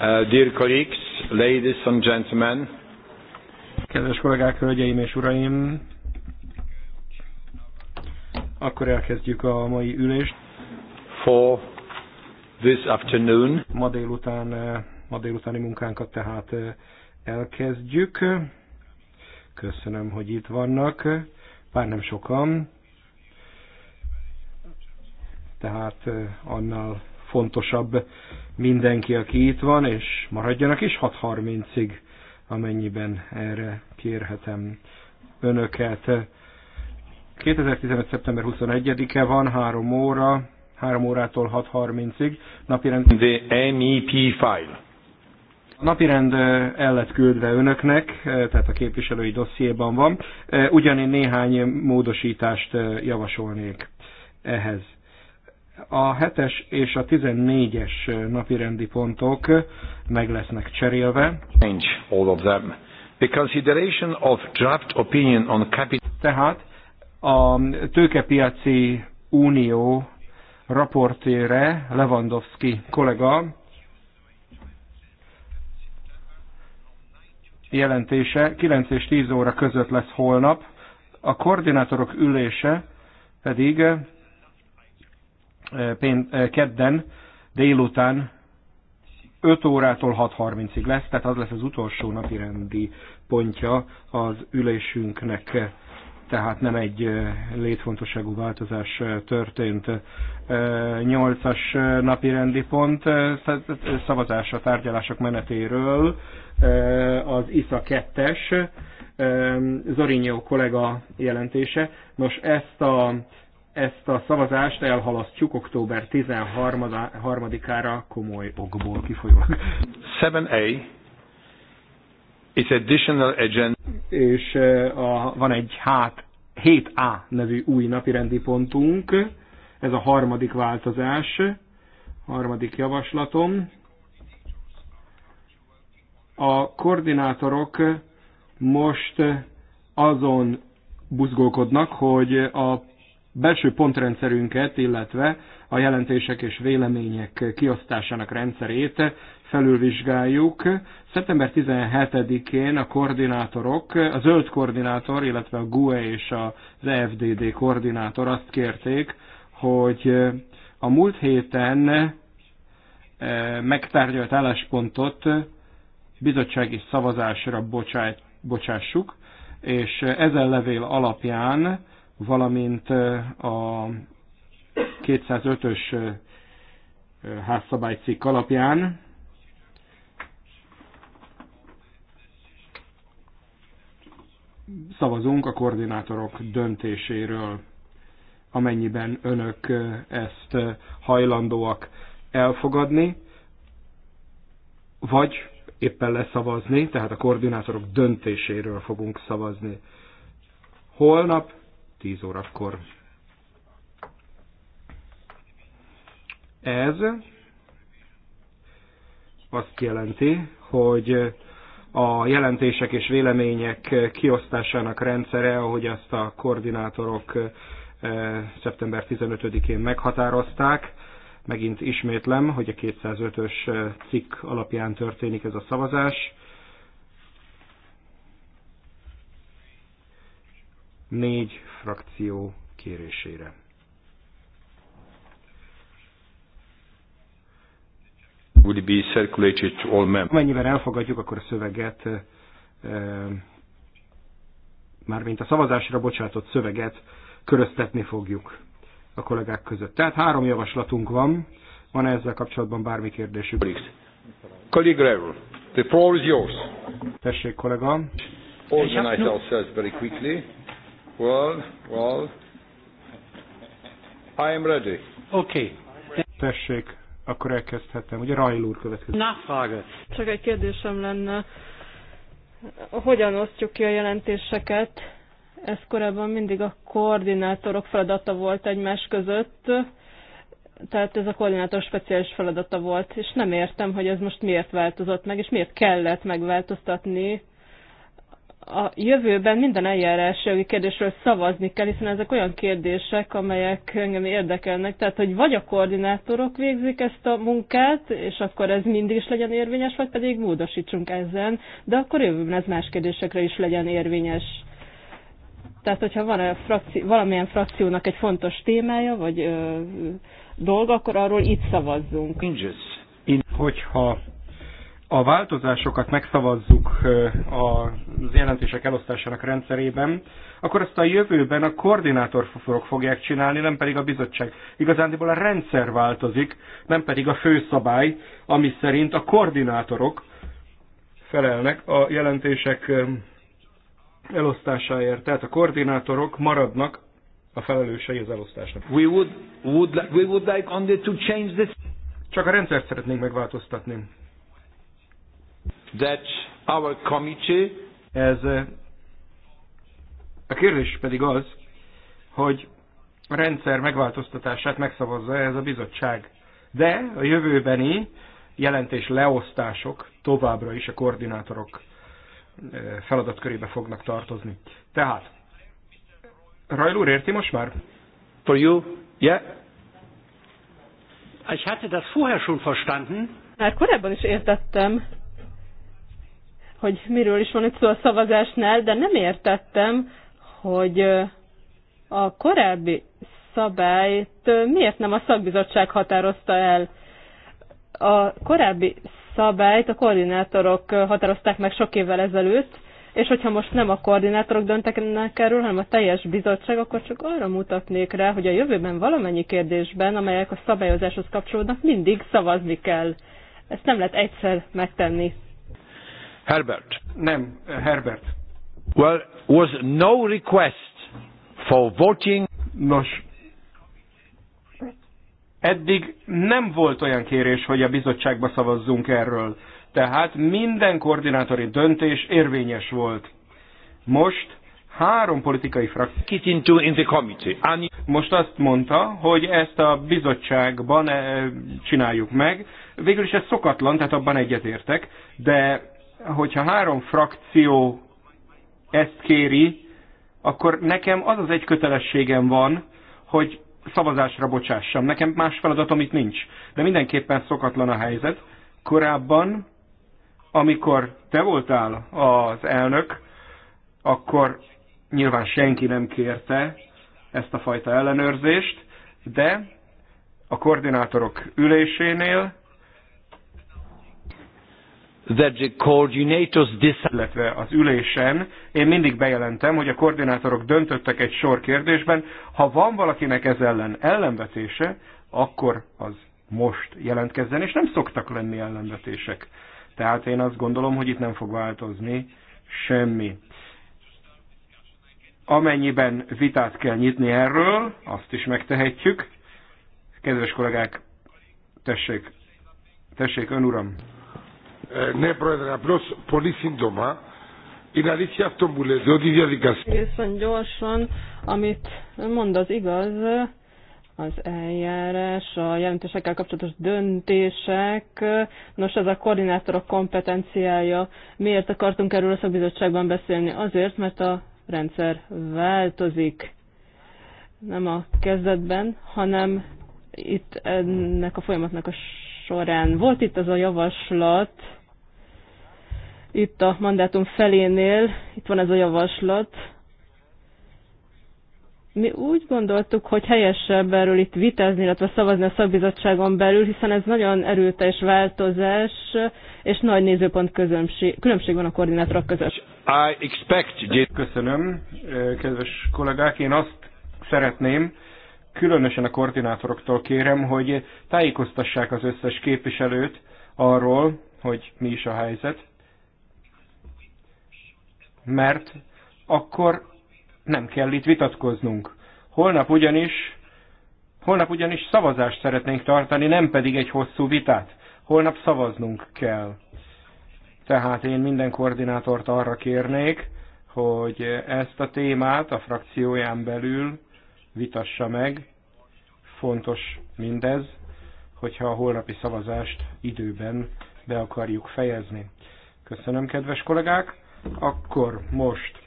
Uh, dear colleagues, ladies and gentlemen. Kedves kollégák, hölgyeim és uraim, akkor elkezdjük a mai ülést. For this afternoon. Ma délután, uh, ma délutáni munkánkat tehát uh, elkezdjük. Köszönöm, hogy itt vannak, bár nem sokan, tehát uh, annál fontosabb mindenki, aki itt van, és maradjanak is 6.30-ig, amennyiben erre kérhetem önöket. 2015. szeptember 21-e van, 3 óra, 3 órától 6.30-ig. Napirend... The MEP file. A napirend el lett küldve önöknek, tehát a képviselői dossziéban van. Ugyanígy néhány módosítást javasolnék ehhez. A 7-es és a 14-es napi rendi pontok meg lesznek cserélve. All of them. The consideration of draft opinion on capital... Tehát a tőkepiaci unió raportére Lewandowski kollega jelentése 9 és 10 óra között lesz holnap, a koordinátorok ülése pedig kedden délután 5 órától 6.30-ig lesz, tehát az lesz az utolsó napi rendi pontja az ülésünknek, tehát nem egy létfontosságú változás történt. 8-as napi rendi pont szavazás a tárgyalások menetéről, az ISA 2-es, Zorinyó kollega jelentése. Nos, ezt a ezt a szavazást elhalasztjuk október 13-ára komoly okból kifolyólag. 7A is additional agenda. És e, a, van egy hát 7A nevű új napirendi pontunk. Ez a harmadik változás, harmadik javaslatom. A koordinátorok most azon buzgolkodnak, hogy a belső pontrendszerünket, illetve a jelentések és vélemények kiosztásának rendszerét felülvizsgáljuk. Szeptember 17-én a koordinátorok, a zöld koordinátor, illetve a GUE és az EFDD koordinátor azt kérték, hogy a múlt héten e, megtárgyalt álláspontot bizottsági szavazásra bocsássuk, és ezen levél alapján valamint a 205-ös házszabálycikk alapján szavazunk a koordinátorok döntéséről, amennyiben önök ezt hajlandóak elfogadni, vagy éppen leszavazni, tehát a koordinátorok döntéséről fogunk szavazni. Holnap 10 órakor. Ez azt jelenti, hogy a jelentések és vélemények kiosztásának rendszere, ahogy azt a koordinátorok eh, szeptember 15-én meghatározták, megint ismétlem, hogy a 205-ös cikk alapján történik ez a szavazás, négy frakció kérésére. Would be circulated to all members. Mennyiben elfogadjuk, akkor a szöveget, eh, mármint a szavazásra bocsátott szöveget köröztetni fogjuk a kollégák között. Tehát három javaslatunk van. Van -e ezzel kapcsolatban bármi kérdésük? Colleague the floor is yours. Tessék, kollega. Organize ourselves very quickly. Well, well, I am ready. Okay. Tessék, akkor elkezdhetem. Ugye Rajl úr következik. Na, fágat. Csak egy kérdésem lenne. Hogyan osztjuk ki a jelentéseket? Ez korábban mindig a koordinátorok feladata volt egymás között, tehát ez a koordinátor speciális feladata volt, és nem értem, hogy ez most miért változott meg, és miért kellett megváltoztatni a jövőben minden jogi kérdésről szavazni kell, hiszen ezek olyan kérdések, amelyek engem érdekelnek. Tehát, hogy vagy a koordinátorok végzik ezt a munkát, és akkor ez mindig is legyen érvényes, vagy pedig módosítsunk ezen, de akkor jövőben ez más kérdésekre is legyen érvényes. Tehát, hogyha van -e frakció, valamilyen frakciónak egy fontos témája, vagy ö, dolga, akkor arról itt szavazzunk. Hogyha a változásokat megszavazzuk az jelentések elosztásának rendszerében, akkor azt a jövőben a koordinátorfoforok fogják csinálni, nem pedig a bizottság. Igazándiból a rendszer változik, nem pedig a főszabály, ami szerint a koordinátorok felelnek a jelentések elosztásáért. Tehát a koordinátorok maradnak a felelősei az elosztásnak. We would, would, we would like only to change this. Csak a rendszert szeretnénk megváltoztatni that our committee ez eh, a kérdés pedig az, hogy a rendszer megváltoztatását megszavazza ez a bizottság. De a jövőbeni jelentés leosztások továbbra is a koordinátorok eh, feladatkörébe fognak tartozni. Tehát, Rajl úr érti most már? For you, yeah. Ich hatte das vorher schon verstanden. Már korábban is értettem hogy miről is van itt szó a szavazásnál, de nem értettem, hogy a korábbi szabályt miért nem a szakbizottság határozta el. A korábbi szabályt a koordinátorok határozták meg sok évvel ezelőtt, és hogyha most nem a koordinátorok döntenek erről, hanem a teljes bizottság, akkor csak arra mutatnék rá, hogy a jövőben valamennyi kérdésben, amelyek a szabályozáshoz kapcsolódnak, mindig szavazni kell. Ezt nem lehet egyszer megtenni. Herbert. Nem, Herbert. Well, was no request for voting. Nos, eddig nem volt olyan kérés, hogy a bizottságba szavazzunk erről. Tehát minden koordinátori döntés érvényes volt. Most három politikai frakció. Most azt mondta, hogy ezt a bizottságban eh, csináljuk meg. Végül is ez szokatlan, tehát abban egyetértek, de hogyha három frakció ezt kéri, akkor nekem az az egy kötelességem van, hogy szavazásra bocsássam. Nekem más feladatom itt nincs. De mindenképpen szokatlan a helyzet. Korábban, amikor te voltál az elnök, akkor nyilván senki nem kérte ezt a fajta ellenőrzést, de a koordinátorok ülésénél that the coordinators illetve az ülésen én mindig bejelentem, hogy a koordinátorok döntöttek egy sor kérdésben. Ha van valakinek ez ellen ellenvetése, akkor az most jelentkezzen, és nem szoktak lenni ellenvetések. Tehát én azt gondolom, hogy itt nem fog változni semmi. Amennyiben vitát kell nyitni erről, azt is megtehetjük. Kedves kollégák, tessék, tessék, ön uram. Ε, ναι, Πρόεδρε, απλώ πολύ σύντομα. Είναι αλήθεια αυτό που λέτε, ότι η διαδικασία. amit mond igaz, az eljárás, a jelentésekkel kapcsolatos döntések. Nos, ez a koordinátorok kompetenciája. Miért akartunk erről a szakbizottságban beszélni? Azért, mert a rendszer változik. Nem a kezdetben, hanem itt ennek a folyamatnak a során. Volt itt az a javaslat, itt a mandátum felénél, itt van ez a javaslat. Mi úgy gondoltuk, hogy helyesebb erről itt vitázni, illetve szavazni a szakbizottságon belül, hiszen ez nagyon erőteljes változás, és nagy nézőpont közömség, különbség van a koordinátorok között. I expect... Köszönöm, kedves kollégák. Én azt szeretném, különösen a koordinátoroktól kérem, hogy tájékoztassák az összes képviselőt arról, hogy mi is a helyzet mert akkor nem kell itt vitatkoznunk. Holnap ugyanis, holnap ugyanis szavazást szeretnénk tartani, nem pedig egy hosszú vitát. Holnap szavaznunk kell. Tehát én minden koordinátort arra kérnék, hogy ezt a témát a frakcióján belül vitassa meg. Fontos mindez, hogyha a holnapi szavazást időben be akarjuk fejezni. Köszönöm, kedves kollégák! akkor most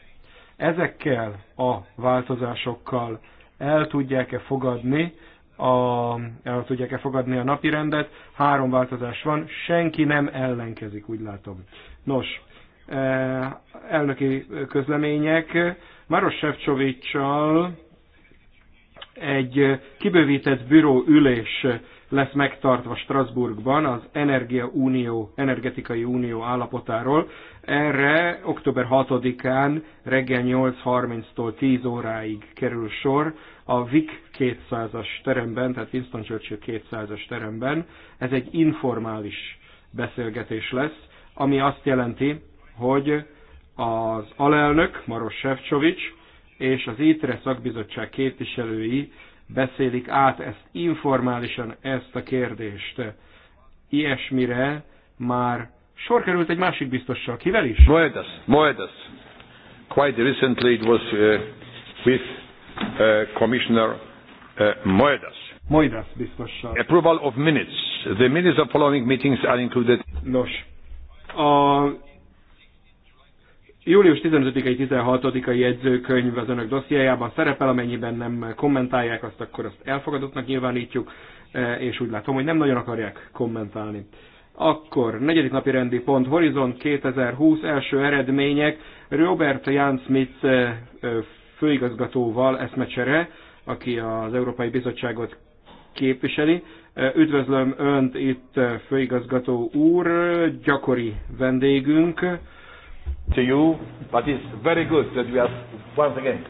ezekkel a változásokkal el tudják-e fogadni a, el tudják-e fogadni a napi rendet. Három változás van, senki nem ellenkezik, úgy látom. Nos, eh, elnöki közlemények. Maros Sefcsovicsal egy kibővített büró ülés lesz megtartva Strasbourgban az Energia Unió, Energetikai Unió állapotáról. Erre október 6-án reggel 8.30-tól 10 óráig kerül sor a VIC 200-as teremben, tehát Winston Churchill 200-as teremben. Ez egy informális beszélgetés lesz, ami azt jelenti, hogy az alelnök, Maros Sefcovics, és az ITRE szakbizottság képviselői beszélik át ezt informálisan, ezt a kérdést. Ilyesmire már sor került egy másik biztossal. Kivel is? Moedas. Moedas. Quite recently it was uh, with uh, Commissioner uh, Moedas. Moedas biztossal. Approval of minutes. The minutes of following meetings are included. Nos, a Július 15-i, 16-ai jegyzőkönyv az önök dossziájában szerepel, amennyiben nem kommentálják, azt akkor azt elfogadottnak nyilvánítjuk, e, és úgy látom, hogy nem nagyon akarják kommentálni. Akkor negyedik napi rendi pont, Horizont 2020 első eredmények, Robert Jan Smith e, e, főigazgatóval eszmecsere, aki az Európai Bizottságot képviseli. Üdvözlöm Önt itt, főigazgató úr, gyakori vendégünk to you, but it's very good that we are once again.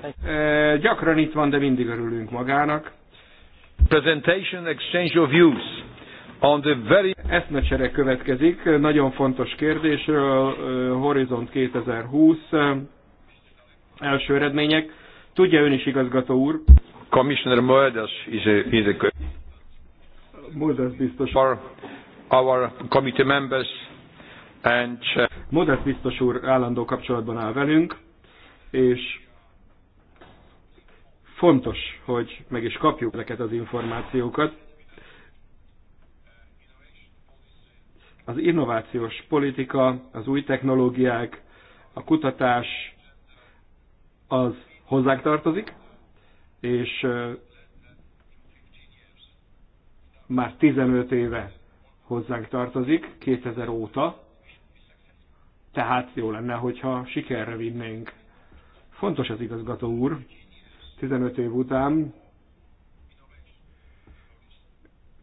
gyakran itt van, de mindig örülünk magának. Presentation exchange of views on the very... Eszmecsere következik, nagyon fontos kérdésről, Horizont 2020, első eredmények. Tudja ön is, igazgató úr? Commissioner Moedas is a, is a... Moedas biztos. For our committee members Uh, Modest biztos úr állandó kapcsolatban áll velünk, és fontos, hogy meg is kapjuk ezeket az információkat. Az innovációs politika, az új technológiák, a kutatás, az hozzánk tartozik, és már 15 éve hozzánk tartozik, 2000 óta, tehát jó lenne, hogyha sikerre vinnénk. Fontos az igazgató úr. 15 év után,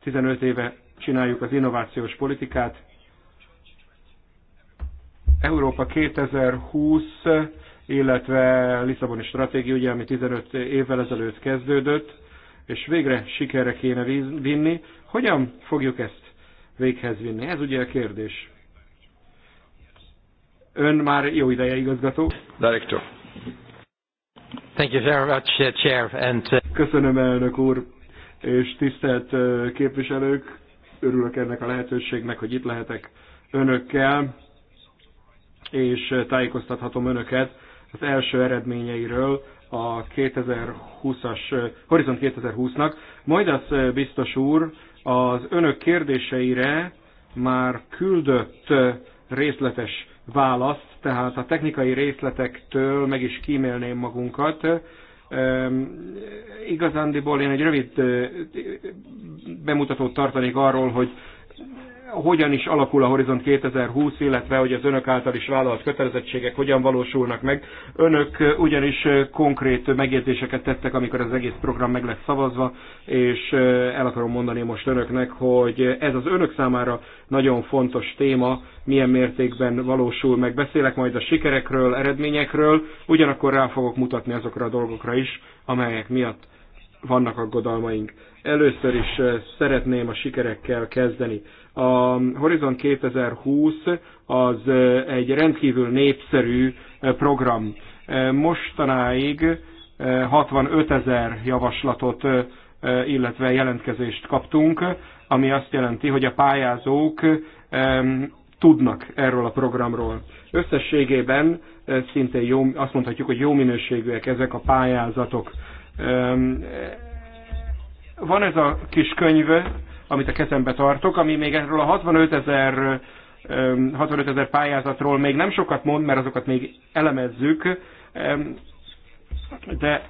15 éve csináljuk az innovációs politikát. Európa 2020, illetve Lisszaboni stratégia, ugye, ami 15 évvel ezelőtt kezdődött, és végre sikerre kéne vinni. Hogyan fogjuk ezt véghez vinni? Ez ugye a kérdés. Ön már jó ideje igazgató. Director. Thank you very much, uh, Chair. And, uh, Köszönöm, elnök úr, és tisztelt uh, képviselők. Örülök ennek a lehetőségnek, hogy itt lehetek önökkel, és tájékoztathatom önöket az első eredményeiről a 2020-as, Horizon 2020-nak. Majd az biztos úr az önök kérdéseire már küldött részletes választ, tehát a technikai részletektől meg is kímélném magunkat. Igazándiból én egy rövid bemutatót tartanék arról, hogy hogyan is alakul a Horizont 2020, illetve hogy az önök által is vállalt kötelezettségek hogyan valósulnak meg. Önök ugyanis konkrét megjegyzéseket tettek, amikor az egész program meg lett szavazva, és el akarom mondani most önöknek, hogy ez az önök számára nagyon fontos téma, milyen mértékben valósul meg. Beszélek majd a sikerekről, eredményekről, ugyanakkor rá fogok mutatni azokra a dolgokra is, amelyek miatt vannak aggodalmaink. Először is szeretném a sikerekkel kezdeni. A Horizon 2020 az egy rendkívül népszerű program. Mostanáig 65 ezer javaslatot, illetve jelentkezést kaptunk, ami azt jelenti, hogy a pályázók tudnak erről a programról. Összességében szintén jó, azt mondhatjuk, hogy jó minőségűek ezek a pályázatok. Van ez a kis könyv, amit a kezembe tartok, ami még erről a 65 ezer 65 ezer pályázatról még nem sokat mond, mert azokat még elemezzük, de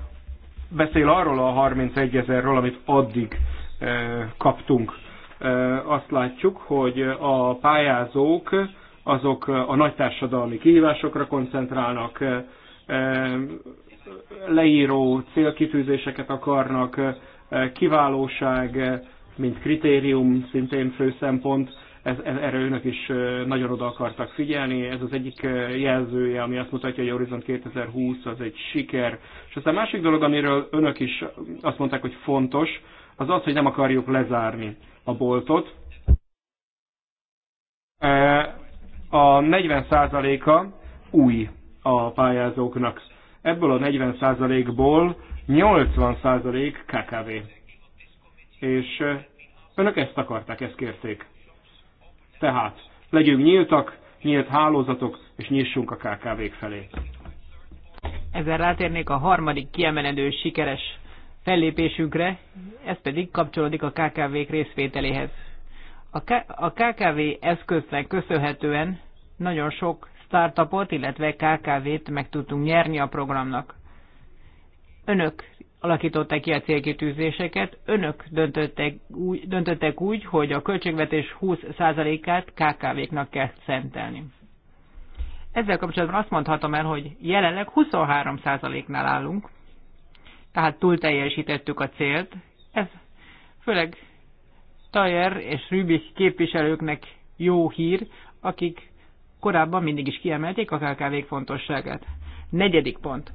beszél arról a 31 ezerről, amit addig kaptunk. Azt látjuk, hogy a pályázók azok a nagy társadalmi kihívásokra koncentrálnak, leíró célkitűzéseket akarnak, kiválóság, mint kritérium, szintén fő szempont. Ez, ez, erre önök is nagyon oda akartak figyelni. Ez az egyik jelzője, ami azt mutatja, hogy Horizon 2020 az egy siker. És aztán a másik dolog, amiről önök is azt mondták, hogy fontos, az az, hogy nem akarjuk lezárni a boltot. A 40%-a új a pályázóknak. Ebből a 40%-ból 80% KKV. És önök ezt akarták, ezt kérték. Tehát legyünk nyíltak, nyílt hálózatok, és nyissunk a kkv felé. Ezzel rátérnék a harmadik kiemelendő sikeres fellépésünkre, ez pedig kapcsolódik a KKV-k részvételéhez. A, a KKV eszköznek köszönhetően nagyon sok startupot, illetve KKV-t meg tudtunk nyerni a programnak. Önök alakították ki a célkitűzéseket, önök döntöttek úgy, döntöttek úgy hogy a költségvetés 20%-át KKV-knak kell szentelni. Ezzel kapcsolatban azt mondhatom el, hogy jelenleg 23%-nál állunk, tehát túl teljesítettük a célt. Ez főleg Tajer és Rübik képviselőknek jó hír, akik korábban mindig is kiemelték a KKV-k fontosságát. Negyedik pont.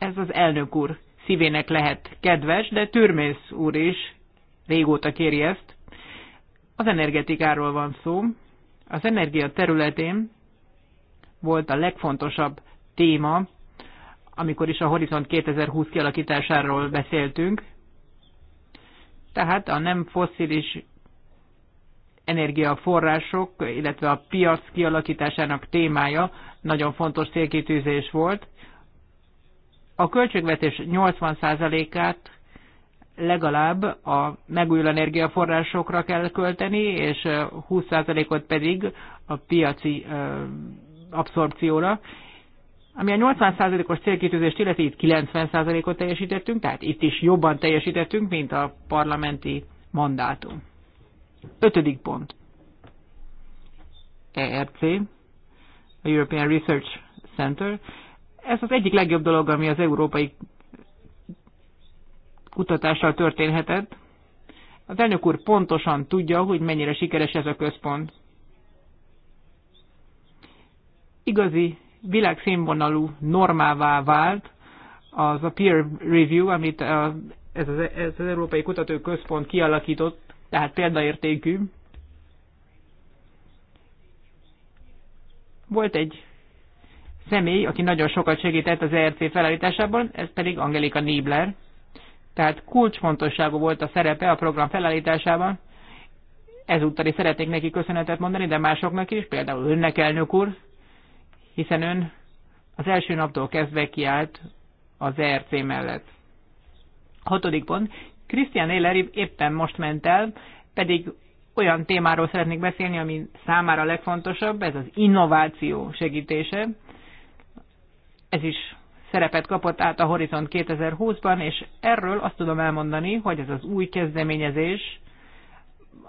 ez az elnök úr szívének lehet kedves, de Türmész úr is régóta kéri ezt. Az energetikáról van szó. Az energia területén volt a legfontosabb téma, amikor is a Horizont 2020 kialakításáról beszéltünk. Tehát a nem foszilis energiaforrások, illetve a piac kialakításának témája nagyon fontos célkitűzés volt a költségvetés 80%-át legalább a megújuló energiaforrásokra kell költeni, és 20%-ot pedig a piaci abszorpcióra. Ami a 80%-os célkitűzést illeti, itt 90%-ot teljesítettünk, tehát itt is jobban teljesítettünk, mint a parlamenti mandátum. Ötödik pont. ERC, a European Research Center. Ez az egyik legjobb dolog, ami az európai kutatással történhetett. Az elnök úr pontosan tudja, hogy mennyire sikeres ez a központ. Igazi, világszínvonalú normává vált az a peer review, amit a, ez, az, ez az Európai Kutatóközpont kialakított, tehát példaértékű. Volt egy személy, aki nagyon sokat segített az ERC felállításában, ez pedig Angelika Niebler. Tehát kulcsfontosságú volt a szerepe a program felállításában. Ezúttal is szeretnék neki köszönetet mondani, de másoknak is, például önnek elnök úr, hiszen ön az első naptól kezdve kiállt az ERC mellett. Hatodik pont. Christian Ehler éppen most ment el, pedig olyan témáról szeretnék beszélni, ami számára legfontosabb, ez az innováció segítése ez is szerepet kapott át a Horizont 2020-ban, és erről azt tudom elmondani, hogy ez az új kezdeményezés,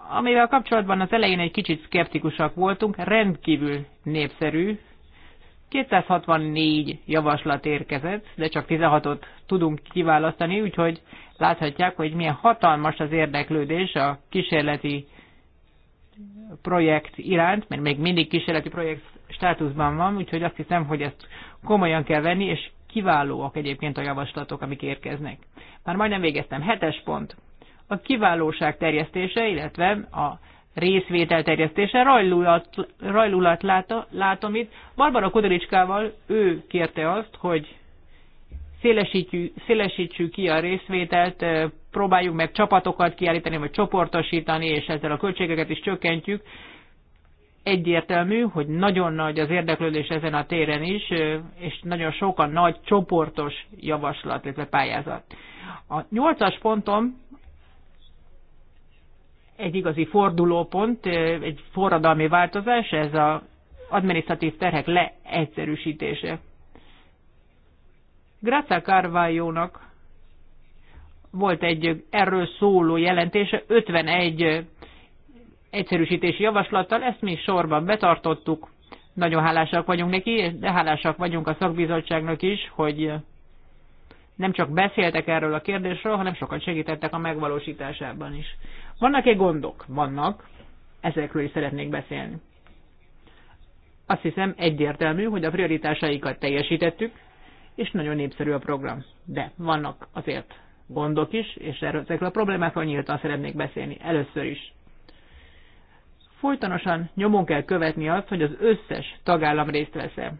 amivel kapcsolatban az elején egy kicsit szkeptikusak voltunk, rendkívül népszerű. 264 javaslat érkezett, de csak 16-ot tudunk kiválasztani, úgyhogy láthatják, hogy milyen hatalmas az érdeklődés a kísérleti projekt iránt, mert még mindig kísérleti projekt státuszban van, úgyhogy azt hiszem, hogy ezt komolyan kell venni, és kiválóak egyébként a javaslatok, amik érkeznek. Már majdnem végeztem. Hetes pont. A kiválóság terjesztése, illetve a részvétel terjesztése, rajlulat, rajlulat láta, látom itt. Barbara Kodoricskával ő kérte azt, hogy szélesítjük, szélesítsük ki a részvételt, próbáljuk meg csapatokat kiállítani, vagy csoportosítani, és ezzel a költségeket is csökkentjük egyértelmű, hogy nagyon nagy az érdeklődés ezen a téren is, és nagyon sok a nagy csoportos javaslat, illetve pályázat. A nyolcas pontom egy igazi fordulópont, egy forradalmi változás, ez az administratív terhek leegyszerűsítése. Grazia carvalho volt egy erről szóló jelentése, 51 egyszerűsítési javaslattal, ezt mi sorban betartottuk. Nagyon hálásak vagyunk neki, de hálásak vagyunk a szakbizottságnak is, hogy nem csak beszéltek erről a kérdésről, hanem sokat segítettek a megvalósításában is. Vannak-e gondok? Vannak. Ezekről is szeretnék beszélni. Azt hiszem egyértelmű, hogy a prioritásaikat teljesítettük, és nagyon népszerű a program. De vannak azért gondok is, és erről ezekről a problémákról nyíltan szeretnék beszélni először is folytonosan nyomon kell követni azt, hogy az összes tagállam részt vesz -e.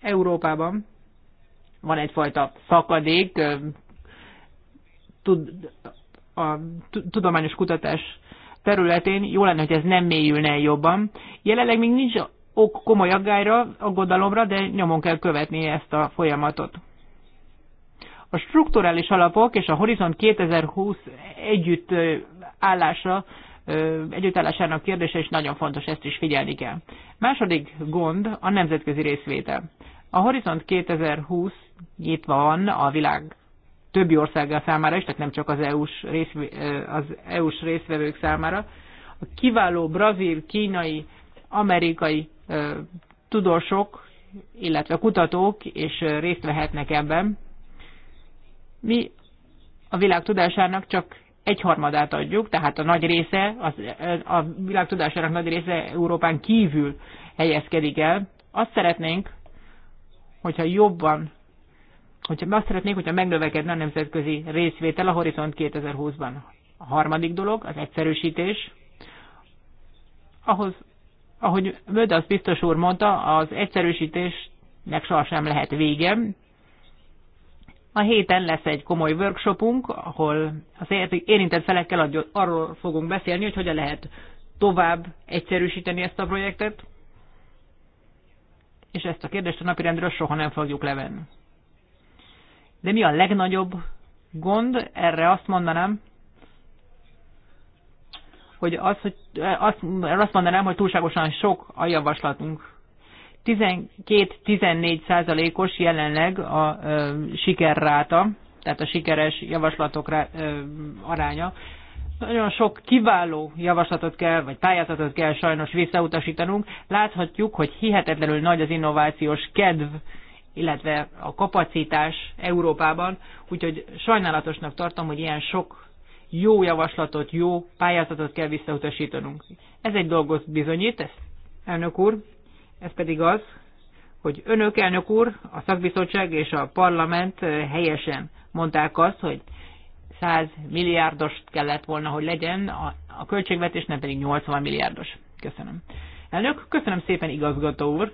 Európában van egyfajta szakadék, tud, a tudományos kutatás területén, jó lenne, hogy ez nem mélyülne el jobban. Jelenleg még nincs ok komoly aggályra, aggodalomra, de nyomon kell követni ezt a folyamatot. A strukturális alapok és a Horizont 2020 együtt állása együttállásának kérdése és nagyon fontos, ezt is figyelni kell. Második gond a nemzetközi részvétel. A Horizont 2020 nyitva van a világ többi országgal számára is, tehát nem csak az EU-s, rész, az EU-s részvevők számára. A kiváló brazil, kínai, amerikai tudósok, illetve kutatók és részt vehetnek ebben. Mi a világ tudásának csak egyharmadát adjuk, tehát a nagy része, az, a világ nagy része Európán kívül helyezkedik el. Azt szeretnénk, hogyha jobban, hogyha azt szeretnénk, hogyha megnövekedne a nemzetközi részvétel a Horizont 2020-ban. A harmadik dolog az egyszerűsítés. Ahhoz, ahogy Mödasz biztos úr mondta, az egyszerűsítésnek sohasem lehet vége. A héten lesz egy komoly workshopunk, ahol az érintett felekkel arról fogunk beszélni, hogy hogyan lehet tovább egyszerűsíteni ezt a projektet, és ezt a kérdést a napirendről soha nem fogjuk levenni. De mi a legnagyobb gond? Erre azt mondanám, hogy az, hogy azt, azt mondanám, hogy túlságosan sok a javaslatunk. 12-14 százalékos jelenleg a sikerráta, tehát a sikeres javaslatok aránya. Nagyon sok kiváló javaslatot kell, vagy pályázatot kell sajnos visszautasítanunk. Láthatjuk, hogy hihetetlenül nagy az innovációs kedv, illetve a kapacitás Európában, úgyhogy sajnálatosnak tartom, hogy ilyen sok jó javaslatot, jó pályázatot kell visszautasítanunk. Ez egy dolgot bizonyít, ezt elnök úr, ez pedig az, hogy önök, elnök úr, a szakbizottság és a parlament eh, helyesen mondták azt, hogy 100 milliárdos kellett volna, hogy legyen, a, a költségvetés nem pedig 80 milliárdos. Köszönöm. Elnök, köszönöm szépen, igazgató úr.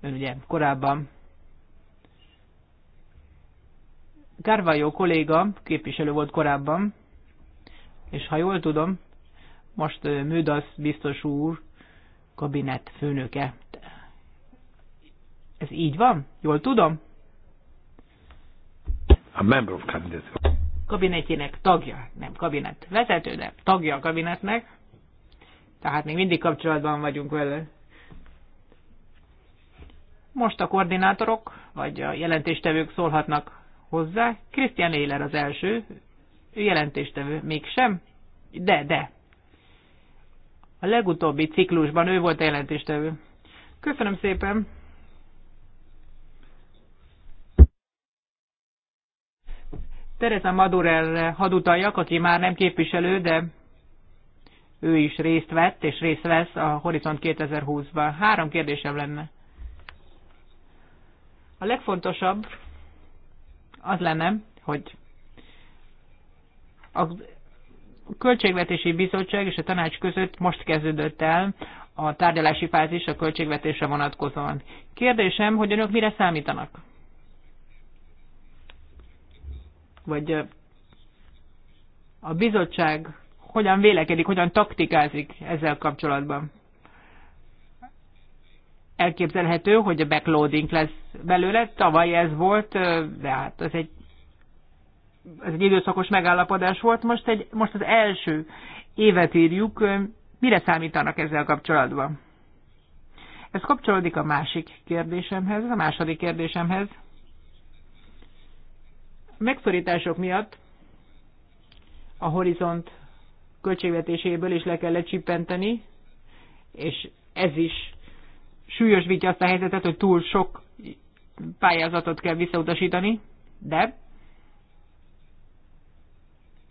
Ön ugye korábban Kárvajó kolléga, képviselő volt korábban, és ha jól tudom, most eh, Műdasz biztos úr kabinet főnöke. Ez így van? Jól tudom? A member of cabinet. Kabinetjének tagja, nem kabinet vezető, de tagja a kabinetnek. Tehát még mindig kapcsolatban vagyunk vele. Most a koordinátorok, vagy a jelentéstevők szólhatnak hozzá. Krisztián Éler az első, ő jelentéstevő mégsem, de, de, a legutóbbi ciklusban ő volt a jelentéstevő. Köszönöm szépen! Teresa Madurelre hadutaljak, aki már nem képviselő, de ő is részt vett, és részt vesz a Horizont 2020-ban. Három kérdésem lenne. A legfontosabb az lenne, hogy az Költségvetési Bizottság és a Tanács között most kezdődött el a tárgyalási fázis a költségvetésre vonatkozóan. Kérdésem, hogy önök mire számítanak? Vagy a bizottság hogyan vélekedik, hogyan taktikázik ezzel kapcsolatban? Elképzelhető, hogy a backloading lesz belőle, tavaly ez volt, de hát ez egy ez egy időszakos megállapodás volt, most, egy, most az első évet írjuk, mire számítanak ezzel kapcsolatban? Ez kapcsolódik a másik kérdésemhez, a második kérdésemhez. A megszorítások miatt a horizont költségvetéséből is le kellett csippenteni, és ez is súlyos azt a helyzetet, hogy túl sok pályázatot kell visszautasítani, de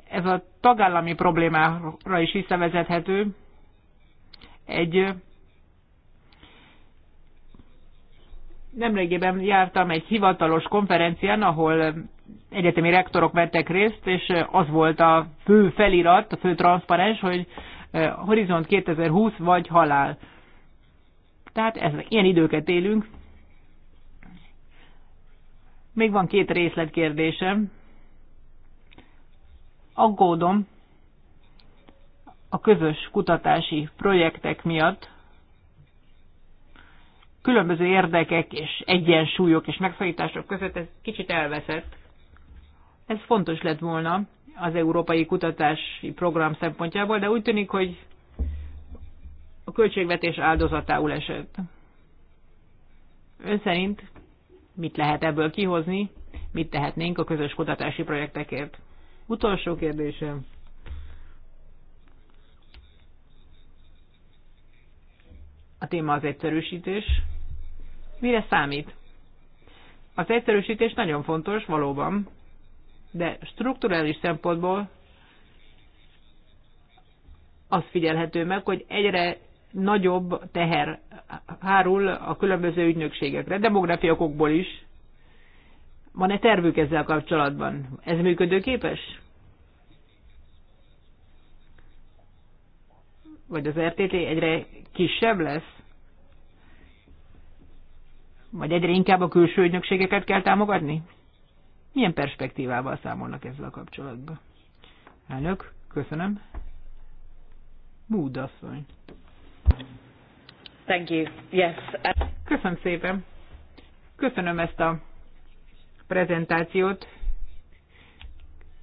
ez a tagállami problémára is visszavezethető. Egy nemrégében jártam egy hivatalos konferencián, ahol egyetemi rektorok vettek részt, és az volt a fő felirat, a fő transzparens, hogy Horizont 2020 vagy halál. Tehát ez, ilyen időket élünk. Még van két részletkérdésem aggódom a közös kutatási projektek miatt, különböző érdekek és egyensúlyok és megszorítások között ez kicsit elveszett. Ez fontos lett volna az európai kutatási program szempontjából, de úgy tűnik, hogy a költségvetés áldozatául esett. Ön szerint mit lehet ebből kihozni, mit tehetnénk a közös kutatási projektekért? Utolsó kérdésem. A téma az egyszerűsítés. Mire számít? Az egyszerűsítés nagyon fontos, valóban, de strukturális szempontból az figyelhető meg, hogy egyre nagyobb teher hárul a különböző ügynökségekre, demográfiakokból is. Van-e tervük ezzel kapcsolatban? Ez működőképes? Vagy az RTT egyre kisebb lesz? Vagy egyre inkább a külső ügynökségeket kell támogatni? Milyen perspektívával számolnak ezzel a kapcsolatban? Elnök, köszönöm. Múdasszony. Thank you. Yes. Köszönöm szépen. Köszönöm ezt a prezentációt,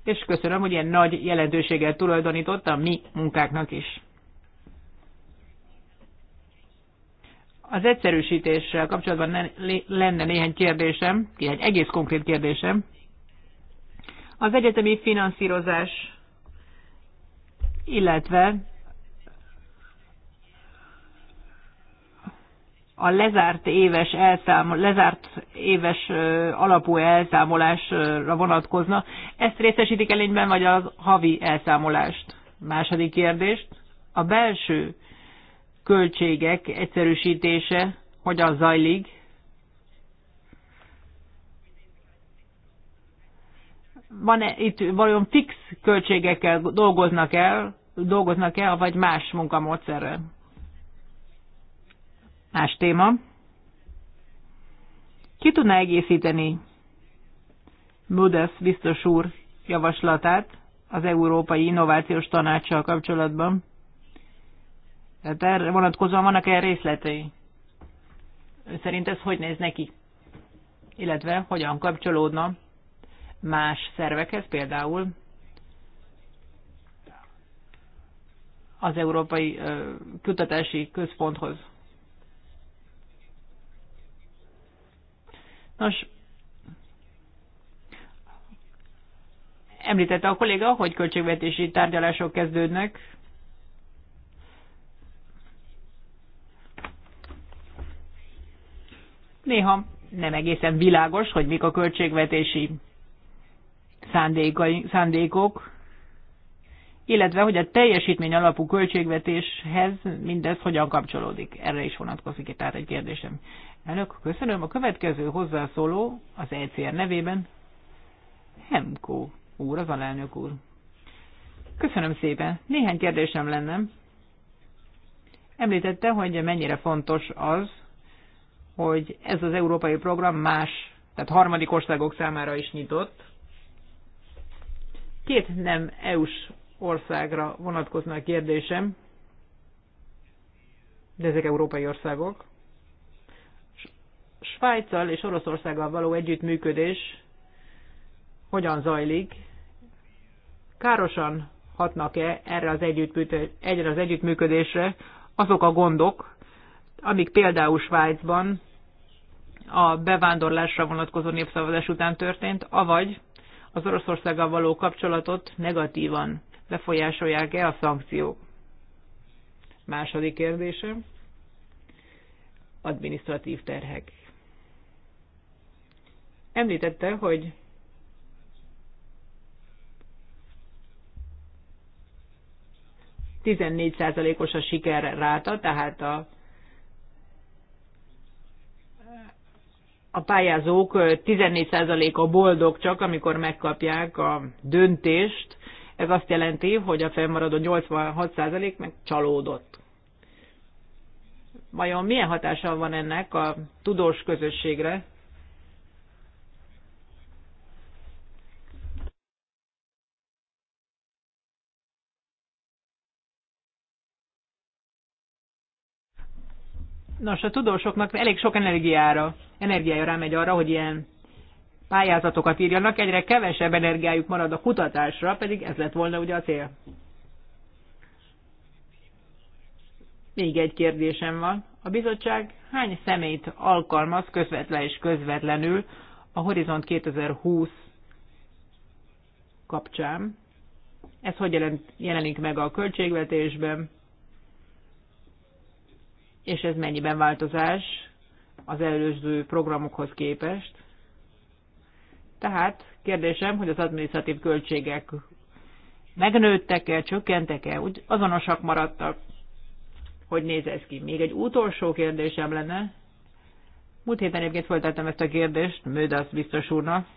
és köszönöm, hogy ilyen nagy jelentőséggel tulajdonított a mi munkáknak is. Az egyszerűsítéssel kapcsolatban lenne néhány kérdésem, egy egész konkrét kérdésem. Az egyetemi finanszírozás, illetve a lezárt éves, elszámol, lezárt éves alapú elszámolásra vonatkozna. Ezt részesítik elényben, vagy a havi elszámolást? Második kérdést. A belső költségek egyszerűsítése hogyan zajlik? Van-e itt vajon fix költségekkel dolgoznak el, dolgoznak el, vagy más munkamódszerrel? Más téma. Ki tudna egészíteni Budasz biztos úr javaslatát az Európai Innovációs Tanácssal kapcsolatban? Tehát erre vonatkozóan vannak e részletei? Ön szerint ez hogy néz neki? Illetve hogyan kapcsolódna más szervekhez, például az Európai Kutatási Központhoz? Nos, említette a kolléga, hogy költségvetési tárgyalások kezdődnek. Néha nem egészen világos, hogy mik a költségvetési szándékok illetve hogy a teljesítmény alapú költségvetéshez mindez hogyan kapcsolódik. Erre is vonatkozik itt tehát egy kérdésem. Elnök, köszönöm. A következő hozzászóló az ECR nevében Hemko úr, az alelnök úr. Köszönöm szépen. Néhány kérdésem lenne. Említette, hogy mennyire fontos az, hogy ez az európai program más, tehát harmadik országok számára is nyitott. Két nem EU-s országra vonatkozna a kérdésem, de ezek európai országok. Svájccal és Oroszországgal való együttműködés hogyan zajlik? Károsan hatnak-e erre az, egyre az együttműködésre azok a gondok, amik például Svájcban a bevándorlásra vonatkozó népszavazás után történt, avagy az Oroszországgal való kapcsolatot negatívan befolyásolják-e a szankciók. Második kérdése. Administratív terhek. Említette, hogy os a siker ráta, tehát a a pályázók 14%-a boldog csak, amikor megkapják a döntést ez azt jelenti, hogy a fennmaradó 86% meg csalódott. Vajon milyen hatása van ennek a tudós közösségre? Nos, a tudósoknak elég sok energiára, energiája rámegy arra, hogy ilyen pályázatokat írjanak, egyre kevesebb energiájuk marad a kutatásra, pedig ez lett volna ugye a cél. Még egy kérdésem van. A bizottság hány személyt alkalmaz közvetlen és közvetlenül a Horizont 2020 kapcsán? Ez hogy jelent, jelenik meg a költségvetésben? És ez mennyiben változás az előző programokhoz képest? Tehát kérdésem, hogy az adminisztratív költségek megnőttek-e, csökkentek-e, úgy azonosak maradtak. Hogy néz ez ki? Még egy utolsó kérdésem lenne. Múlt héten egyébként folytattam ezt a kérdést Mödasz biztos úrnak.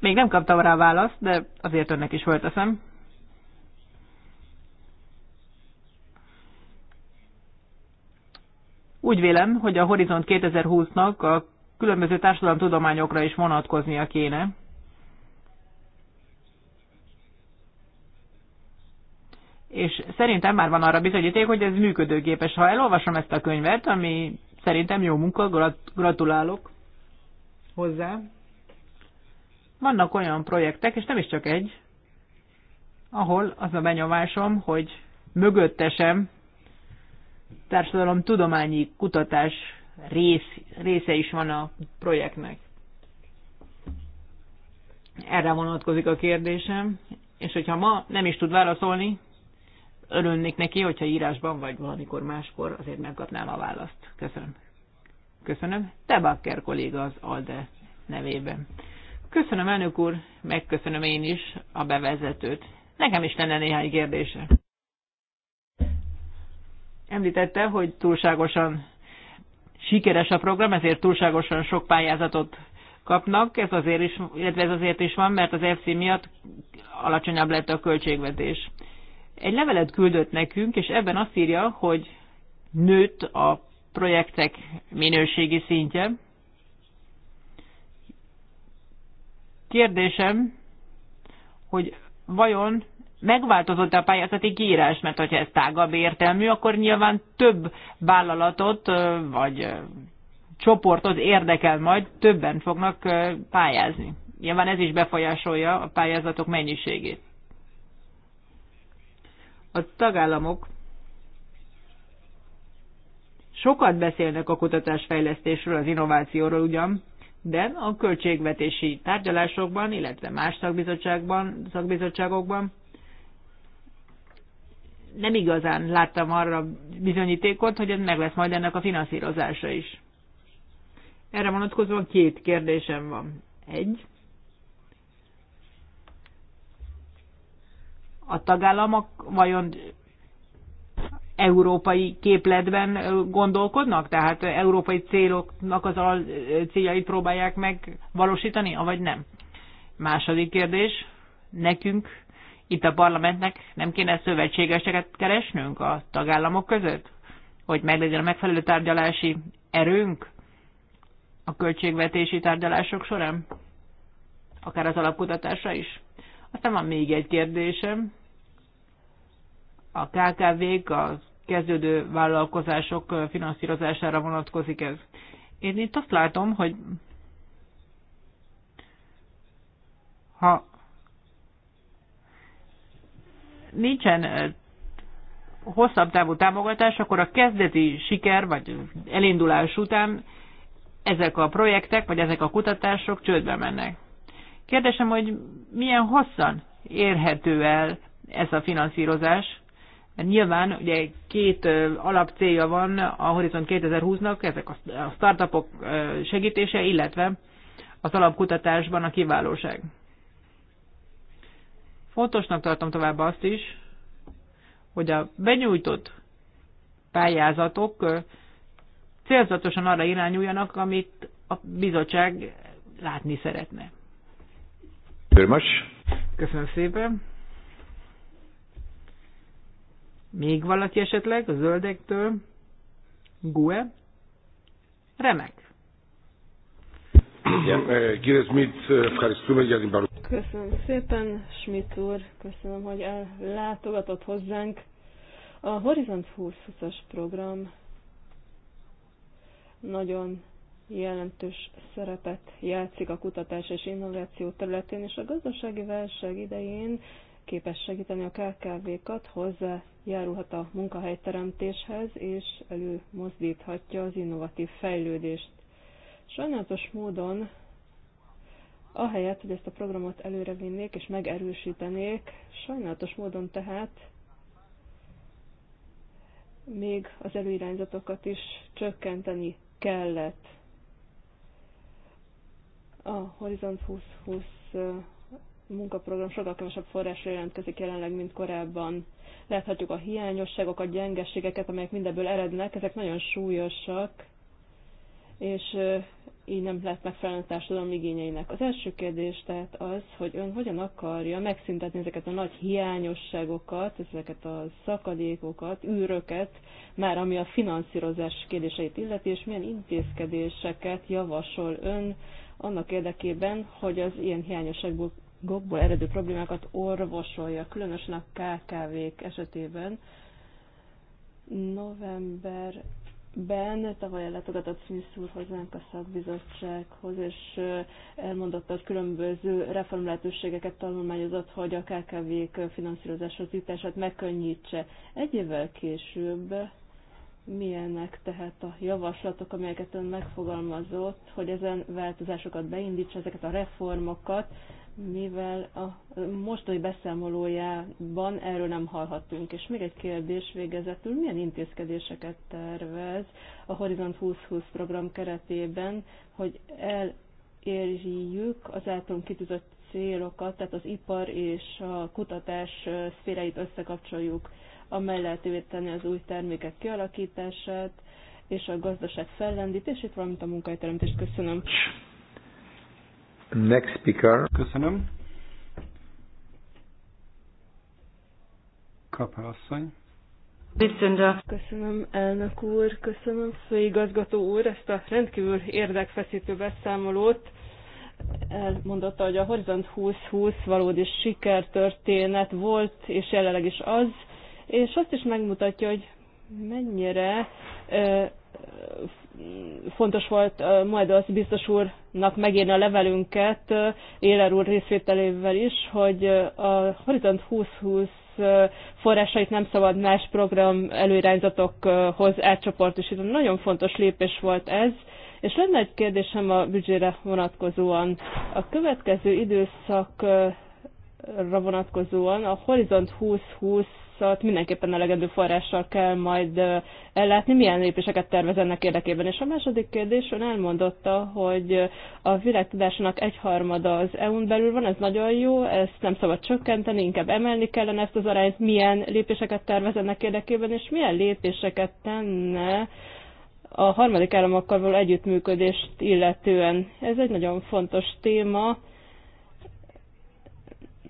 Még nem kaptam rá választ, de azért önnek is szem. Úgy vélem, hogy a Horizont 2020-nak a különböző társadalomtudományokra is vonatkoznia kéne. És szerintem már van arra bizonyíték, hogy ez működőképes. Ha elolvasom ezt a könyvet, ami szerintem jó munka, gratulálok hozzá. Vannak olyan projektek, és nem is csak egy, ahol az a benyomásom, hogy mögöttesem társadalom tudományi kutatás rész, része is van a projektnek. Erre vonatkozik a kérdésem, és hogyha ma nem is tud válaszolni, örülnék neki, hogyha írásban vagy valamikor máskor azért megkapnám a választ. Köszönöm. Köszönöm. Te Bakker kolléga az ALDE nevében. Köszönöm, elnök úr, megköszönöm én is a bevezetőt. Nekem is lenne néhány kérdése. Említette, hogy túlságosan sikeres a program, ezért túlságosan sok pályázatot kapnak, ez azért is, illetve ez azért is van, mert az FC miatt alacsonyabb lett a költségvetés. Egy levelet küldött nekünk, és ebben azt írja, hogy nőtt a projektek minőségi szintje. Kérdésem, hogy vajon megváltozott a pályázati kiírás, mert hogyha ez tágabb értelmű, akkor nyilván több vállalatot vagy csoportot érdekel majd, többen fognak pályázni. Nyilván ez is befolyásolja a pályázatok mennyiségét. A tagállamok sokat beszélnek a kutatásfejlesztésről, az innovációról ugyan, de a költségvetési tárgyalásokban, illetve más szakbizottságban, szakbizottságokban nem igazán láttam arra bizonyítékot, hogy meg lesz majd ennek a finanszírozása is. Erre vonatkozóan két kérdésem van. Egy. A tagállamok vajon európai képletben gondolkodnak? Tehát európai céloknak az al céljait próbálják meg valósítani, avagy nem? Második kérdés. Nekünk itt a parlamentnek nem kéne szövetségeseket keresnünk a tagállamok között, hogy meglegyen a megfelelő tárgyalási erőnk a költségvetési tárgyalások során, akár az alapkutatásra is. Aztán van még egy kérdésem. A KKV-k, a kezdődő vállalkozások finanszírozására vonatkozik ez. Én itt azt látom, hogy ha nincsen hosszabb távú támogatás, akkor a kezdeti siker vagy elindulás után ezek a projektek vagy ezek a kutatások csődbe mennek. Kérdésem, hogy milyen hosszan érhető el ez a finanszírozás? Mert nyilván ugye két alapcélja van a Horizont 2020-nak, ezek a startupok segítése, illetve az alapkutatásban a kiválóság. Fontosnak tartom tovább azt is, hogy a benyújtott pályázatok célzatosan arra irányuljanak, amit a bizottság látni szeretne. Köszönöm szépen. Még valaki esetleg a zöldektől? Gue? Remek. Igen, Σμιτ, ευχαριστούμε για την παρουσία. Köszönöm szépen, Schmidt úr, köszönöm, hogy ellátogatott hozzánk. A Horizont 2020-as program nagyon jelentős szerepet játszik a kutatás és innováció területén, és a gazdasági válság idején képes segíteni a KKV-kat, hozzájárulhat a munkahelyteremtéshez, és előmozdíthatja az innovatív fejlődést. Sajnálatos módon ahelyett, hogy ezt a programot előrevinnék és megerősítenék, sajnálatos módon tehát még az előirányzatokat is csökkenteni kellett. A Horizont 2020 munkaprogram sokkal kevesebb forrásra jelentkezik jelenleg, mint korábban. Láthatjuk a hiányosságokat, gyengességeket, amelyek mindebből erednek, ezek nagyon súlyosak és így nem lehet megfelelni a társadalom igényeinek. Az első kérdés tehát az, hogy ön hogyan akarja megszüntetni ezeket a nagy hiányosságokat, ezeket a szakadékokat, űröket, már ami a finanszírozás kérdéseit illeti, és milyen intézkedéseket javasol ön annak érdekében, hogy az ilyen hiányosságokból eredő problémákat orvosolja, különösen a KKV-k esetében. November ben tavaly ellátogatott Smith úr hozzánk a szakbizottsághoz, és elmondotta, hogy különböző reform lehetőségeket tanulmányozott, hogy a KKV-k finanszírozáshoz jutását megkönnyítse. Egy évvel később milyenek tehát a javaslatok, amelyeket ön megfogalmazott, hogy ezen változásokat beindítsa, ezeket a reformokat, mivel a mostani beszámolójában erről nem hallhattunk. És még egy kérdés végezetül, milyen intézkedéseket tervez a Horizont 2020 program keretében, hogy elérjük az általunk kitűzött célokat, tehát az ipar és a kutatás szféreit összekapcsoljuk amely lehetővé tenni az új termékek kialakítását és a gazdaság fellendítését, valamint a munkahelyteremtést. Köszönöm. Next speaker. Köszönöm. Kapa asszony. Köszönöm, elnök úr, köszönöm, főigazgató úr, ezt a rendkívül érdekfeszítő beszámolót. Elmondotta, hogy a Horizont 2020 valódi sikertörténet volt, és jelenleg is az, és azt is megmutatja, hogy mennyire fontos volt majd az biztos úrnak megírni a levelünket Éler úr részvételével is, hogy a Horizont 2020 forrásait nem szabad más program előirányzatokhoz átcsoportosítani. Nagyon fontos lépés volt ez, és lenne egy kérdésem a büdzsére vonatkozóan. A következő időszak vonatkozóan a Horizont 2020-at mindenképpen elegendő forrással kell majd ellátni. Milyen lépéseket tervezennek érdekében? És a második kérdés, ön elmondotta, hogy a világtudásnak egyharmada az EU-n belül van, ez nagyon jó, ezt nem szabad csökkenteni, inkább emelni kellene ezt az arányt. Milyen lépéseket tervezennek érdekében, és milyen lépéseket tenne a harmadik államokkal való együttműködést illetően? Ez egy nagyon fontos téma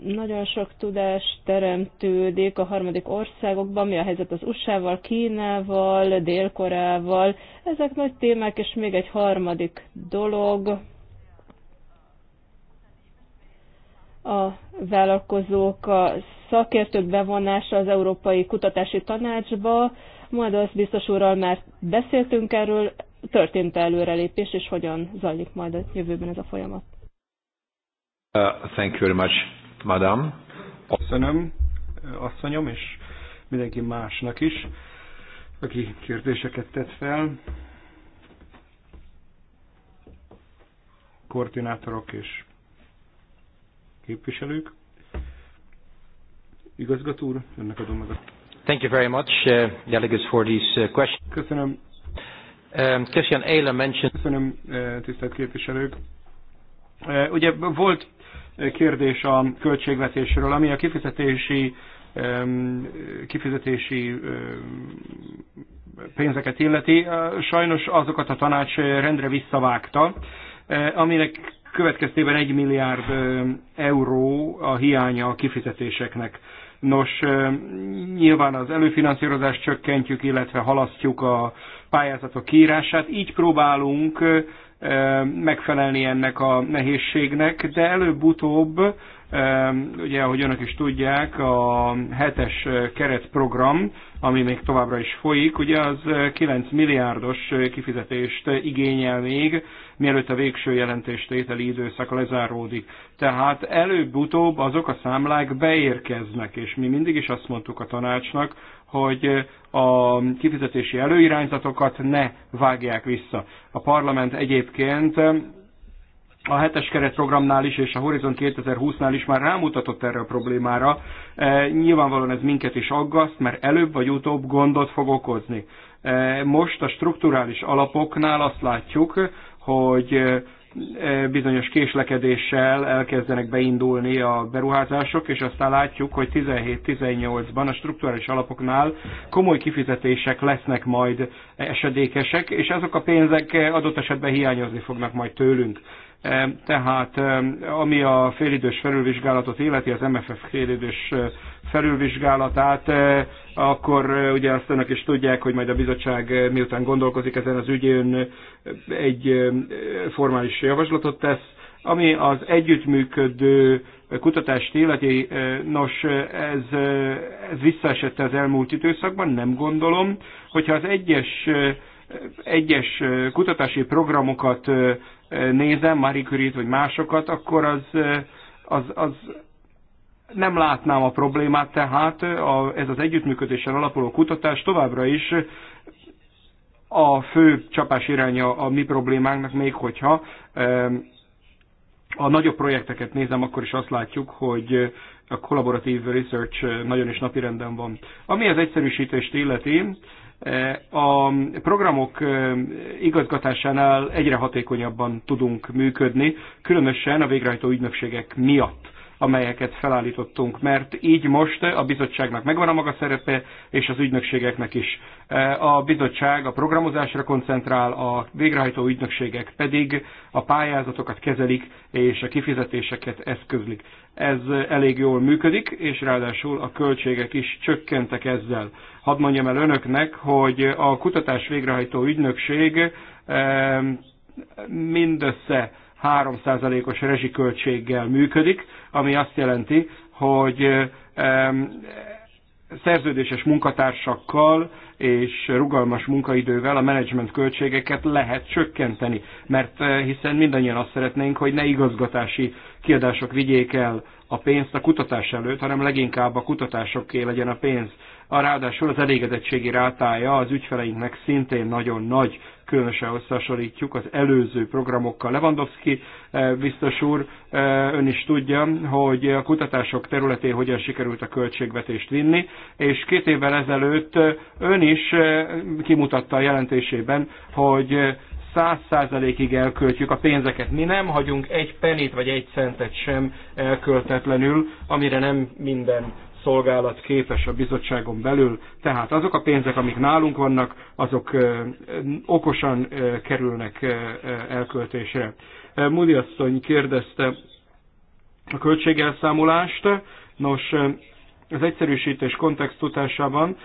nagyon sok tudás teremtődik a harmadik országokban, mi a helyzet az USA-val, Kínával, Dél-Koreával. Ezek nagy témák, és még egy harmadik dolog. A vállalkozók, a szakértők bevonása az Európai Kutatási Tanácsba. Majd az biztos úrral már beszéltünk erről, történt előrelépés, és hogyan zajlik majd a jövőben ez a folyamat. Uh, thank you very much madam. Köszönöm, asszonyom, és mindenki másnak is, aki kérdéseket tett fel. Koordinátorok és képviselők. Igazgató úr, önnek adom meg a... Thank you very much, uh, delegates, for these uh, questions. Köszönöm. Um, Christian mentioned... Köszönöm, uh, tisztelt képviselők. Uh, ugye volt kérdés a költségvetésről, ami a kifizetési kifizetési pénzeket illeti, sajnos azokat a tanács rendre visszavágta, e, aminek következtében 1 milliárd euró a hiánya a kifizetéseknek. Nos, nyilván az előfinanszírozást csökkentjük, illetve halasztjuk a pályázatok kiírását. Így próbálunk megfelelni ennek a nehézségnek, de előbb-utóbb Ugye, ahogy önök is tudják, a hetes keretprogram, ami még továbbra is folyik, ugye az 9 milliárdos kifizetést igényel még, mielőtt a végső jelentéstételi időszak lezáródik. Tehát előbb-utóbb azok a számlák beérkeznek, és mi mindig is azt mondtuk a tanácsnak, hogy a kifizetési előirányzatokat ne vágják vissza. A parlament egyébként a hetes keretprogramnál is és a Horizon 2020-nál is már rámutatott erre a problémára. E, nyilvánvalóan ez minket is aggaszt, mert előbb vagy utóbb gondot fog okozni. E, most a strukturális alapoknál azt látjuk, hogy e, bizonyos késlekedéssel elkezdenek beindulni a beruházások, és aztán látjuk, hogy 17-18-ban a strukturális alapoknál komoly kifizetések lesznek majd esedékesek, és azok a pénzek adott esetben hiányozni fognak majd tőlünk. Tehát ami a félidős felülvizsgálatot illeti, az MFF félidős felülvizsgálatát, akkor ugye azt önök is tudják, hogy majd a bizottság miután gondolkozik ezen az ügyön, egy formális javaslatot tesz, ami az együttműködő kutatást illeti, nos, ez, ez visszaesett az elmúlt időszakban, nem gondolom, hogyha az egyes egyes kutatási programokat nézem, Marie Curie-t vagy másokat, akkor az, az, az nem látnám a problémát, tehát a, ez az együttműködésen alapuló kutatás továbbra is a fő csapás iránya a mi problémánknak, még hogyha a nagyobb projekteket nézem, akkor is azt látjuk, hogy a kollaboratív research nagyon is napirenden van. Ami az egyszerűsítést illeti, a programok igazgatásánál egyre hatékonyabban tudunk működni, különösen a végrehajtó ügynökségek miatt amelyeket felállítottunk, mert így most a bizottságnak megvan a maga szerepe, és az ügynökségeknek is. A bizottság a programozásra koncentrál, a végrehajtó ügynökségek pedig a pályázatokat kezelik, és a kifizetéseket eszközlik. Ez elég jól működik, és ráadásul a költségek is csökkentek ezzel. Hadd mondjam el önöknek, hogy a kutatás végrehajtó ügynökség eh, mindössze 3%-os rezsiköltséggel működik, ami azt jelenti, hogy szerződéses munkatársakkal és rugalmas munkaidővel a menedzsment költségeket lehet csökkenteni, mert eh, hiszen mindannyian azt szeretnénk, hogy ne igazgatási kiadások vigyék el a pénzt a kutatás előtt, hanem leginkább a kutatásoké legyen a pénz a ráadásul az elégedettségi rátája az ügyfeleinknek szintén nagyon nagy, különösen összehasonlítjuk az előző programokkal. Lewandowski eh, biztos úr, eh, ön is tudja, hogy a kutatások területén hogyan sikerült a költségvetést vinni, és két évvel ezelőtt eh, ön is kimutatta a jelentésében, hogy száz százalékig elköltjük a pénzeket. Mi nem hagyunk egy penit vagy egy centet sem elköltetlenül, amire nem minden szolgálat képes a bizottságon belül. Tehát azok a pénzek, amik nálunk vannak, azok okosan kerülnek elköltésre. Múdi asszony kérdezte a költségelszámolást. Nos, az egyszerűsítés kontextusában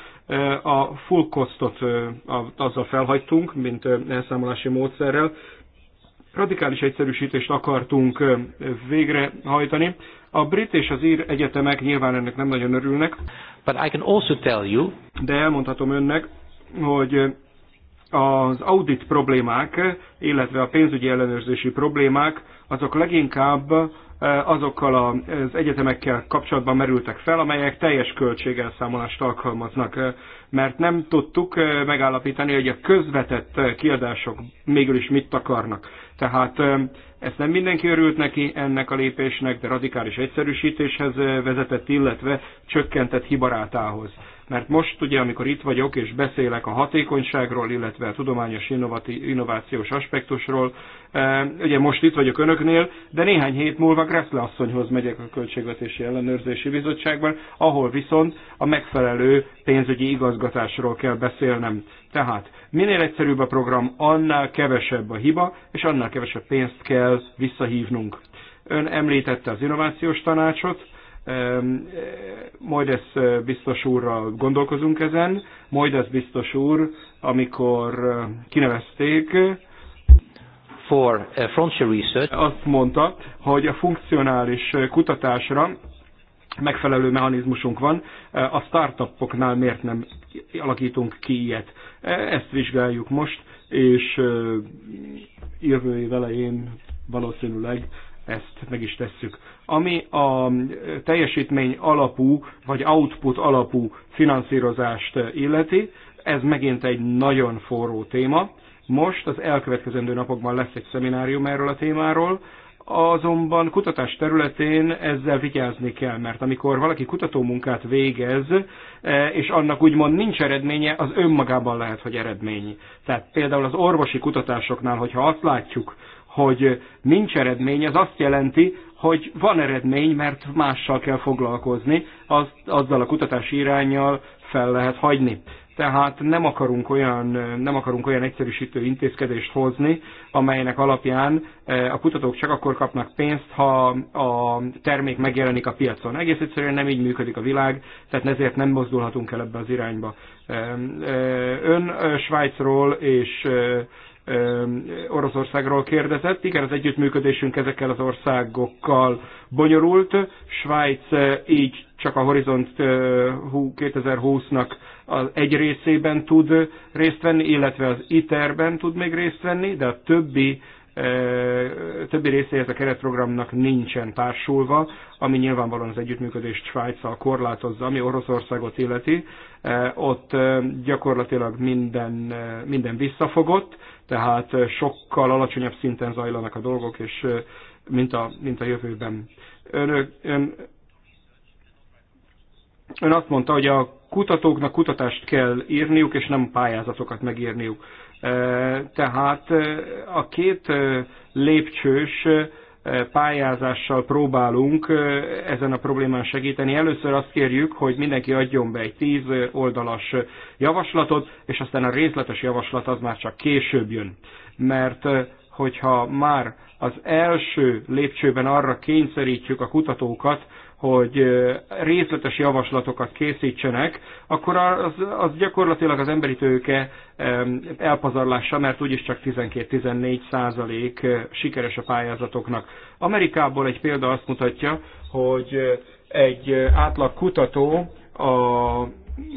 a full costot azzal felhagytunk, mint elszámolási módszerrel. Radikális egyszerűsítést akartunk végrehajtani, a brit és az ír egyetemek nyilván ennek nem nagyon örülnek. But I can also tell you, de elmondhatom önnek, hogy az audit problémák, illetve a pénzügyi ellenőrzési problémák, azok leginkább Eh, azokkal az egyetemekkel kapcsolatban merültek fel, amelyek teljes költségelszámolást alkalmaznak, eh, mert nem tudtuk eh, megállapítani, hogy a közvetett kiadások mégis mit akarnak. Tehát ezt nem mindenki örült neki ennek a lépésnek, de radikális egyszerűsítéshez vezetett, illetve csökkentett hibarátához. Mert most ugye, amikor itt vagyok és beszélek a hatékonyságról, illetve a tudományos innovációs aspektusról, eh, ugye most itt vagyok önöknél, de néhány hét múlva Gressle asszonyhoz megyek a Költségvetési Ellenőrzési Bizottságban, ahol viszont a megfelelő pénzügyi igazgatásról kell beszélnem. Tehát minél egyszerűbb a program, annál kevesebb a hiba, és annál kevesebb pénzt kell visszahívnunk. Ön említette az innovációs tanácsot, majd ez biztos úrral gondolkozunk ezen, majd ez biztos úr, amikor kinevezték, for uh, frontier research. Azt mondta, hogy a funkcionális kutatásra megfelelő mechanizmusunk van, a startupoknál miért nem alakítunk ki ilyet. Ezt vizsgáljuk most, és jövő év elején valószínűleg ezt meg is tesszük. Ami a teljesítmény alapú, vagy output alapú finanszírozást illeti, ez megint egy nagyon forró téma. Most az elkövetkezendő napokban lesz egy szeminárium erről a témáról, azonban kutatás területén ezzel vigyázni kell, mert amikor valaki kutatómunkát végez, e, és annak úgymond nincs eredménye, az önmagában lehet, hogy eredmény. Tehát például az orvosi kutatásoknál, hogyha azt látjuk, hogy nincs eredmény, az azt jelenti, hogy van eredmény, mert mással kell foglalkozni, az, azzal a kutatási irányjal fel lehet hagyni. Tehát nem akarunk olyan, nem akarunk olyan egyszerűsítő intézkedést hozni, amelynek alapján e, a kutatók csak akkor kapnak pénzt, ha a termék megjelenik a piacon. Egész egyszerűen nem így működik a világ, tehát ezért nem mozdulhatunk el ebbe az irányba. E, e, ön Svájcról és Oroszországról kérdezett. Igen, az együttműködésünk ezekkel az országokkal bonyolult. Svájc így csak a Horizont 2020-nak az egy részében tud részt venni, illetve az ITER-ben tud még részt venni, de a többi többi részéhez a keretprogramnak nincsen társulva, ami nyilvánvalóan az együttműködést Svájccal korlátozza, ami Oroszországot illeti. Ott gyakorlatilag minden, minden visszafogott, tehát sokkal alacsonyabb szinten zajlanak a dolgok, és mint a, mint a jövőben. Ön, ön, ön azt mondta, hogy a kutatóknak kutatást kell írniuk, és nem pályázatokat megírniuk. Tehát a két lépcsős pályázással próbálunk ezen a problémán segíteni. Először azt kérjük, hogy mindenki adjon be egy tíz oldalas javaslatot, és aztán a részletes javaslat az már csak később jön. Mert hogyha már az első lépcsőben arra kényszerítjük a kutatókat, hogy részletes javaslatokat készítsenek, akkor az, az gyakorlatilag az emberi tőke elpazarlása, mert úgyis csak 12-14 százalék sikeres a pályázatoknak. Amerikából egy példa azt mutatja, hogy egy átlag kutató a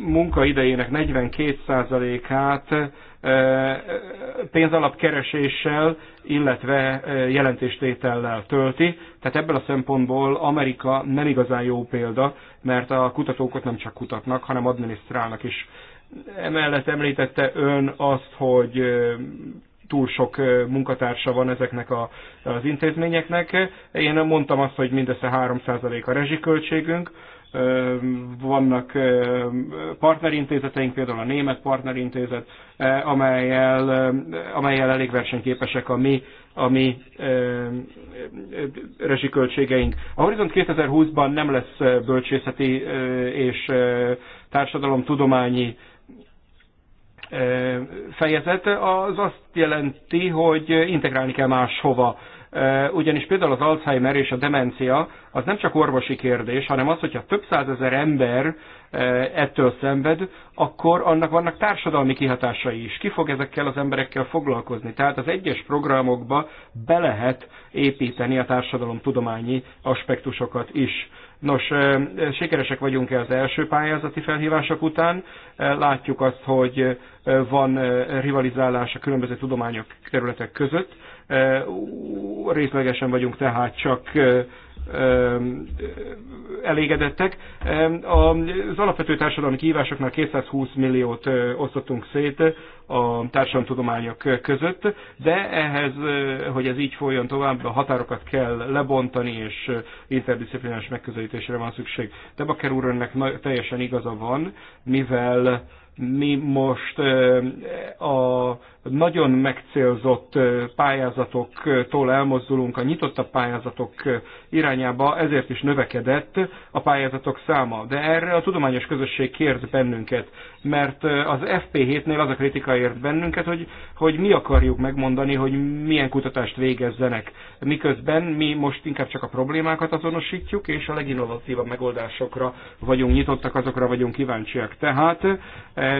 munkaidejének 42 százalékát pénzalapkereséssel, illetve jelentéstétellel tölti. Tehát ebből a szempontból Amerika nem igazán jó példa, mert a kutatókat nem csak kutatnak, hanem adminisztrálnak is. Emellett említette ön azt, hogy túl sok munkatársa van ezeknek a, az intézményeknek. Én mondtam azt, hogy mindössze 3% a rezsiköltségünk, vannak partnerintézeteink, például a német partnerintézet, amelyel, amelyel elég versenyképesek a mi, a mi rezsiköltségeink. A Horizont 2020-ban nem lesz bölcsészeti és társadalomtudományi fejezet, az azt jelenti, hogy integrálni kell máshova ugyanis például az Alzheimer és a demencia az nem csak orvosi kérdés, hanem az, hogyha több százezer ember ettől szenved, akkor annak vannak társadalmi kihatásai is. Ki fog ezekkel az emberekkel foglalkozni? Tehát az egyes programokba be lehet építeni a társadalomtudományi aspektusokat is. Nos, sikeresek vagyunk-e az első pályázati felhívások után? Látjuk azt, hogy van rivalizálás a különböző tudományok területek között Részlegesen vagyunk tehát csak elégedettek. Az alapvető társadalmi kihívásoknál 220 milliót osztottunk szét a társadalomtudományok között, de ehhez, hogy ez így folyjon tovább, a határokat kell lebontani, és interdisziplinális megközelítésre van szükség. De Baker úr önnek teljesen igaza van, mivel mi most a nagyon megcélzott pályázatoktól elmozdulunk a nyitottabb pályázatok irányába, ezért is növekedett a pályázatok száma. De erre a tudományos közösség kért bennünket, mert az FP7-nél az a kritika ért bennünket, hogy, hogy mi akarjuk megmondani, hogy milyen kutatást végezzenek. Miközben mi most inkább csak a problémákat azonosítjuk, és a leginnovatívabb megoldásokra vagyunk nyitottak, azokra vagyunk kíváncsiak. Tehát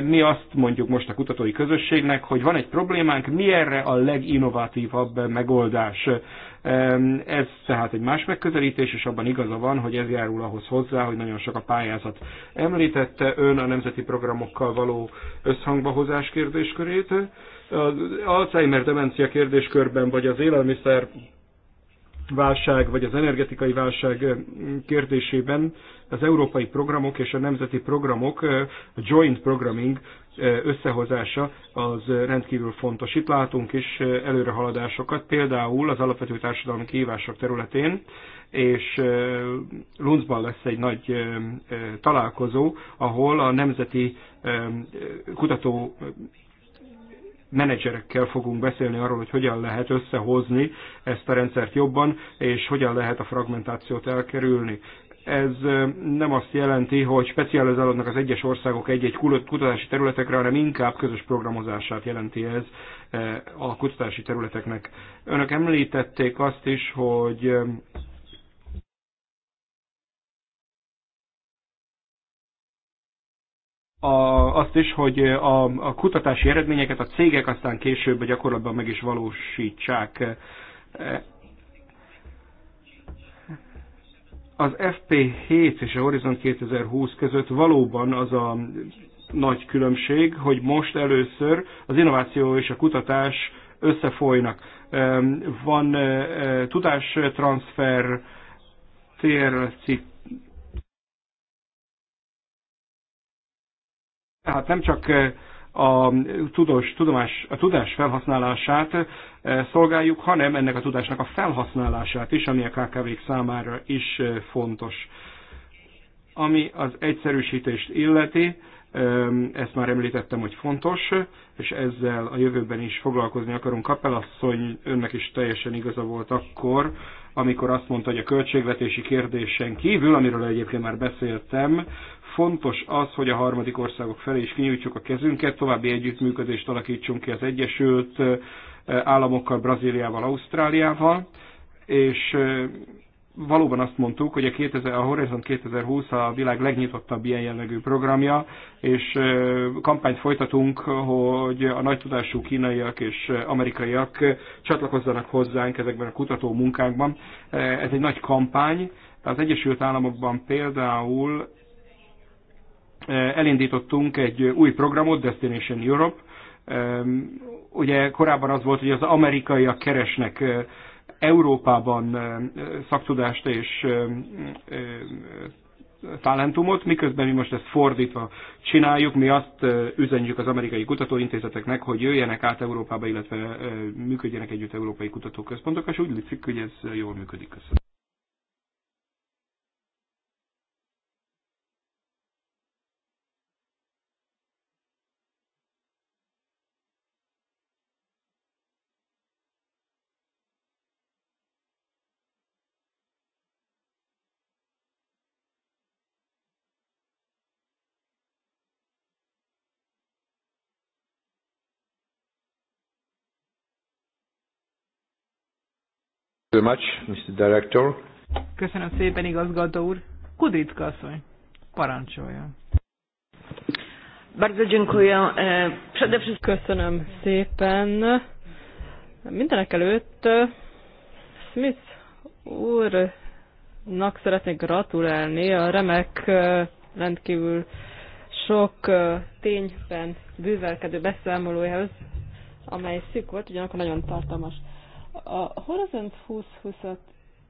mi azt mondjuk most a kutatói közösségnek, hogy van egy problémánk, mi erre a leginnovatívabb megoldás. Ez tehát egy más megközelítés, és abban igaza van, hogy ez járul ahhoz hozzá, hogy nagyon sok a pályázat. Említette ön a nemzeti programokkal való összhangbahozás kérdéskörét. Az Alzheimer demencia kérdéskörben, vagy az élelmiszer válság, vagy az energetikai válság kérdésében az európai programok és a nemzeti programok, a joint programming összehozása az rendkívül fontos. Itt látunk is előrehaladásokat, például az alapvető társadalmi kihívások területén, és Lunzban lesz egy nagy találkozó, ahol a nemzeti kutató menedzserekkel fogunk beszélni arról, hogy hogyan lehet összehozni ezt a rendszert jobban, és hogyan lehet a fragmentációt elkerülni ez nem azt jelenti, hogy specializálódnak az egyes országok egy-egy kutatási területekre, hanem inkább közös programozását jelenti ez a kutatási területeknek. Önök említették azt is, hogy a, azt is, hogy a, a kutatási eredményeket a cégek aztán később a gyakorlatban meg is valósítsák. Az FP7 és a Horizon 2020 között valóban az a nagy különbség, hogy most először az innováció és a kutatás összefolynak. Ehm, van e, e, tudástranszfer, térci, tehát nem csak e, a, tudós, tudomás, a tudás felhasználását eh, szolgáljuk, hanem ennek a tudásnak a felhasználását is, ami a KKV-k számára is eh, fontos. Ami az egyszerűsítést illeti, eh, ezt már említettem, hogy fontos, és ezzel a jövőben is foglalkozni akarunk. Kapelasszony, önnek is teljesen igaza volt akkor, amikor azt mondta, hogy a költségvetési kérdésen kívül, amiről egyébként már beszéltem, Fontos az, hogy a harmadik országok felé is kinyújtsuk a kezünket, további együttműködést alakítsunk ki az Egyesült eh, Államokkal, Brazíliával, Ausztráliával, és eh, valóban azt mondtuk, hogy a, 2000, a Horizon 2020 a világ legnyitottabb ilyen jellegű programja, és eh, kampányt folytatunk, hogy a nagy tudású kínaiak és amerikaiak csatlakozzanak hozzánk ezekben a kutató munkákban. Ez egy nagy kampány. Az Egyesült Államokban például Eh, elindítottunk egy új programot, Destination Europe. Ugye korábban az volt, hogy az amerikaiak keresnek eh, Európában eh, szaktudást és talentumot, miközben mi most ezt fordítva csináljuk, mi azt üzenjük az amerikai kutatóintézeteknek, hogy jöjjenek át Európába, illetve működjenek együtt európai kutatóközpontok, és úgy látszik, hogy ez jól működik. Köszönöm. Very much, Mr. Director. Köszönöm szépen, igazgató úr. Kudritka asszony, parancsoljon. Bardzo dziękuję. E, przede wszystkim köszönöm szépen. Mindenek előtt e, Smith úrnak szeretnék gratulálni a remek e, rendkívül sok tényben bűvelkedő beszámolójához, amely szűk volt, ugyanakkor nagyon tartalmas. A Horizont 2020-at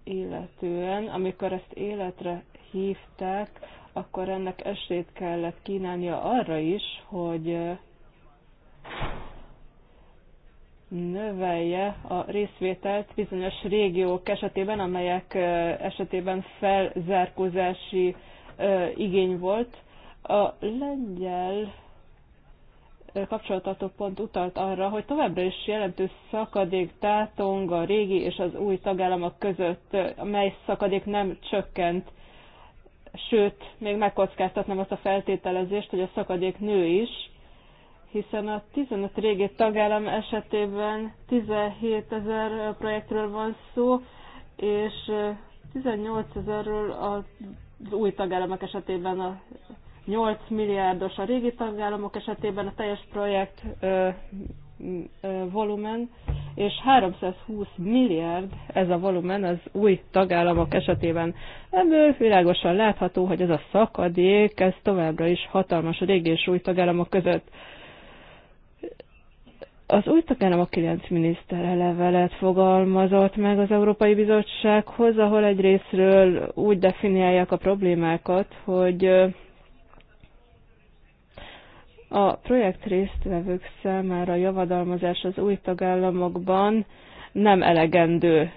illetően, amikor ezt életre hívták, akkor ennek esélyt kellett kínálnia arra is, hogy növelje a részvételt bizonyos régiók esetében, amelyek esetében felzárkózási igény volt. A lengyel kapcsolatartó pont utalt arra, hogy továbbra is jelentős szakadék tátong a régi és az új tagállamok között, amely szakadék nem csökkent, sőt, még megkockáztatnám azt a feltételezést, hogy a szakadék nő is, hiszen a 15 régi tagállam esetében 17 ezer projektről van szó, és 18 ezerről az új tagállamok esetében a 8 milliárdos a régi tagállamok esetében a teljes projekt ö, ö, volumen, és 320 milliárd ez a volumen az új tagállamok esetében. Ebből világosan látható, hogy ez a szakadék, ez továbbra is hatalmas a régi és új tagállamok között. Az új tagállamok kilenc miniszter levelet fogalmazott meg az Európai Bizottsághoz, ahol egy úgy definiálják a problémákat, hogy a projekt résztvevők számára a javadalmazás az új tagállamokban nem elegendő.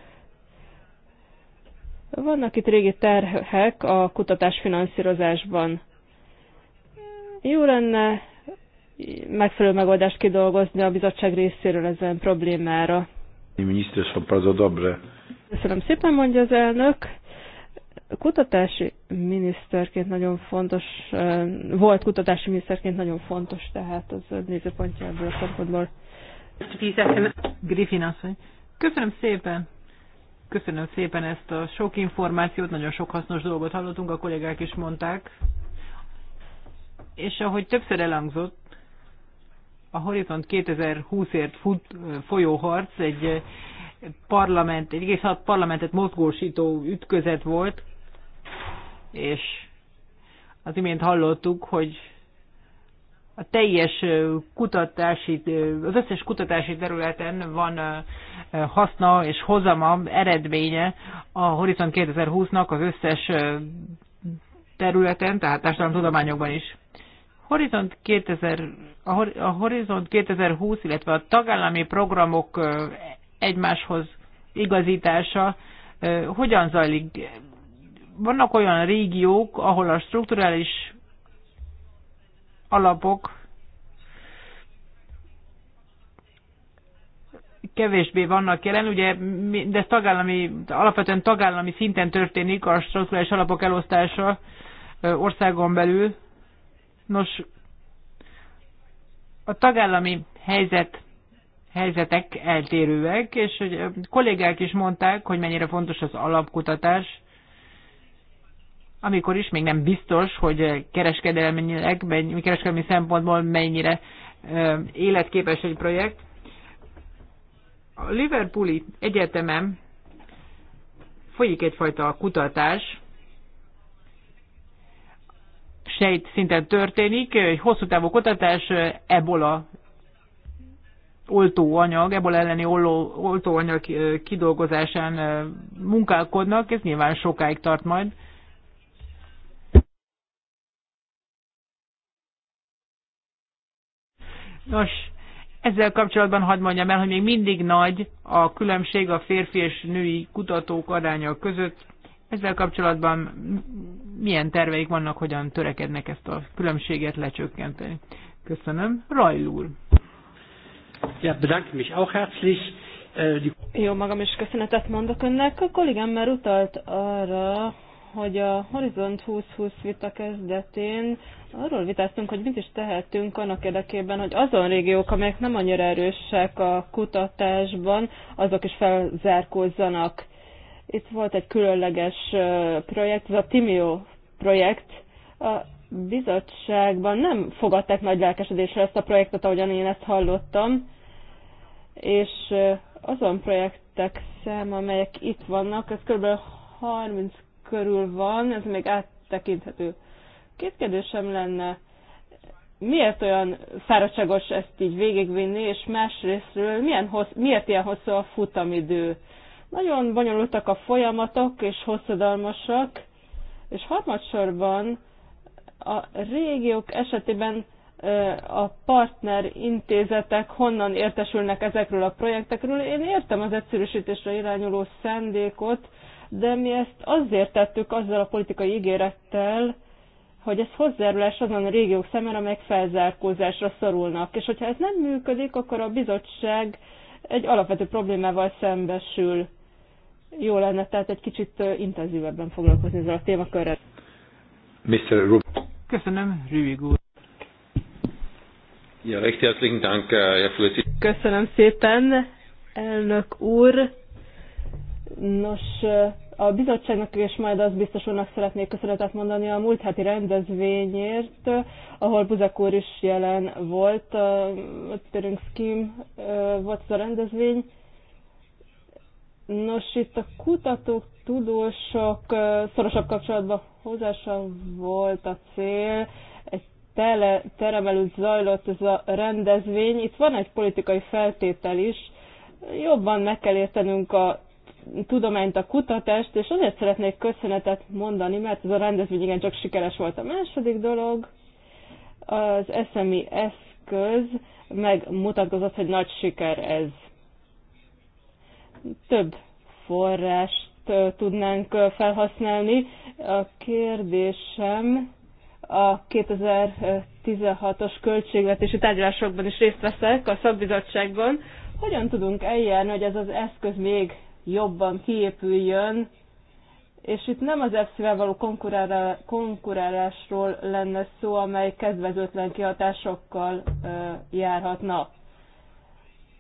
Vannak itt régi terhek a kutatás finanszírozásban. Jó lenne megfelelő megoldást kidolgozni a bizottság részéről ezen problémára. Köszönöm szépen, mondja az elnök kutatási miniszterként nagyon fontos, volt kutatási miniszterként nagyon fontos, tehát az nézőpontjából a szempontból. Griffin asszony. Köszönöm szépen! Köszönöm szépen ezt a sok információt, nagyon sok hasznos dolgot hallottunk, a kollégák is mondták. És ahogy többször elhangzott, a Horizont 2020-ért fut, folyó harc egy parlament, egy egész hat parlamentet mozgósító ütközet volt és az imént hallottuk, hogy a teljes kutatási, az összes kutatási területen van haszna és hozama, eredménye a Horizon 2020-nak az összes területen, tehát társadalomtudományokban is. Horizont 2000, a Horizont 2020, illetve a tagállami programok egymáshoz igazítása hogyan zajlik? vannak olyan régiók, ahol a strukturális alapok kevésbé vannak jelen, ugye de ez tagállami, alapvetően tagállami szinten történik a strukturális alapok elosztása országon belül. Nos, a tagállami helyzet helyzetek eltérőek, és hogy kollégák is mondták, hogy mennyire fontos az alapkutatás, amikor is még nem biztos, hogy kereskedelmileg, kereskedelmi szempontból mennyire életképes egy projekt. A Liverpooli Egyetemen folyik egyfajta kutatás, sejt szinten történik, egy hosszú távú kutatás ebola oltóanyag, ebola elleni oltóanyag kidolgozásán munkálkodnak, ez nyilván sokáig tart majd. Nos, ezzel kapcsolatban hadd mondjam el, hogy még mindig nagy a különbség a férfi és női kutatók aránya között. Ezzel kapcsolatban milyen terveik vannak, hogyan törekednek ezt a különbséget lecsökkenteni? Köszönöm. Rajl úr. Ja, bedank mich auch herzlich. Äh, Jó, magam is köszönetet mondok önnek. A kollégám már utalt arra, hogy a Horizont 2020 vita kezdetén Arról vitáztunk, hogy mit is tehetünk annak érdekében, hogy azon régiók, amelyek nem annyira erősek a kutatásban, azok is felzárkózzanak. Itt volt egy különleges projekt, ez a Timio projekt. A bizottságban nem fogadták nagy lelkesedésre ezt a projektet, ahogyan én ezt hallottam, és azon projektek szem, amelyek itt vannak, ez kb. 30 körül van, ez még áttekinthető. Két kérdésem lenne, miért olyan fáradtságos ezt így végigvinni, és másrésztről milyen hossz, miért ilyen hosszú a futamidő? Nagyon bonyolultak a folyamatok, és hosszadalmasak, és harmadsorban a régiók esetében a partner intézetek honnan értesülnek ezekről a projektekről. Én értem az egyszerűsítésre irányuló szándékot, de mi ezt azért tettük azzal a politikai ígérettel, hogy ez hozzájárulás azon a régiók szemére, amelyek felzárkózásra szorulnak. És hogyha ez nem működik, akkor a bizottság egy alapvető problémával szembesül. Jó lenne tehát egy kicsit intenzívebben foglalkozni ezzel a témakörrel. Mr. Rub Köszönöm, Rübig úr. Ja, recht herzlichen Dank, äh, Herr Köszönöm szépen, elnök úr. Nos, a bizottságnak és majd az biztos úrnak szeretnék köszönetet mondani a múlt heti rendezvényért, ahol Buzek úr is jelen volt, a Törünk Scheme volt az a rendezvény. Nos, itt a kutatók, tudósok szorosabb kapcsolatban hozása volt a cél, egy tele, terem előtt zajlott ez a rendezvény. Itt van egy politikai feltétel is, jobban meg kell értenünk a tudományt, a kutatást, és azért szeretnék köszönetet mondani, mert ez a rendezvény igen csak sikeres volt. A második dolog, az SMI eszköz megmutatkozott, hogy nagy siker ez. Több forrást tudnánk felhasználni. A kérdésem a 2016-os költségvetési tárgyalásokban is részt veszek a szabbizottságban. Hogyan tudunk eljárni, hogy ez az eszköz még jobban kiépüljön, és itt nem az EFSZ-vel való konkurálásról lenne szó, amely kedvezőtlen kihatásokkal járhatna.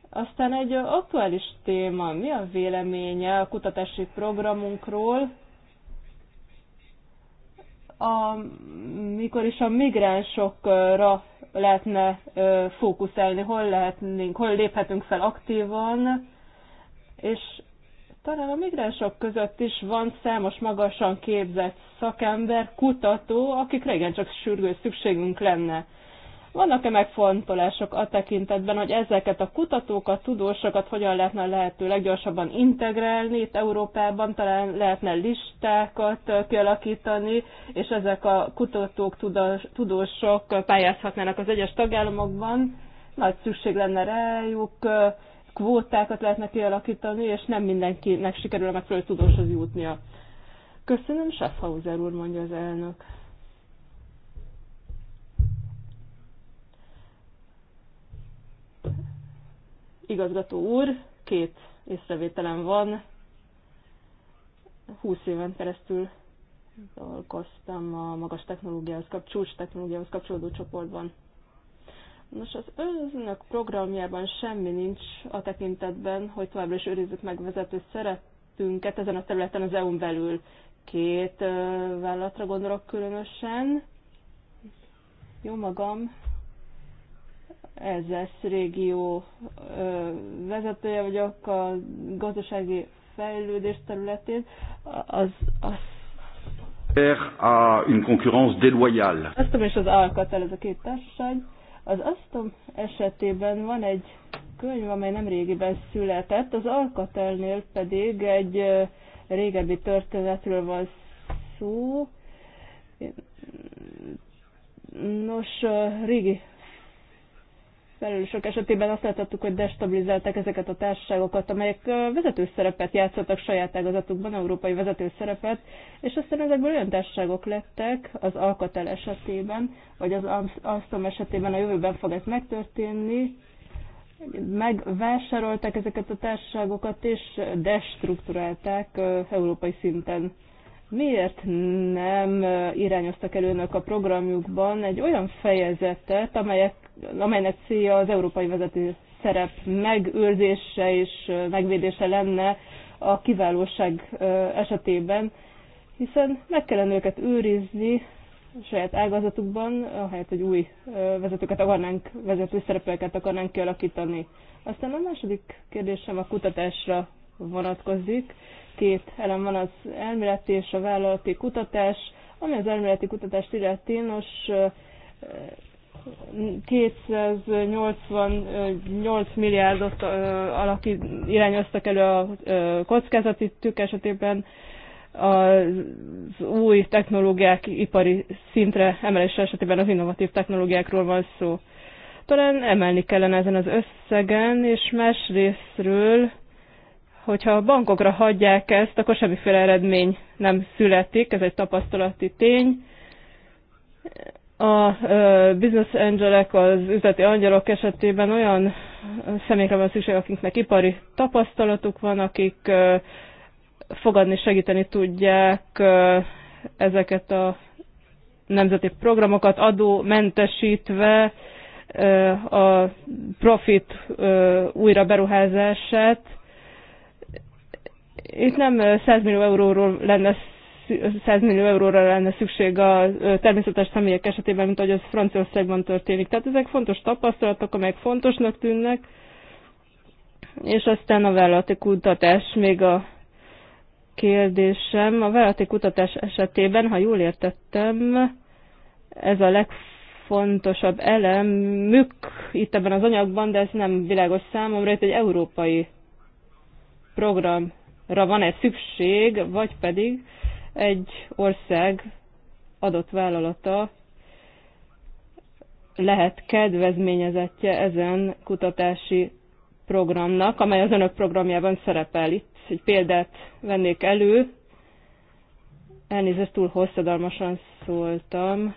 Aztán egy aktuális téma, mi a véleménye a kutatási programunkról, a, mikor is a migránsokra lehetne fókuszálni, hol lehetnénk, hol léphetünk fel aktívan, és talán a migránsok között is van számos magasan képzett szakember, kutató, akikre csak sürgő szükségünk lenne. Vannak-e megfontolások a tekintetben, hogy ezeket a kutatókat, tudósokat hogyan lehetne a lehető leggyorsabban integrálni itt Európában, talán lehetne listákat kialakítani, és ezek a kutatók, tudósok pályázhatnának az egyes tagállamokban. Nagy szükség lenne rájuk, kvótákat lehetne kialakítani, és nem mindenkinek sikerül a megfelelő tudóshoz jutnia. Köszönöm, Schaffhauser úr, mondja az elnök. Igazgató úr, két észrevételem van. Húsz éven keresztül dolgoztam a magas technológiához, kap, csúcs technológiához kapcsolódó csoportban. Nos, az önök programjában semmi nincs a tekintetben, hogy továbbra is őrizzük meg vezető szerepünket ezen a területen az EU-n belül. Két vállalatra gondolok különösen. Jó magam, ez lesz régió vezetője vagyok a gazdasági fejlődés területén. Az, az a une concurrence déloyale. tudom, és az Alcatel, ez a két társaság az Aston esetében van egy könyv, amely nem régiben született, az Alkatelnél pedig egy régebbi történetről van szó. Nos, régi felelősök esetében azt láthattuk, hogy destabilizálták ezeket a társaságokat, amelyek vezető szerepet játszottak saját ágazatukban, európai vezető szerepet, és aztán ezekből olyan társaságok lettek az Alcatel esetében, vagy az Alstom esetében a jövőben fog ez megtörténni, megvásárolták ezeket a társaságokat, és destrukturálták európai szinten. Miért nem irányoztak el önök a programjukban egy olyan fejezetet, amelyek, amelynek célja az európai vezető szerep megőrzése és megvédése lenne a kiválóság esetében, hiszen meg kellene őket őrizni a saját ágazatukban, ahelyett, hogy új vezetőket akarnánk, vezető szerepeket akarnánk kialakítani. Aztán a második kérdésem a kutatásra vonatkozik. Két elem van az elméleti és a vállalati kutatás. Ami az elméleti kutatást illeti, nos 288 milliárdot alaki, irányoztak elő a kockázati tükk esetében, az új technológiák ipari szintre emelése esetében az innovatív technológiákról van szó. Talán emelni kellene ezen az összegen, és részről hogyha a bankokra hagyják ezt, akkor semmiféle eredmény nem születik, ez egy tapasztalati tény. A business angelek, az üzleti angyalok esetében olyan személyekre van szükség, akiknek ipari tapasztalatuk van, akik fogadni, segíteni tudják ezeket a nemzeti programokat adó mentesítve a profit újra beruházását, itt nem 100 millió euróról lenne 100 millió euróra lenne szükség a természetes személyek esetében, mint ahogy az Franciaországban történik. Tehát ezek fontos tapasztalatok, amelyek fontosnak tűnnek, és aztán a vállalati kutatás még a kérdésem. A vállalati kutatás esetében, ha jól értettem, ez a legfontosabb elem műk itt ebben az anyagban, de ez nem világos számomra, itt egy európai program van-e szükség, vagy pedig egy ország adott vállalata lehet kedvezményezettje ezen kutatási programnak, amely az önök programjában szerepel. Itt egy példát vennék elő. Elnézést, túl hosszadalmasan szóltam.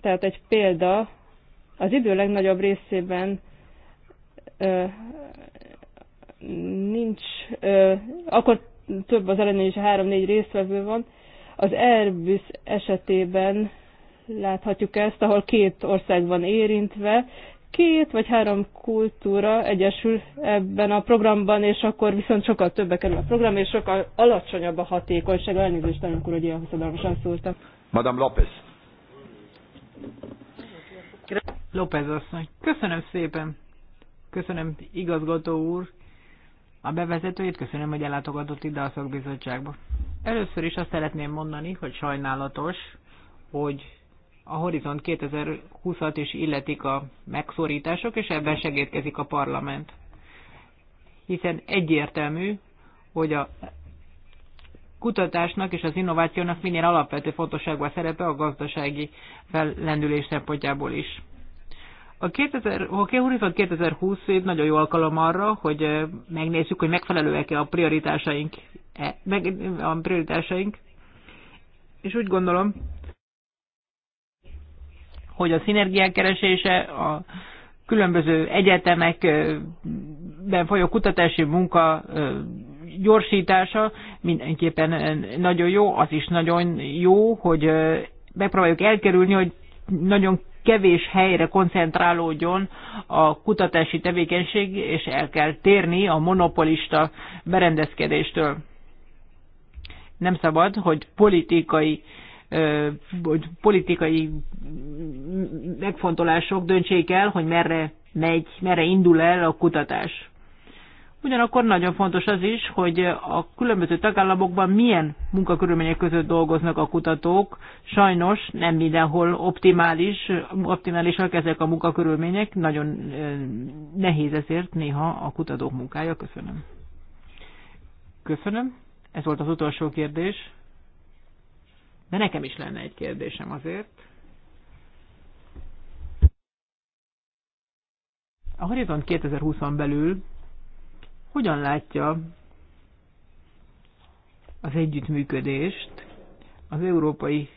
Tehát egy példa, az idő legnagyobb részében nincs, akkor több az ellenőr is, három-négy résztvevő van. Az Airbus esetében láthatjuk ezt, ahol két ország van érintve, két vagy három kultúra egyesül ebben a programban, és akkor viszont sokkal többe kerül a program, és sokkal alacsonyabb a hatékonyság. Elnézést, nagyon úr, hogy ilyen hosszadalmasan szóltam. Madame López. López asszony. Köszönöm szépen. Köszönöm, igazgató úr a bevezetőjét. Köszönöm, hogy ellátogatott ide a szakbizottságba. Először is azt szeretném mondani, hogy sajnálatos, hogy a Horizont 2020-at is illetik a megszorítások, és ebben segítkezik a parlament. Hiszen egyértelmű, hogy a kutatásnak és az innovációnak minél alapvető fontosságú a szerepe a gazdasági fellendülés szempontjából is. A 2000, a Horizon 2020 év nagyon jó alkalom arra, hogy megnézzük, hogy megfelelőek-e a prioritásaink, e, meg, a prioritásaink. És úgy gondolom, hogy a szinergiák keresése, a különböző egyetemekben folyó kutatási munka gyorsítása mindenképpen nagyon jó. Az is nagyon jó, hogy megpróbáljuk elkerülni, hogy nagyon kevés helyre koncentrálódjon a kutatási tevékenység, és el kell térni a monopolista berendezkedéstől. Nem szabad, hogy politikai hogy politikai megfontolások döntsék el, hogy merre megy, merre indul el a kutatás. Ugyanakkor nagyon fontos az is, hogy a különböző tagállamokban milyen munkakörülmények között dolgoznak a kutatók. Sajnos nem mindenhol optimális, optimálisak ezek a munkakörülmények. Nagyon nehéz ezért néha a kutatók munkája. Köszönöm. Köszönöm. Ez volt az utolsó kérdés. De nekem is lenne egy kérdésem azért. A Horizont 2020-on belül hogyan látja az együttműködést az Európai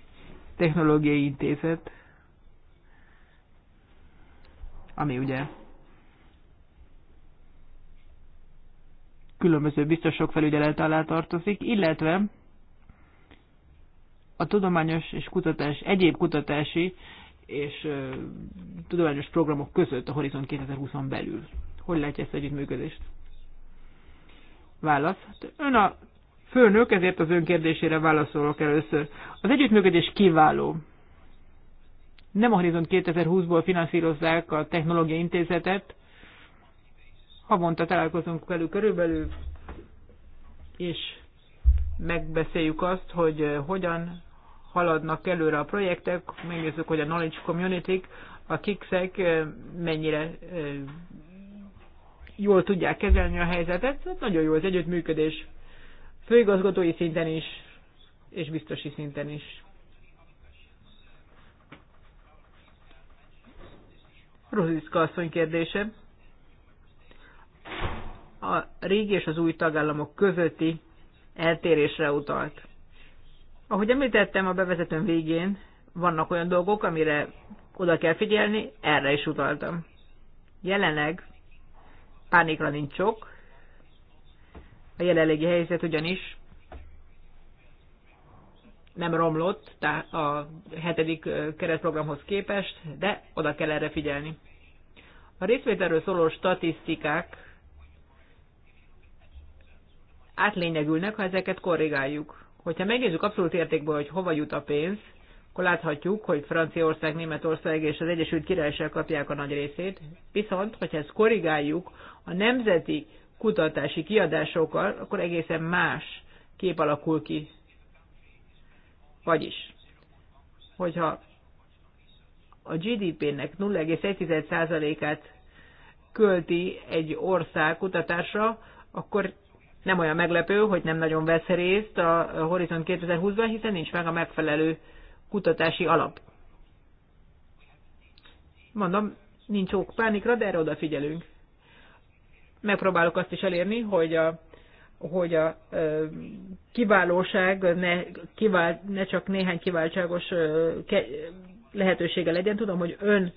Technológiai Intézet, ami ugye különböző biztosok felügyelet alá tartozik, illetve a tudományos és kutatás, egyéb kutatási és ö, tudományos programok között a Horizon 2020-on belül. Hogy látja ezt együttműködést? Válasz. Ön a főnök, ezért az ön kérdésére válaszolok először. Az együttműködés kiváló. Nem a Horizon 2020-ból finanszírozzák a Technológiai Intézetet. Havonta találkozunk velük körülbelül, és megbeszéljük azt, hogy eh, hogyan haladnak előre a projektek, megnézzük, hogy a Knowledge community a kikszek eh, mennyire eh, jól tudják kezelni a helyzetet, hát nagyon jó az együttműködés főigazgatói szinten is, és biztosi szinten is. Ruziszka asszony kérdése. A régi és az új tagállamok közötti eltérésre utalt. Ahogy említettem a bevezetőn végén, vannak olyan dolgok, amire oda kell figyelni, erre is utaltam. Jelenleg Pánikra nincs sok. A jelenlegi helyzet ugyanis nem romlott tehát a hetedik keretprogramhoz képest, de oda kell erre figyelni. A részvételről szóló statisztikák átlényegülnek, ha ezeket korrigáljuk. Hogyha megnézzük abszolút értékből, hogy hova jut a pénz, akkor láthatjuk, hogy Franciaország, Németország és az Egyesült Királyság kapják a nagy részét. Viszont, hogyha ezt korrigáljuk a nemzeti kutatási kiadásokkal, akkor egészen más kép alakul ki. Vagyis, hogyha a GDP-nek 0,1%-át költi egy ország kutatásra, akkor nem olyan meglepő, hogy nem nagyon vesz részt a Horizon 2020-ban, hiszen nincs meg a megfelelő kutatási alap. Mondom, nincs ok pánikra, de erre odafigyelünk. Megpróbálok azt is elérni, hogy a, hogy a ö, kiválóság ne, kivál, ne csak néhány kiváltságos ö, ke, lehetősége legyen. Tudom, hogy ön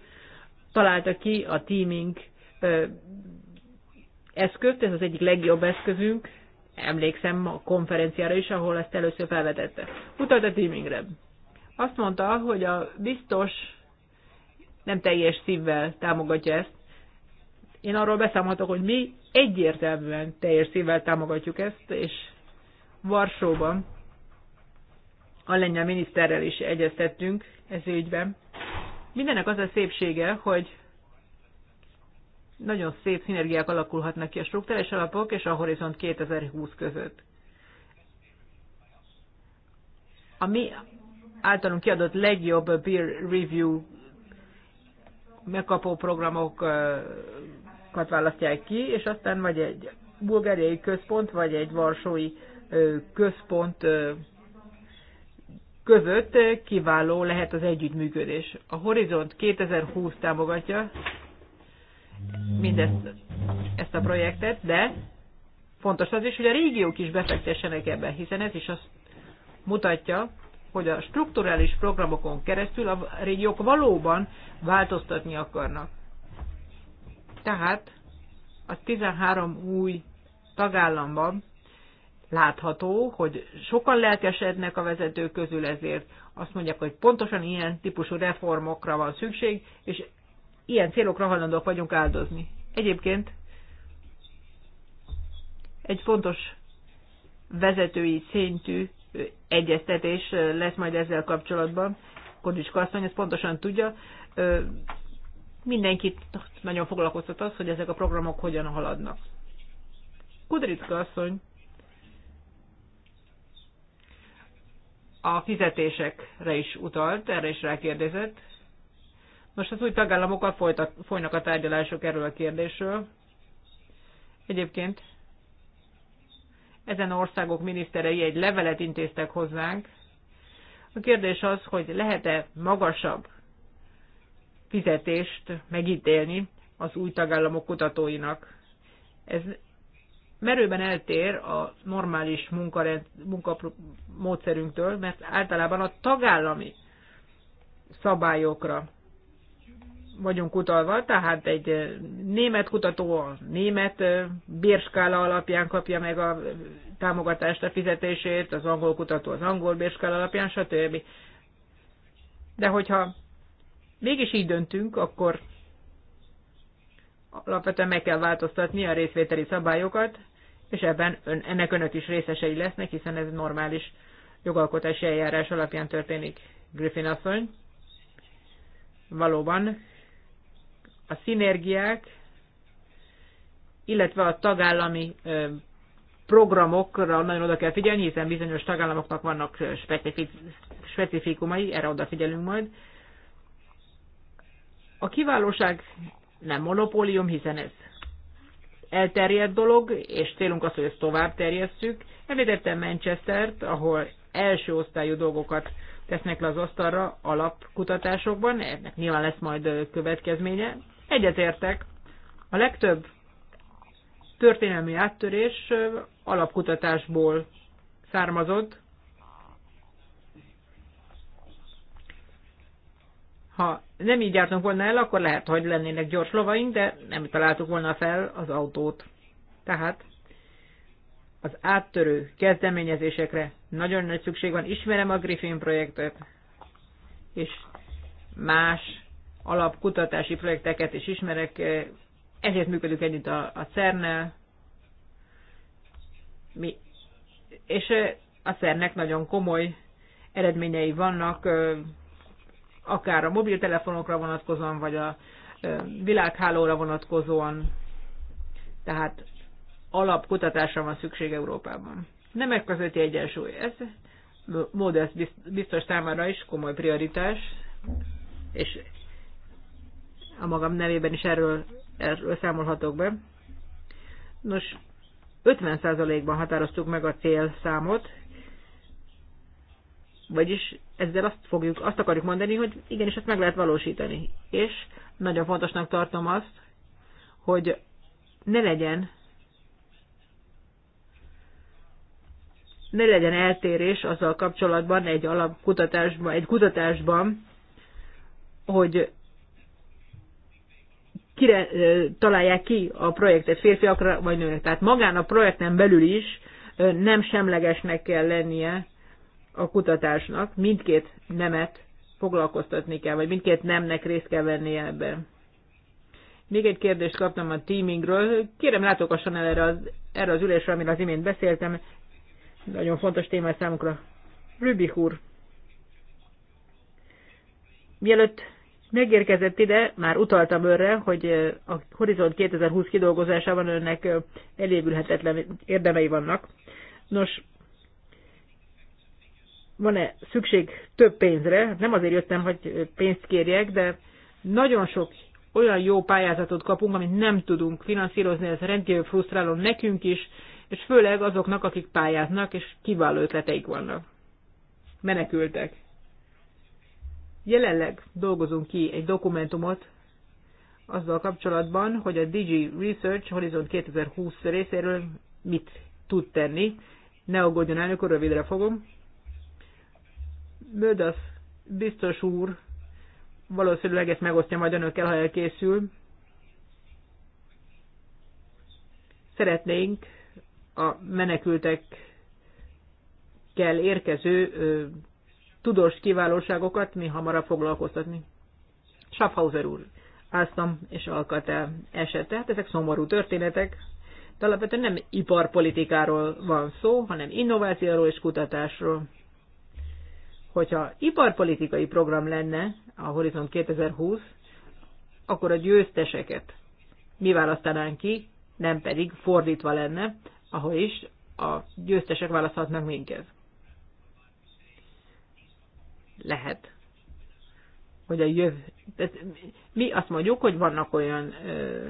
találta ki a teaming ö, eszközt, ez az egyik legjobb eszközünk. Emlékszem a konferenciára is, ahol ezt először felvetette. Utalt a teamingre. Azt mondta, hogy a biztos nem teljes szívvel támogatja ezt. Én arról beszámolhatok, hogy mi egyértelműen teljes szívvel támogatjuk ezt, és Varsóban a lengyel miniszterrel is egyeztettünk ez ügyben. Mindenek az a szépsége, hogy nagyon szép szinergiák alakulhatnak ki a struktúrális alapok és a Horizont 2020 között. A mi, általunk kiadott legjobb peer review megkapó programokat választják ki, és aztán vagy egy bulgáriai központ, vagy egy varsói központ között kiváló lehet az együttműködés. A Horizont 2020 támogatja mindezt ezt a projektet, de fontos az is, hogy a régiók is befektessenek ebbe, hiszen ez is azt mutatja, hogy a strukturális programokon keresztül a régiók valóban változtatni akarnak. Tehát a 13 új tagállamban látható, hogy sokan lelkesednek a vezetők közül ezért, azt mondják, hogy pontosan ilyen típusú reformokra van szükség, és ilyen célokra hajlandók vagyunk áldozni. Egyébként egy fontos vezetői szintű egyeztetés lesz majd ezzel kapcsolatban. Kodics Kasszony ezt pontosan tudja. Mindenkit nagyon foglalkoztat az, hogy ezek a programok hogyan haladnak. Kudricka asszony a fizetésekre is utalt, erre is rákérdezett. Most az új tagállamokkal folynak a tárgyalások erről a kérdésről. Egyébként ezen országok miniszterei egy levelet intéztek hozzánk. A kérdés az, hogy lehet-e magasabb fizetést megítélni az új tagállamok kutatóinak. Ez merőben eltér a normális munkamódszerünktől, mert általában a tagállami szabályokra vagyunk utalva, tehát egy német kutató a német bérskála alapján kapja meg a támogatást, a fizetését, az angol kutató az angol bérskála alapján, stb. De hogyha mégis így döntünk, akkor alapvetően meg kell változtatni a részvételi szabályokat, és ebben ön, ennek önök is részesei lesznek, hiszen ez normális jogalkotási eljárás alapján történik. Griffin asszony, valóban a szinergiák, illetve a tagállami programokra nagyon oda kell figyelni, hiszen bizonyos tagállamoknak vannak specifikumai, erre odafigyelünk majd. A kiválóság nem monopólium, hiszen ez elterjedt dolog, és célunk az, hogy ezt tovább terjesszük. Említettem Manchester-t, ahol első osztályú dolgokat tesznek le az asztalra alapkutatásokban, ennek nyilván lesz majd következménye, Egyetértek. A legtöbb történelmi áttörés alapkutatásból származott. Ha nem így jártunk volna el, akkor lehet, hogy lennének gyors lovaink, de nem találtuk volna fel az autót. Tehát az áttörő kezdeményezésekre nagyon nagy szükség van. Ismerem a Griffin projektet, és más alapkutatási projekteket is ismerek, eh, ezért működünk együtt a, a CERN-nel, mi, és eh, a CERN-nek nagyon komoly eredményei vannak, eh, akár a mobiltelefonokra vonatkozóan, vagy a világhálóra vonatkozóan, tehát alapkutatásra van szükség Európában. Nemek közötti egyensúly, ez Modesz biztos számára is komoly prioritás, és a magam nevében is erről, erről számolhatok be. Nos, 50%-ban határoztuk meg a célszámot, vagyis ezzel azt fogjuk, azt akarjuk mondani, hogy igenis ezt meg lehet valósítani. És nagyon fontosnak tartom azt, hogy ne legyen ne legyen eltérés azzal kapcsolatban egy alapkutatásban, egy kutatásban, hogy kire találják ki a projektet férfiakra vagy nőre. Tehát magán a projekten belül is nem semlegesnek kell lennie a kutatásnak, mindkét nemet foglalkoztatni kell, vagy mindkét nemnek részt kell vennie ebben. Még egy kérdést kaptam a teamingről. Kérem látogasson el erre az, erre az ülésre, amiről az imént beszéltem. Nagyon fontos téma számukra. Rübik úr. Mielőtt Megérkezett ide, már utaltam önre, hogy a Horizont 2020 kidolgozásában önnek elévülhetetlen érdemei vannak. Nos, van-e szükség több pénzre? Nem azért jöttem, hogy pénzt kérjek, de nagyon sok olyan jó pályázatot kapunk, amit nem tudunk finanszírozni, ez rendkívül frusztráló nekünk is, és főleg azoknak, akik pályáznak, és kiváló ötleteik vannak. Menekültek. Jelenleg dolgozunk ki egy dokumentumot azzal kapcsolatban, hogy a Digi Research Horizon 2020 részéről mit tud tenni. Ne aggódjon el, akkor rövidre fogom. Mödasz biztos úr valószínűleg ezt megosztja majd önökkel, ha elkészül. Szeretnénk a menekültekkel érkező tudós kiválóságokat mi hamarabb foglalkoztatni. Schaffhauser úr, Áztam és esett. esete, ezek szomorú történetek, de alapvetően nem iparpolitikáról van szó, hanem innovációról és kutatásról. Hogyha iparpolitikai program lenne a Horizont 2020, akkor a győzteseket mi választanánk ki, nem pedig fordítva lenne, ahol is a győztesek választhatnak minket lehet, hogy a jövő... Tehát mi azt mondjuk, hogy vannak olyan... Ö,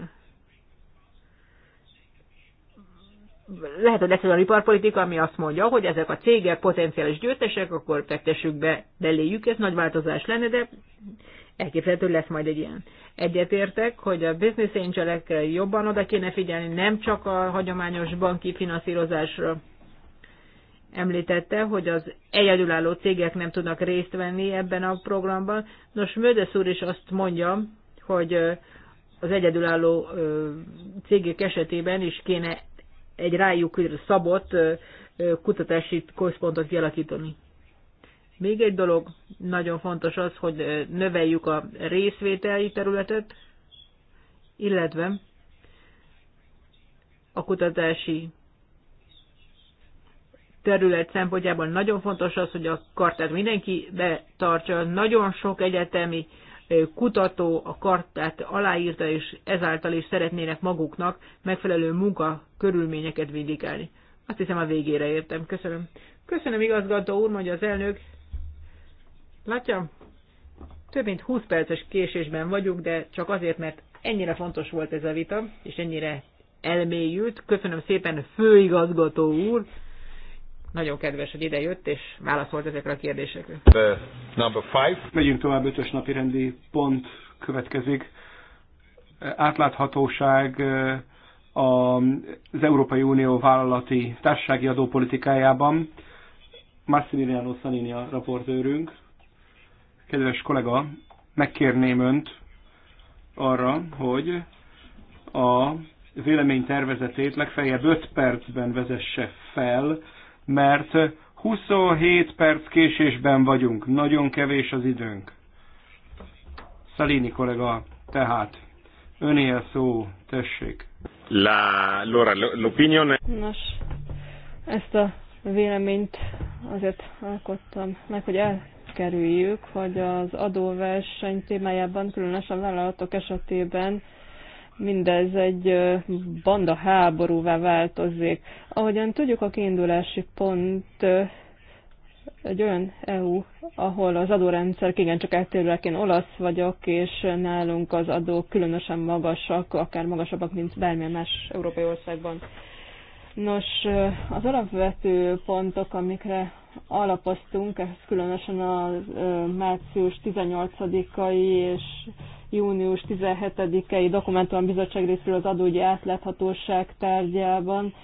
lehet, hogy lesz olyan iparpolitika, ami azt mondja, hogy ezek a cégek potenciális győztesek, akkor fektessük be beléjük, ez nagy változás lenne, de elképzelhető lesz majd egy ilyen. Egyetértek, hogy a business angelek jobban oda kéne figyelni, nem csak a hagyományos banki finanszírozásra, említette, hogy az egyedülálló cégek nem tudnak részt venni ebben a programban. Nos, Mődes úr is azt mondja, hogy az egyedülálló cégek esetében is kéne egy rájuk szabott kutatási központot kialakítani. Még egy dolog, nagyon fontos az, hogy növeljük a részvételi területet, illetve a kutatási terület szempontjából nagyon fontos az, hogy a kartát mindenki betartsa. Nagyon sok egyetemi kutató a kartát aláírta, és ezáltal is szeretnének maguknak megfelelő munka körülményeket vindikálni. Azt hiszem a végére értem. Köszönöm. Köszönöm igazgató úr, mondja az elnök. Látja, több mint 20 perces késésben vagyunk, de csak azért, mert ennyire fontos volt ez a vita, és ennyire elmélyült. Köszönöm szépen, főigazgató úr. Nagyon kedves, hogy ide jött, és válaszolt ezekre a kérdésekre. The number five. Megyünk tovább, ötös napi rendi pont következik. Átláthatóság eh, az Európai Unió vállalati társasági adópolitikájában. Massimiliano Sanini a raportőrünk. Kedves kollega, megkérném Önt arra, hogy a vélemény tervezetét legfeljebb 5 percben vezesse fel, mert 27 perc késésben vagyunk, nagyon kevés az időnk. Szalini kollega, tehát önél szó, tessék. La, Laura, l'opinione... Nos, ezt a véleményt azért alkottam meg, hogy elkerüljük, hogy az adóverseny témájában, különösen vállalatok esetében mindez egy banda háborúvá változik. Ahogyan tudjuk, a kiindulási pont egy olyan EU, ahol az igen csak eltérőek. Én olasz vagyok, és nálunk az adók különösen magasak, akár magasabbak, mint bármilyen más európai országban. Nos, az alapvető pontok, amikre alapoztunk, ez különösen a március 18-ai és június 17-i dokumentumbizottság részéről az adógyi átláthatóság tárgyában.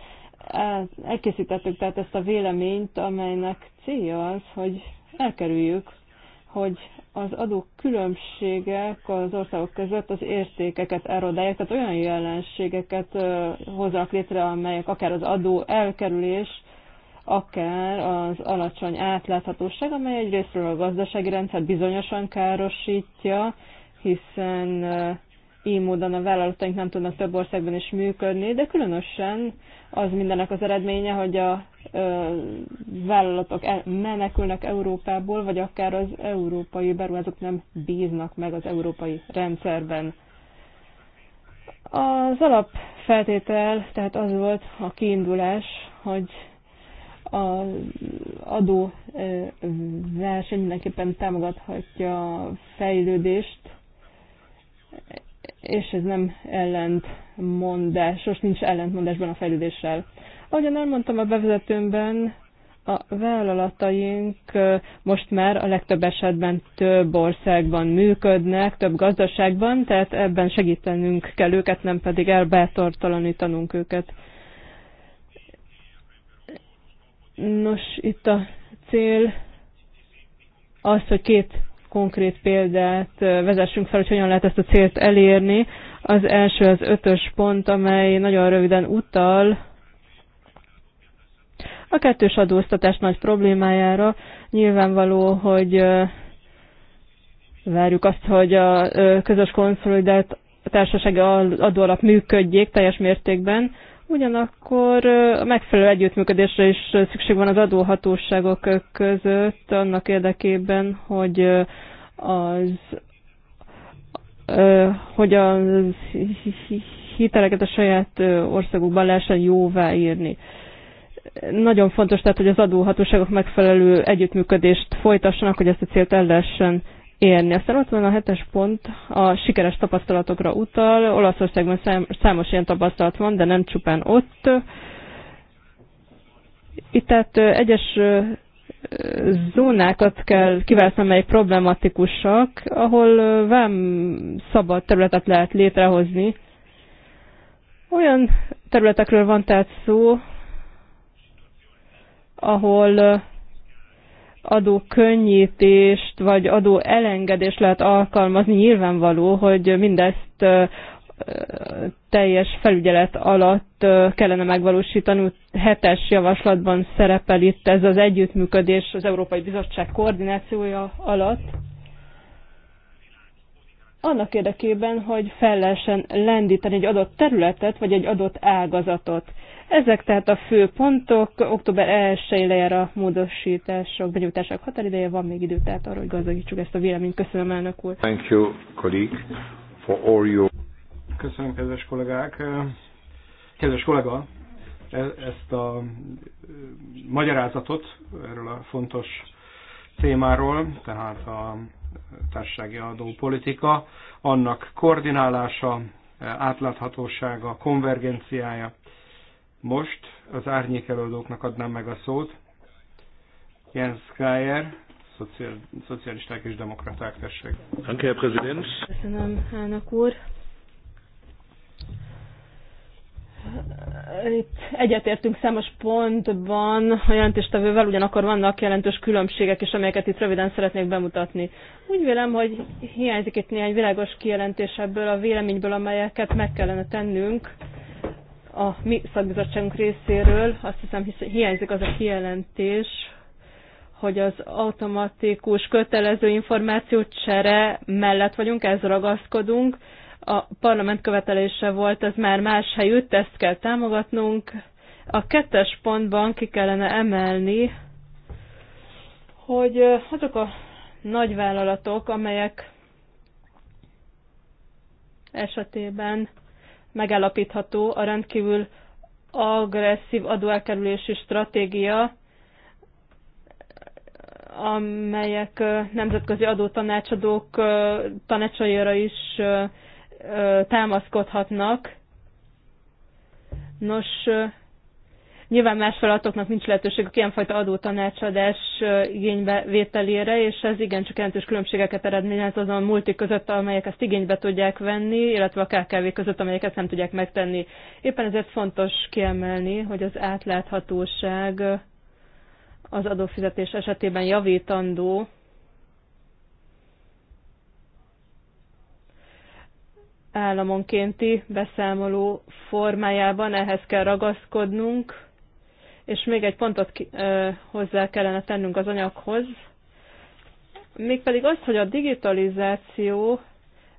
Elkészítettük tehát ezt a véleményt, amelynek célja az, hogy elkerüljük, hogy az adó különbségek az országok között az értékeket erodálják, tehát olyan jelenségeket hozzák létre, amelyek akár az adó elkerülés, akár az alacsony átláthatóság, amely egyrésztről a gazdasági rendszer bizonyosan károsítja, hiszen eh, így módon a vállalataink nem tudnak több országban is működni, de különösen az mindenek az eredménye, hogy a eh, vállalatok menekülnek Európából, vagy akár az európai beruházók nem bíznak meg az európai rendszerben. Az alapfeltétel tehát az volt a kiindulás, hogy az adó eh, verseny mindenképpen támogathatja a fejlődést, és ez nem ellentmondásos, nincs ellentmondásban a fejlődéssel. Ahogyan elmondtam a bevezetőmben, a vállalataink most már a legtöbb esetben több országban működnek, több gazdaságban, tehát ebben segítenünk kell őket, nem pedig elbátortalanítanunk őket. Nos, itt a cél az, hogy két konkrét példát vezessünk fel, hogy hogyan lehet ezt a célt elérni. Az első az ötös pont, amely nagyon röviden utal a kettős adóztatás nagy problémájára. Nyilvánvaló, hogy várjuk azt, hogy a közös konszolidált társasági adóalap működjék teljes mértékben, Ugyanakkor a megfelelő együttműködésre is szükség van az adóhatóságok között, annak érdekében, hogy az hogy a hiteleket a saját országukban lehessen jóvá írni. Nagyon fontos tehát, hogy az adóhatóságok megfelelő együttműködést folytassanak, hogy ezt a célt el lehessen érni. Aztán ott van a hetes pont, a sikeres tapasztalatokra utal. Olaszországban szám, számos ilyen tapasztalat van, de nem csupán ott. Itt tehát egyes zónákat kell kiválasztani, amelyek problematikusak, ahol vám szabad területet lehet létrehozni. Olyan területekről van tehát szó, ahol adókönnyítést vagy adó elengedést lehet alkalmazni, nyilvánvaló, hogy mindezt teljes felügyelet alatt kellene megvalósítani. hetes javaslatban szerepel itt ez az együttműködés az Európai Bizottság koordinációja alatt. Annak érdekében, hogy fel lehessen lendíteni egy adott területet, vagy egy adott ágazatot. Ezek tehát a fő pontok. Október 1 i lejár a módosítások, benyújtások határideje, van még idő, tehát arra, hogy gazdagítsuk ezt a véleményt. Köszönöm, elnök úr. Thank you, colleague, for all your... Köszönöm, kedves kollégák. Kedves kollega, e- ezt a e, magyarázatot erről a fontos témáról, tehát a társasági adópolitika, annak koordinálása, átláthatósága, konvergenciája, most az árnyék adnám meg a szót. Jens Geyer, szociál, szocialisták és demokraták, tessék. Köszönöm, elnök úr. Itt egyetértünk számos pontban a jelentéstevővel, ugyanakkor vannak jelentős különbségek is, amelyeket itt röviden szeretnék bemutatni. Úgy vélem, hogy hiányzik itt néhány világos kijelentés ebből a véleményből, amelyeket meg kellene tennünk a mi szakbizottságunk részéről. Azt hiszem, hisz, hiányzik az a kijelentés, hogy az automatikus kötelező csere mellett vagyunk, ez ragaszkodunk. A parlament követelése volt, ez már más helyütt, ezt kell támogatnunk. A kettes pontban ki kellene emelni, hogy azok a nagyvállalatok, amelyek esetében megállapítható a rendkívül agresszív adóelkerülési stratégia, amelyek nemzetközi adótanácsadók tanácsaira is támaszkodhatnak. Nos, Nyilván más feladatoknak nincs lehetőségük ilyenfajta adótanácsadás igénybe vételére, és ez igencsak jelentős különbségeket eredményez azon multik között, amelyek ezt igénybe tudják venni, illetve a KKV között, amelyek ezt nem tudják megtenni. Éppen ezért fontos kiemelni, hogy az átláthatóság az adófizetés esetében javítandó, államonkénti beszámoló formájában ehhez kell ragaszkodnunk, és még egy pontot hozzá kellene tennünk az anyaghoz, mégpedig azt, hogy a digitalizáció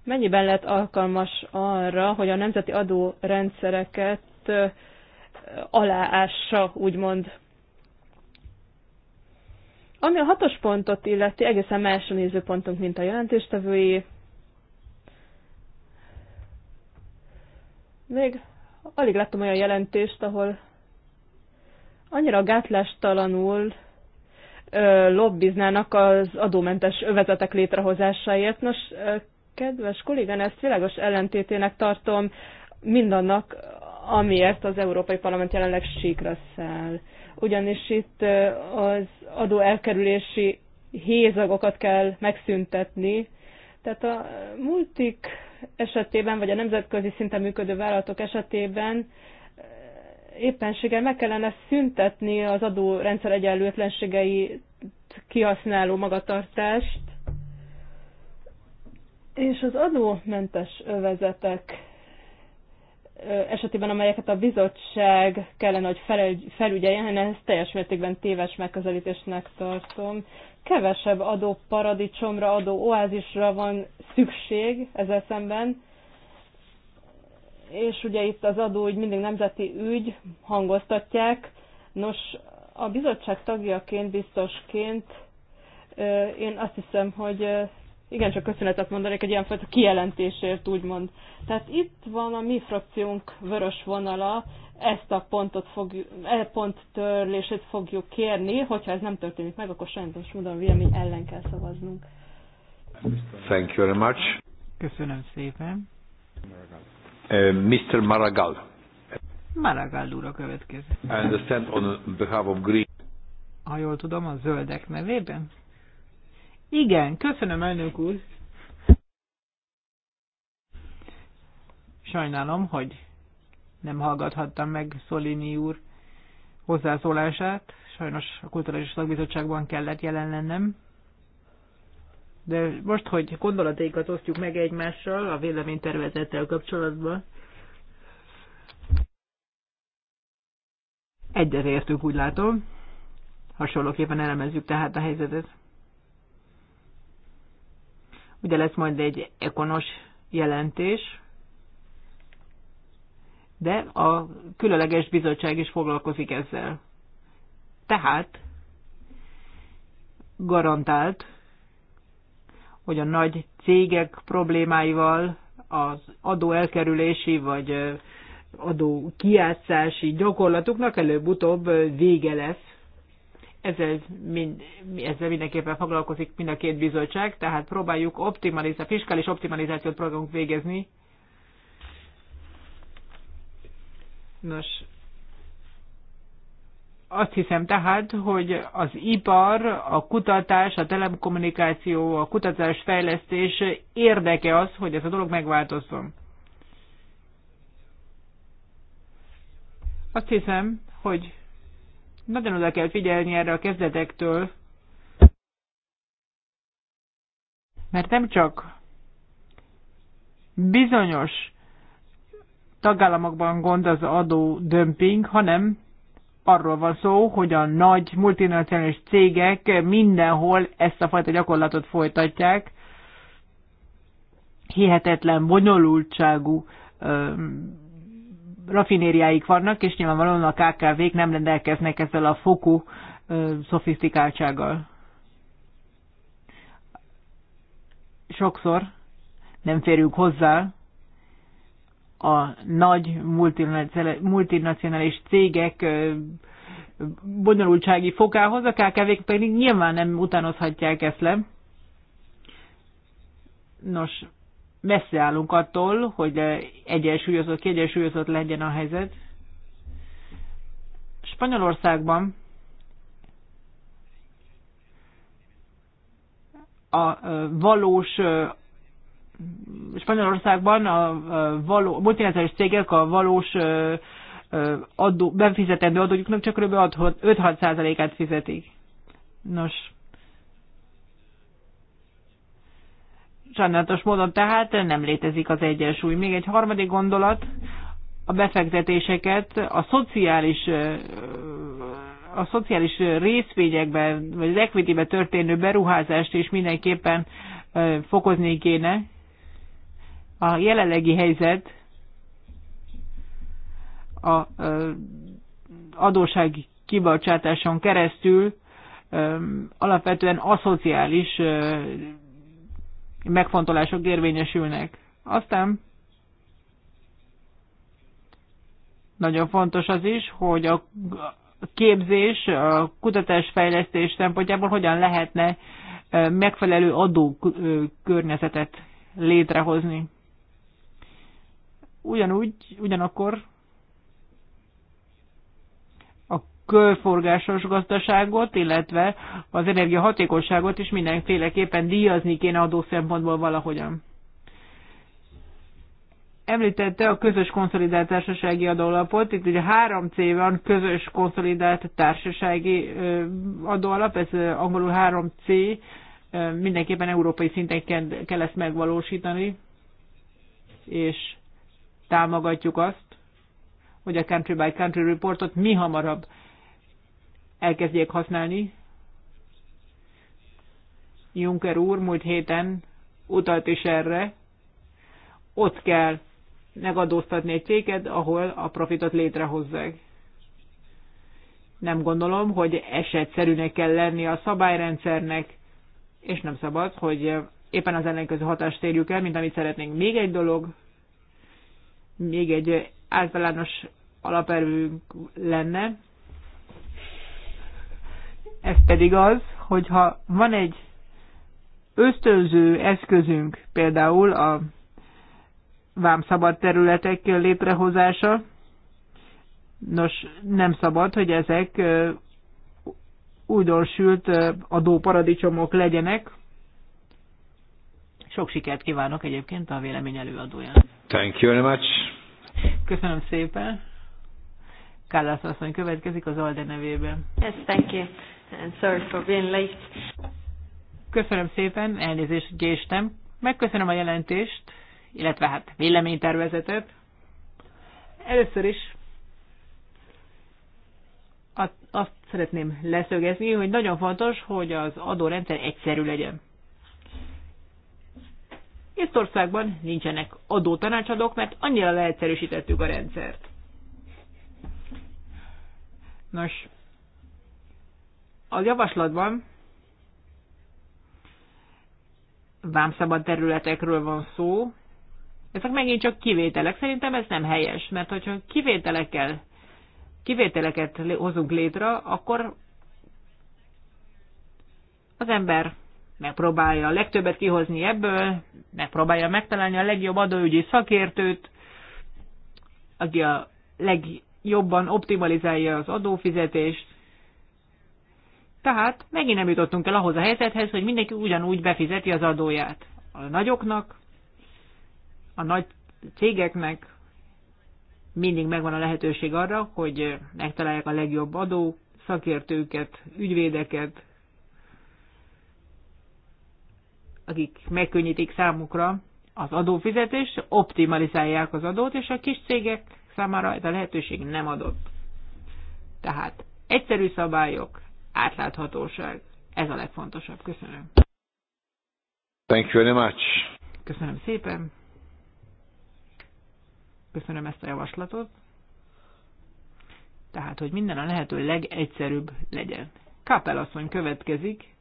mennyiben lett alkalmas arra, hogy a nemzeti adórendszereket aláássa, úgymond. Ami a hatos pontot illeti, egészen más a nézőpontunk, mint a jelentéstevői. Még alig láttam olyan jelentést, ahol annyira gátlástalanul lobbiznának az adómentes övezetek létrehozásáért. Nos, kedves kollégán, ezt világos ellentétének tartom mindannak, amiért az Európai Parlament jelenleg síkra száll. Ugyanis itt az adó elkerülési hézagokat kell megszüntetni, tehát a multik esetében, vagy a nemzetközi szinten működő vállalatok esetében éppenséggel meg kellene szüntetni az adórendszer egyenlőtlenségei kihasználó magatartást, és az adómentes övezetek esetében, amelyeket a bizottság kellene, hogy felügyeljen, én ezt teljes mértékben téves megközelítésnek tartom. Kevesebb adó paradicsomra adó oázisra van szükség ezzel szemben, és ugye itt az adó úgy mindig nemzeti ügy, hangoztatják. Nos, a bizottság tagjaként, biztosként én azt hiszem, hogy igencsak köszönetet mondanék egy ilyenfajta kijelentésért, úgymond. Tehát itt van a mi frakciónk vörös vonala, ezt a pontot fogjuk, e pont törlését fogjuk kérni, hogyha ez nem történik meg, akkor sajnos módon mi ellen kell szavaznunk. Thank you very much. Köszönöm szépen. Eh, Mr. Maragall. Maragall úr a következő. I understand on behalf of Green. Ha jól tudom, a zöldek nevében? Igen, köszönöm elnök úr. Sajnálom, hogy nem hallgathattam meg Szolini úr hozzászólását. Sajnos a Kulturális Szakbizottságban kellett jelen lennem. De most, hogy gondolataikat osztjuk meg egymással a véleménytervezettel kapcsolatban, egyetértünk, úgy látom. Hasonlóképpen elemezzük tehát a helyzetet. Ugye lesz majd egy ekonos jelentés, de a különleges bizottság is foglalkozik ezzel. Tehát garantált hogy a nagy cégek problémáival, az adó elkerülési vagy adó kiátszási gyakorlatuknak előbb-utóbb vége lesz. Ezzel, mind, ezzel mindenképpen foglalkozik mind a két bizottság, tehát próbáljuk optimalizálni, fiskális optimalizációt próbálunk végezni. Nos, azt hiszem tehát, hogy az ipar, a kutatás, a telekommunikáció, a kutatás fejlesztés érdeke az, hogy ez a dolog megváltozzon. Azt hiszem, hogy nagyon oda kell figyelni erre a kezdetektől, mert nem csak bizonyos tagállamokban gond az adó dömping, hanem arról van szó, hogy a nagy multinacionális cégek mindenhol ezt a fajta gyakorlatot folytatják, hihetetlen bonyolultságú rafinériáik vannak, és nyilvánvalóan a KKV-k nem rendelkeznek ezzel a fokú szofisztikáltsággal. Sokszor nem férünk hozzá a nagy multinacionális cégek bonyolultsági fokához, a kkv pedig nyilván nem utánozhatják ezt le. Nos, messze állunk attól, hogy egyensúlyozott, kiegyensúlyozott legyen a helyzet. Spanyolországban a valós Spanyolországban a való, multinacionális cégek a valós adó, befizetendő adójuknak csak kb. 5-6%-át fizetik. Nos, sajnálatos módon tehát nem létezik az egyensúly. Még egy harmadik gondolat, a befektetéseket a szociális a szociális részvényekben, vagy az equity történő beruházást is mindenképpen fokozni kéne. A jelenlegi helyzet a adóság kibocsátáson keresztül alapvetően aszociális megfontolások érvényesülnek. Aztán nagyon fontos az is, hogy a képzés, a kutatásfejlesztés szempontjából hogyan lehetne megfelelő adókörnyezetet létrehozni. Ugyanúgy, ugyanakkor a körforgásos gazdaságot, illetve az energiahatékosságot is mindenféleképpen díjazni kéne adó szempontból valahogyan. Említette a közös konszolidált társasági adóalapot, itt ugye három c van, közös konszolidált társasági adóalap, ez angolul 3C, mindenképpen európai szinten kell ezt megvalósítani, és támogatjuk azt, hogy a country by country reportot mi hamarabb elkezdjék használni. Juncker úr múlt héten utalt is erre, ott kell megadóztatni egy céged, ahol a profitot létrehozzák. Nem gondolom, hogy esetszerűnek kell lenni a szabályrendszernek, és nem szabad, hogy éppen az ellenkező hatást érjük el, mint amit szeretnénk. Még egy dolog, még egy általános alaperőnk lenne. Ez pedig az, hogyha van egy ösztönző eszközünk, például a vámszabad területek létrehozása, nos, nem szabad, hogy ezek újdonsült adóparadicsomok legyenek. Sok sikert kívánok egyébként a vélemény előadójának. Thank you very much. Köszönöm szépen. Kállász asszony következik az Alde nevében. Yes, thank you. And sorry for being late. Köszönöm szépen, elnézést géstem. Megköszönöm a jelentést, illetve hát véleménytervezetet. Először is azt szeretném leszögezni, hogy nagyon fontos, hogy az adórendszer egyszerű legyen. Észtországban nincsenek adótanácsadók, mert annyira leegyszerűsítettük a rendszert. Nos, a javaslatban vámszabad területekről van szó. Ezek megint csak kivételek. Szerintem ez nem helyes, mert hogyha kivételekkel, kivételeket hozunk létre, akkor az ember megpróbálja a legtöbbet kihozni ebből, megpróbálja megtalálni a legjobb adóügyi szakértőt, aki a legjobban optimalizálja az adófizetést. Tehát megint nem jutottunk el ahhoz a helyzethez, hogy mindenki ugyanúgy befizeti az adóját. A nagyoknak, a nagy cégeknek mindig megvan a lehetőség arra, hogy megtalálják a legjobb adó szakértőket, ügyvédeket, akik megkönnyítik számukra az adófizetést, optimalizálják az adót, és a kis cégek számára ez a lehetőség nem adott. Tehát egyszerű szabályok, átláthatóság, ez a legfontosabb. Köszönöm. Thank you very much. Köszönöm szépen. Köszönöm ezt a javaslatot. Tehát, hogy minden a lehető legegyszerűbb legyen. Kapelasszony következik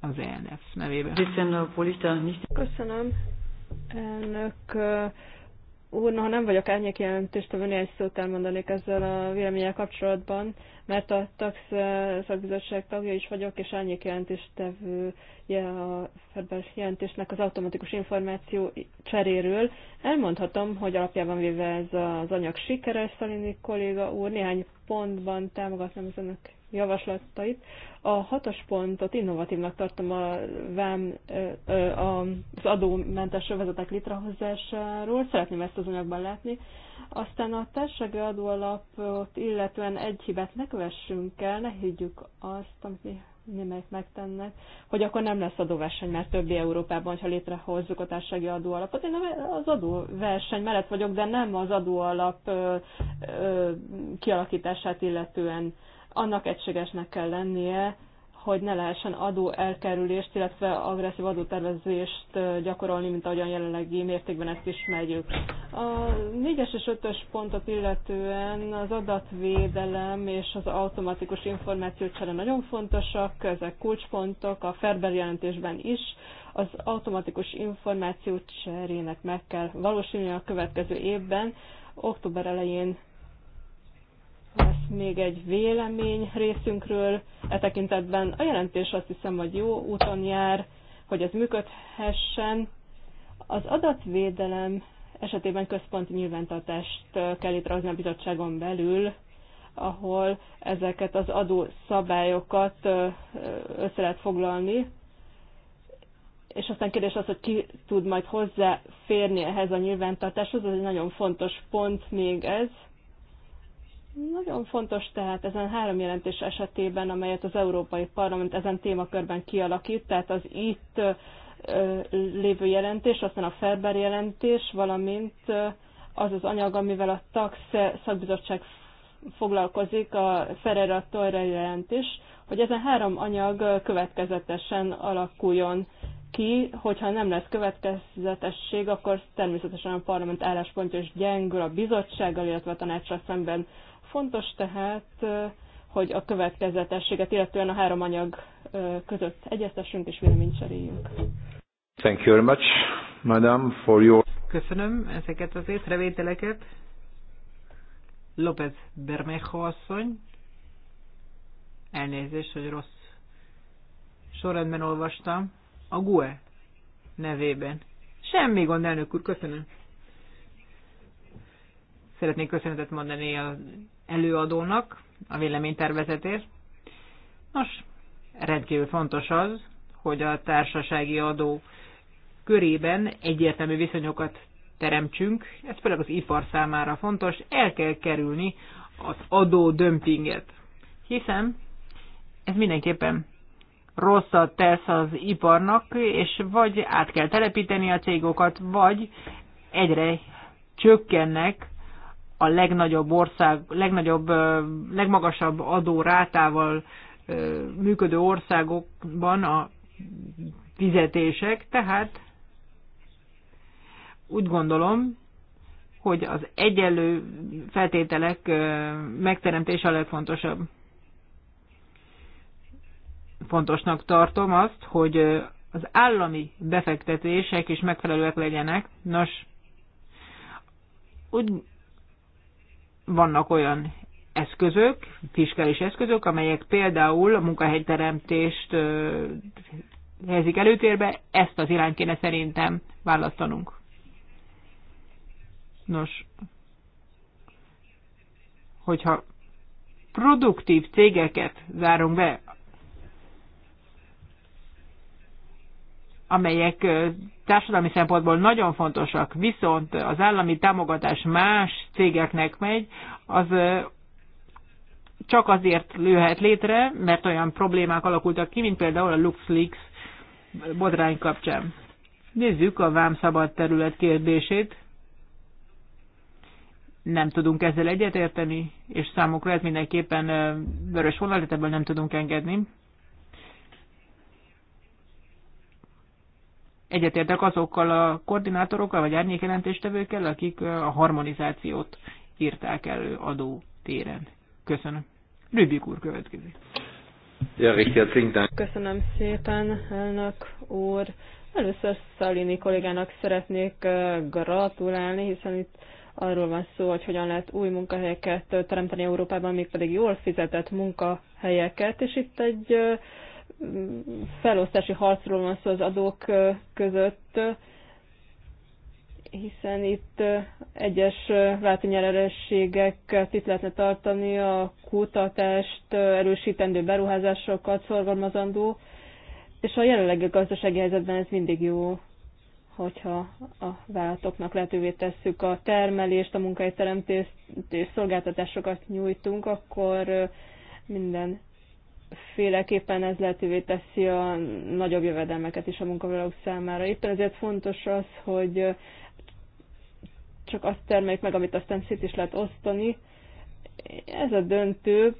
az ELNF nevében. Köszönöm, elnök uh, úr, ha nem vagyok árnyék jelentéstevő, néhány szót elmondanék ezzel a véleményel kapcsolatban, mert a TAX uh, szakbizottság tagja is vagyok, és árnyék tevője a Ferber jelentésnek az automatikus információ cseréről. Elmondhatom, hogy alapjában véve ez az anyag sikeres, Szalini kolléga úr, néhány pontban támogatnám az önök javaslatait. A hatos pontot innovatívnak tartom a vám, az adómentes övezetek létrehozásáról, szeretném ezt az anyagban látni. Aztán a társasági adóalapot illetően egy hibát ne kövessünk el, ne higgyük azt, amit mi némelyik megtennek, hogy akkor nem lesz adóverseny, mert többi Európában, ha létrehozzuk a társasági adóalapot. Én az adóverseny mellett vagyok, de nem az adóalap ö, ö, kialakítását illetően annak egységesnek kell lennie, hogy ne lehessen adó elkerülést, illetve agresszív adótervezést gyakorolni, mint ahogyan jelenlegi mértékben ezt ismerjük. A 4-es és 5-ös pontot illetően az adatvédelem és az automatikus információcsere nagyon fontosak, ezek kulcspontok, a Ferber jelentésben is. Az automatikus információcserének meg kell valósulni a következő évben, október elején lesz még egy vélemény részünkről e tekintetben. A jelentés azt hiszem, hogy jó úton jár, hogy ez működhessen. Az adatvédelem esetében központi nyilvántartást kell létrehozni a bizottságon belül, ahol ezeket az adó szabályokat össze lehet foglalni, és aztán kérdés az, hogy ki tud majd hozzáférni ehhez a nyilvántartáshoz, ez egy nagyon fontos pont még ez, nagyon fontos tehát ezen három jelentés esetében, amelyet az Európai Parlament ezen témakörben kialakít, tehát az itt lévő jelentés, aztán a Felber jelentés, valamint az az anyag, amivel a TAX szakbizottság foglalkozik, a Ferreira Torre jelentés, hogy ezen három anyag következetesen alakuljon ki, hogyha nem lesz következetesség, akkor természetesen a parlament álláspontja is gyengül a bizottsággal, illetve a tanácsra szemben. Fontos tehát, hogy a következetességet, illetően a három anyag között egyeztessünk és véleményt cseréljünk. Thank you very much, madam, for your... Köszönöm ezeket az észrevételeket. López Bermejo asszony. Elnézést, hogy rossz sorrendben olvastam a GUE nevében. Semmi gond, elnök úr, köszönöm. Szeretnék köszönetet mondani az előadónak a véleménytervezetért. Nos, rendkívül fontos az, hogy a társasági adó körében egyértelmű viszonyokat teremtsünk, ez főleg az ipar számára fontos, el kell kerülni az adó dömpinget, hiszen ez mindenképpen rosszat tesz az iparnak, és vagy át kell telepíteni a cégokat, vagy egyre csökkennek a legnagyobb ország, legnagyobb, legmagasabb adó rátával működő országokban a fizetések, tehát úgy gondolom, hogy az egyenlő feltételek megteremtése a legfontosabb fontosnak tartom azt, hogy az állami befektetések is megfelelőek legyenek. Nos, úgy vannak olyan eszközök, fiskális eszközök, amelyek például a munkahelyteremtést helyezik előtérbe, ezt az irányt kéne szerintem választanunk. Nos, hogyha produktív cégeket zárunk be amelyek társadalmi szempontból nagyon fontosak, viszont az állami támogatás más cégeknek megy, az csak azért lőhet létre, mert olyan problémák alakultak ki, mint például a LuxLeaks botrány kapcsán. Nézzük a vámszabad terület kérdését. Nem tudunk ezzel egyetérteni, és számukra ez mindenképpen vörös vonal, ebből nem tudunk engedni. egyetértek azokkal a koordinátorokkal, vagy árnyékjelentéstevőkkel, akik a harmonizációt írták elő adó téren. Köszönöm. Rübik úr következik. Köszönöm szépen, elnök úr. Először Szalini kollégának szeretnék gratulálni, hiszen itt arról van szó, hogy hogyan lehet új munkahelyeket teremteni Európában, mégpedig jól fizetett munkahelyeket, és itt egy felosztási harcról van szó az adók között, hiszen itt egyes váltanyerelességeket itt lehetne tartani, a kutatást, erősítendő beruházásokat szorgalmazandó, és a jelenlegi gazdasági helyzetben ez mindig jó, hogyha a vállalatoknak lehetővé tesszük a termelést, a munkahelyteremtést és szolgáltatásokat nyújtunk, akkor minden féleképpen ez lehetővé teszi a nagyobb jövedelmeket is a munkavállalók számára. Éppen ezért fontos az, hogy csak azt termeljük meg, amit aztán szét is lehet osztani. Ez a döntő.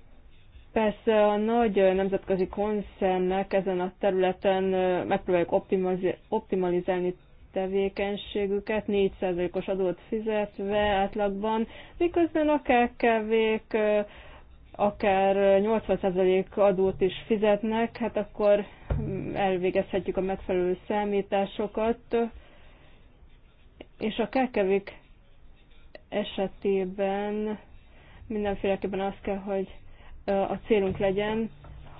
Persze a nagy nemzetközi koncernek ezen a területen megpróbáljuk optimalizálni tevékenységüket 4%-os adót fizetve átlagban, miközben a KKV-k akár 80% adót is fizetnek, hát akkor elvégezhetjük a megfelelő számításokat, és a kkv esetében mindenféleképpen az kell, hogy a célunk legyen,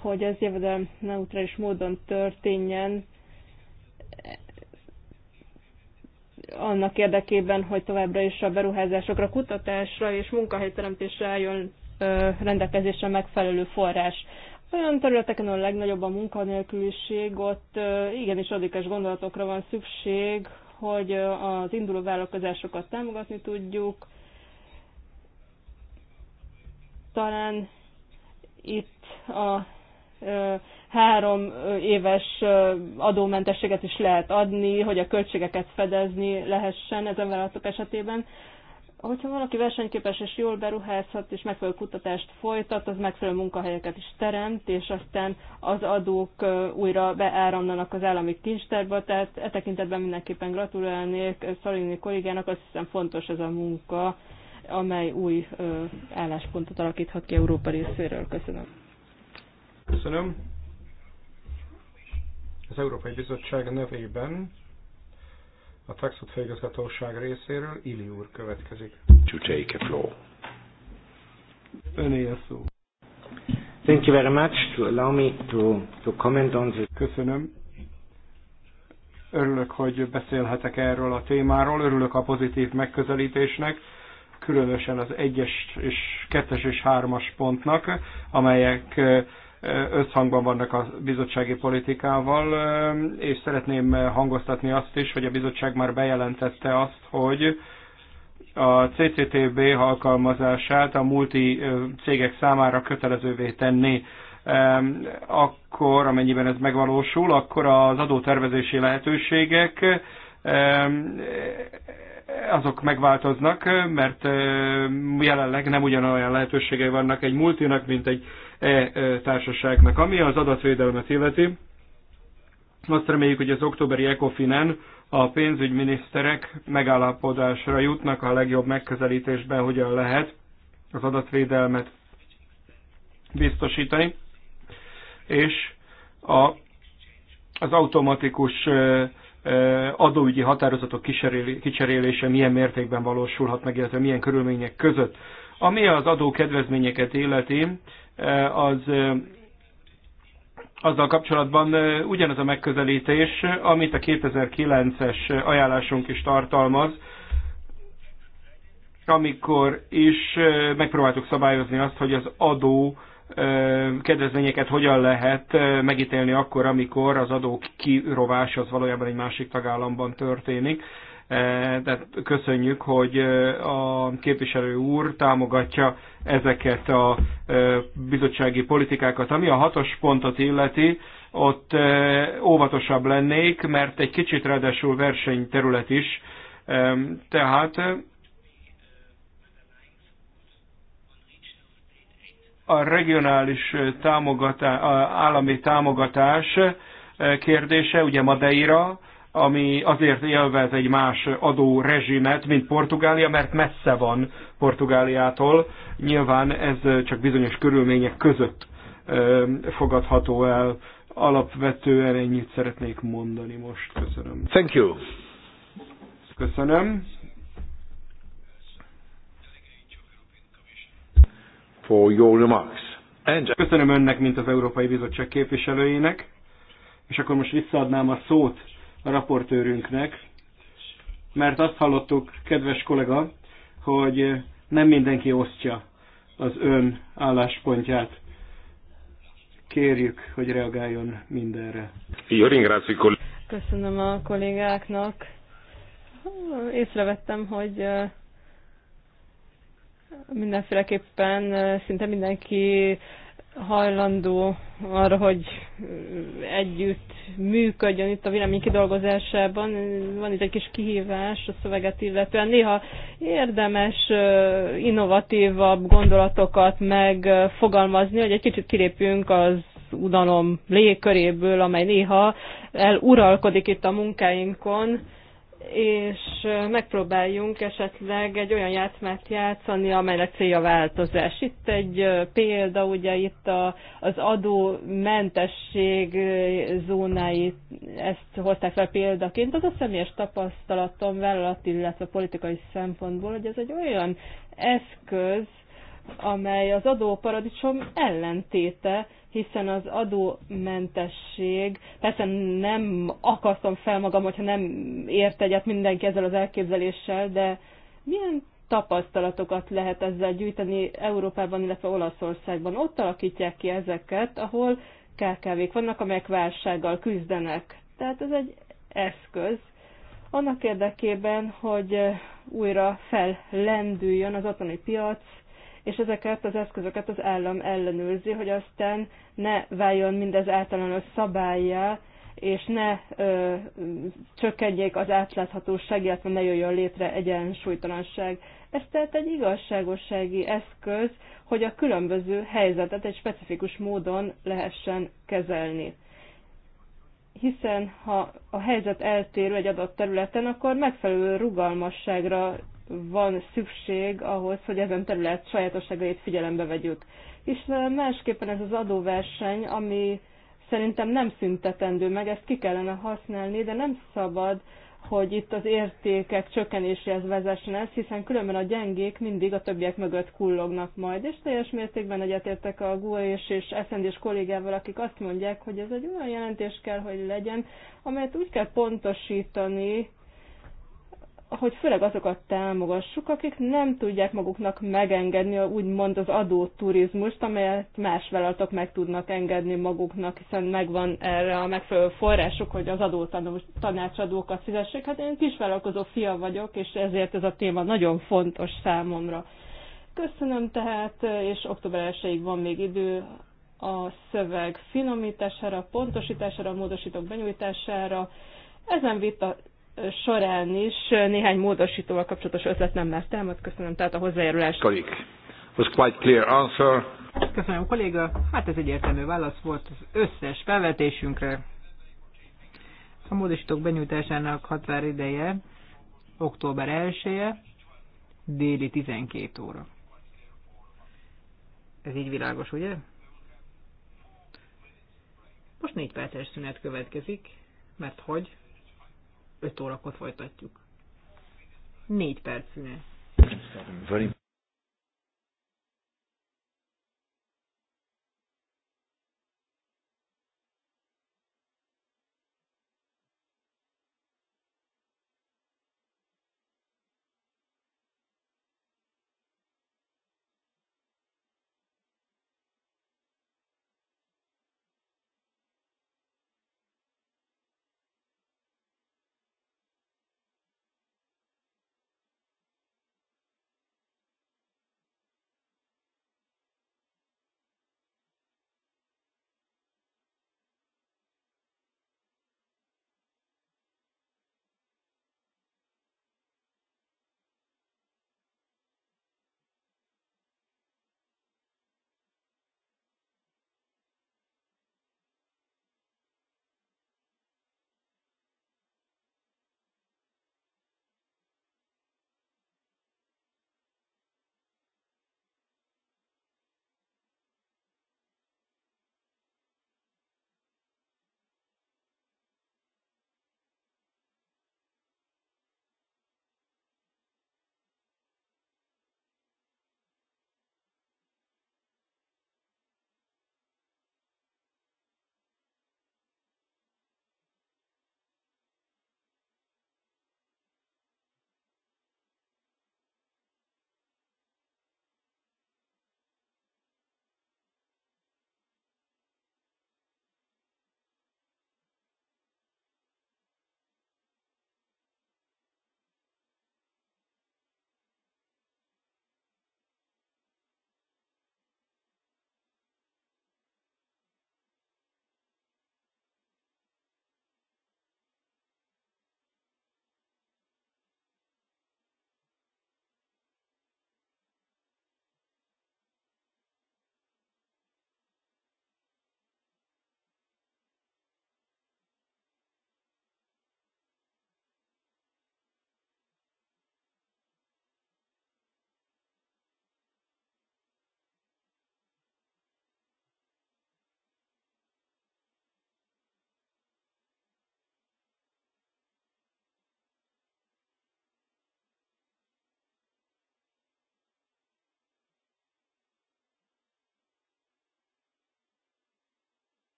hogy ez jövedelem neutrális módon történjen, annak érdekében, hogy továbbra is a beruházásokra, kutatásra és munkahelyteremtésre álljon rendelkezésre megfelelő forrás. Olyan területeken a legnagyobb a munkanélküliség, ott igenis adikás gondolatokra van szükség, hogy az induló vállalkozásokat támogatni tudjuk. Talán itt a három éves adómentességet is lehet adni, hogy a költségeket fedezni lehessen ezen vállalatok esetében. Hogyha valaki versenyképes és jól beruházhat, és megfelelő kutatást folytat, az megfelelő munkahelyeket is teremt, és aztán az adók újra beáramlanak az állami kincstárba, tehát e tekintetben mindenképpen gratulálnék Szalini kollégának, azt hiszem fontos ez a munka, amely új álláspontot alakíthat ki Európa részéről. Köszönöm. Köszönöm. Az Európai Bizottság nevében a Taxot Főigazgatóság részéről. Ili úr következik. To take a floor. Öné a szó. Thank you very much to allow me to, to comment on this. Köszönöm. Örülök, hogy beszélhetek erről a témáról. Örülök a pozitív megközelítésnek, különösen az egyes és kettes és hármas pontnak, amelyek összhangban vannak a bizottsági politikával, és szeretném hangoztatni azt is, hogy a bizottság már bejelentette azt, hogy a CCTB alkalmazását a multi cégek számára kötelezővé tenni akkor, amennyiben ez megvalósul, akkor az adótervezési lehetőségek azok megváltoznak, mert jelenleg nem ugyanolyan lehetőségei vannak egy multinak, mint egy E, e társaságnak. Ami az adatvédelmet illeti, azt reméljük, hogy az októberi ECOFIN-en a pénzügyminiszterek megállapodásra jutnak a legjobb megközelítésben, hogyan lehet az adatvédelmet biztosítani, és a, az automatikus e, e, adóügyi határozatok kicserélése milyen mértékben valósulhat meg, illetve milyen körülmények között. Ami az adókedvezményeket illeti, e, az e, azzal kapcsolatban e, ugyanaz a megközelítés, amit a 2009-es ajánlásunk is tartalmaz, amikor is megpróbáltuk szabályozni azt, hogy az adó kedvezményeket hogyan lehet megítélni akkor, amikor az adók kirovás az valójában egy másik tagállamban történik. Eh, de köszönjük, hogy eh, a képviselő úr támogatja ezeket a eh, bizottsági politikákat. Ami a hatos pontot illeti, ott óvatosabb lennék, mert egy kicsit ráadásul versenyterület is. Tehát a regionális támogatás, állami támogatás kérdése, ugye Madeira, ami azért élvez egy más adó rezsimet, mint Portugália, mert messze van Portugáliától. Nyilván ez csak bizonyos körülmények között fogadható el. Alapvetően ennyit szeretnék mondani most. Köszönöm. Thank you. Köszönöm. For your remarks. And... Köszönöm önnek, mint az Európai Bizottság képviselőjének. És akkor most visszaadnám a szót a raportőrünknek, mert azt hallottuk, kedves kollega, hogy nem mindenki osztja az ön álláspontját. Kérjük, hogy reagáljon mindenre. Köszönöm a kollégáknak. Észrevettem, hogy mindenféleképpen szinte mindenki hajlandó arra, hogy együtt működjön itt a vélemény kidolgozásában. Van itt egy kis kihívás a szöveget illetően. Néha érdemes innovatívabb gondolatokat megfogalmazni, hogy egy kicsit kilépjünk az udalom légköréből, amely néha eluralkodik itt a munkáinkon és megpróbáljunk esetleg egy olyan játszmát játszani, amelynek célja változás. Itt egy példa, ugye itt a, az adómentesség zónái. ezt hozták fel példaként, az a személyes tapasztalatom vállalati, illetve politikai szempontból, hogy ez egy olyan eszköz, amely az adóparadicsom ellentéte, hiszen az adómentesség, persze nem akasztom fel magam, hogyha nem ért egyet mindenki ezzel az elképzeléssel, de milyen tapasztalatokat lehet ezzel gyűjteni Európában, illetve Olaszországban. Ott alakítják ki ezeket, ahol KKV-k vannak, amelyek válsággal küzdenek. Tehát ez egy eszköz annak érdekében, hogy újra fellendüljön az otthoni piac, és ezeket az eszközöket az állam ellenőrzi, hogy aztán ne váljon mindez általános szabályjá, és ne ö, csökkenjék az átláthatóság, illetve ne jöjjön létre egyensúlytalanság. Ez tehát egy igazságossági eszköz, hogy a különböző helyzetet egy specifikus módon lehessen kezelni. Hiszen ha a helyzet eltérő egy adott területen, akkor megfelelő rugalmasságra van szükség ahhoz, hogy ezen terület sajátosságait figyelembe vegyük. És másképpen ez az adóverseny, ami szerintem nem szüntetendő meg, ezt ki kellene használni, de nem szabad, hogy itt az értékek csökkenéséhez vezessen ez, hiszen különben a gyengék mindig a többiek mögött kullognak majd, és teljes mértékben egyetértek a GUA és, és sznd kollégával, akik azt mondják, hogy ez egy olyan jelentés kell, hogy legyen, amelyet úgy kell pontosítani, hogy főleg azokat támogassuk, akik nem tudják maguknak megengedni úgymond az turizmust, amelyet más vállalatok meg tudnak engedni maguknak, hiszen megvan erre a megfelelő forrásuk, hogy az tanácsadókat fizessék. Hát én kisvállalkozó fia vagyok, és ezért ez a téma nagyon fontos számomra. Köszönöm tehát, és október 1 van még idő a szöveg finomítására, pontosítására, módosítók benyújtására. Ezen vita során is néhány módosítóval kapcsolatos ötlet nem lesz támad. Köszönöm tehát a hozzájárulást. Kollég. Was quite clear answer. Köszönöm, kolléga. Hát ez egyértelmű válasz volt az összes felvetésünkre. A módosítók benyújtásának határideje október 1-e, déli 12 óra. Ez így világos, ugye? Most négy perces szünet következik, mert hogy 5 órakor folytatjuk. 4 percnél.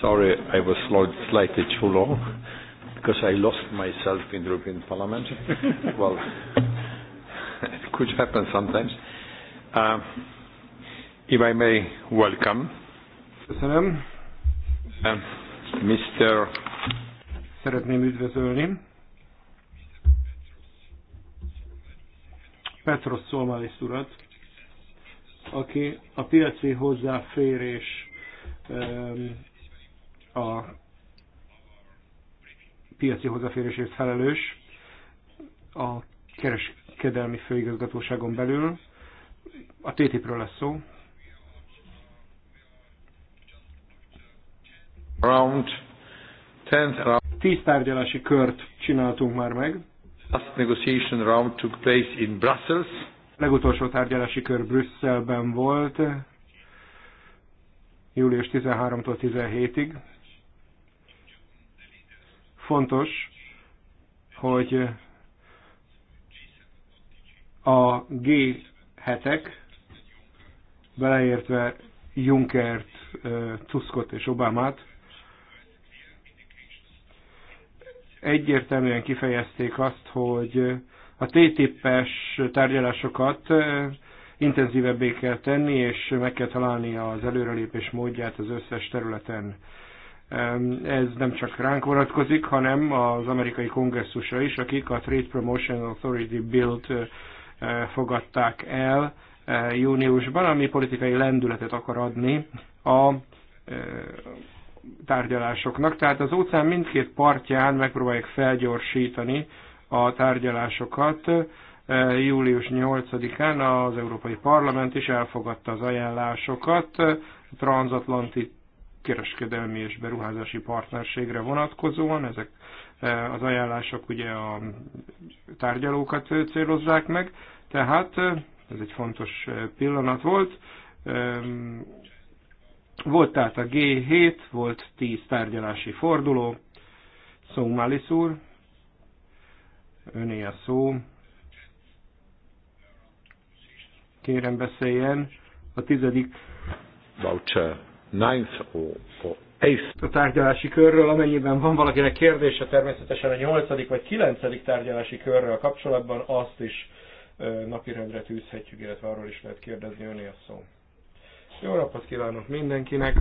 Sorry, I was slightly too long because I lost myself in the European Parliament. well, it could happen sometimes. Uh, if I may welcome Köszönöm. Uh, um, Mr. Szeretném üdvözölni Petros Szolmalis urat, aki a piaci hozzáférés a piaci hozzáférésért felelős a kereskedelmi főigazgatóságon belül. A TTIP-ről lesz szó. Round tíz tárgyalási kört csináltunk már meg. Last negotiation round took place in Brussels. Legutolsó tárgyalási kör Brüsszelben volt július 13-tól 17-ig. Fontos, hogy a g hetek, beleértve Junkert, Tuskot és Obamát, egyértelműen kifejezték azt, hogy a TTIP-es tárgyalásokat intenzívebbé kell tenni, és meg kell találni az előrelépés módját az összes területen. Ez nem csak ránk vonatkozik, hanem az amerikai kongresszusra is, akik a Trade Promotion Authority Bill-t fogadták el júniusban, ami politikai lendületet akar adni a tárgyalásoknak. Tehát az óceán mindkét partján megpróbálják felgyorsítani a tárgyalásokat. E, július 8-án az Európai Parlament is elfogadta az ajánlásokat a e, transatlanti kereskedelmi és beruházási partnerségre vonatkozóan. Ezek e, az ajánlások ugye a tárgyalókat célozzák meg, tehát ez egy fontos pillanat volt. Volt tehát a G7, volt 10 tárgyalási forduló. Szó úr, öné a szó. kérem beszéljen. A tizedik voucher ninth or, or eighth. A tárgyalási körről, amennyiben van valakinek kérdése, természetesen a nyolcadik vagy kilencedik tárgyalási körről kapcsolatban azt is napirendre tűzhetjük, illetve arról is lehet kérdezni öné a szó. Jó napot kívánok mindenkinek,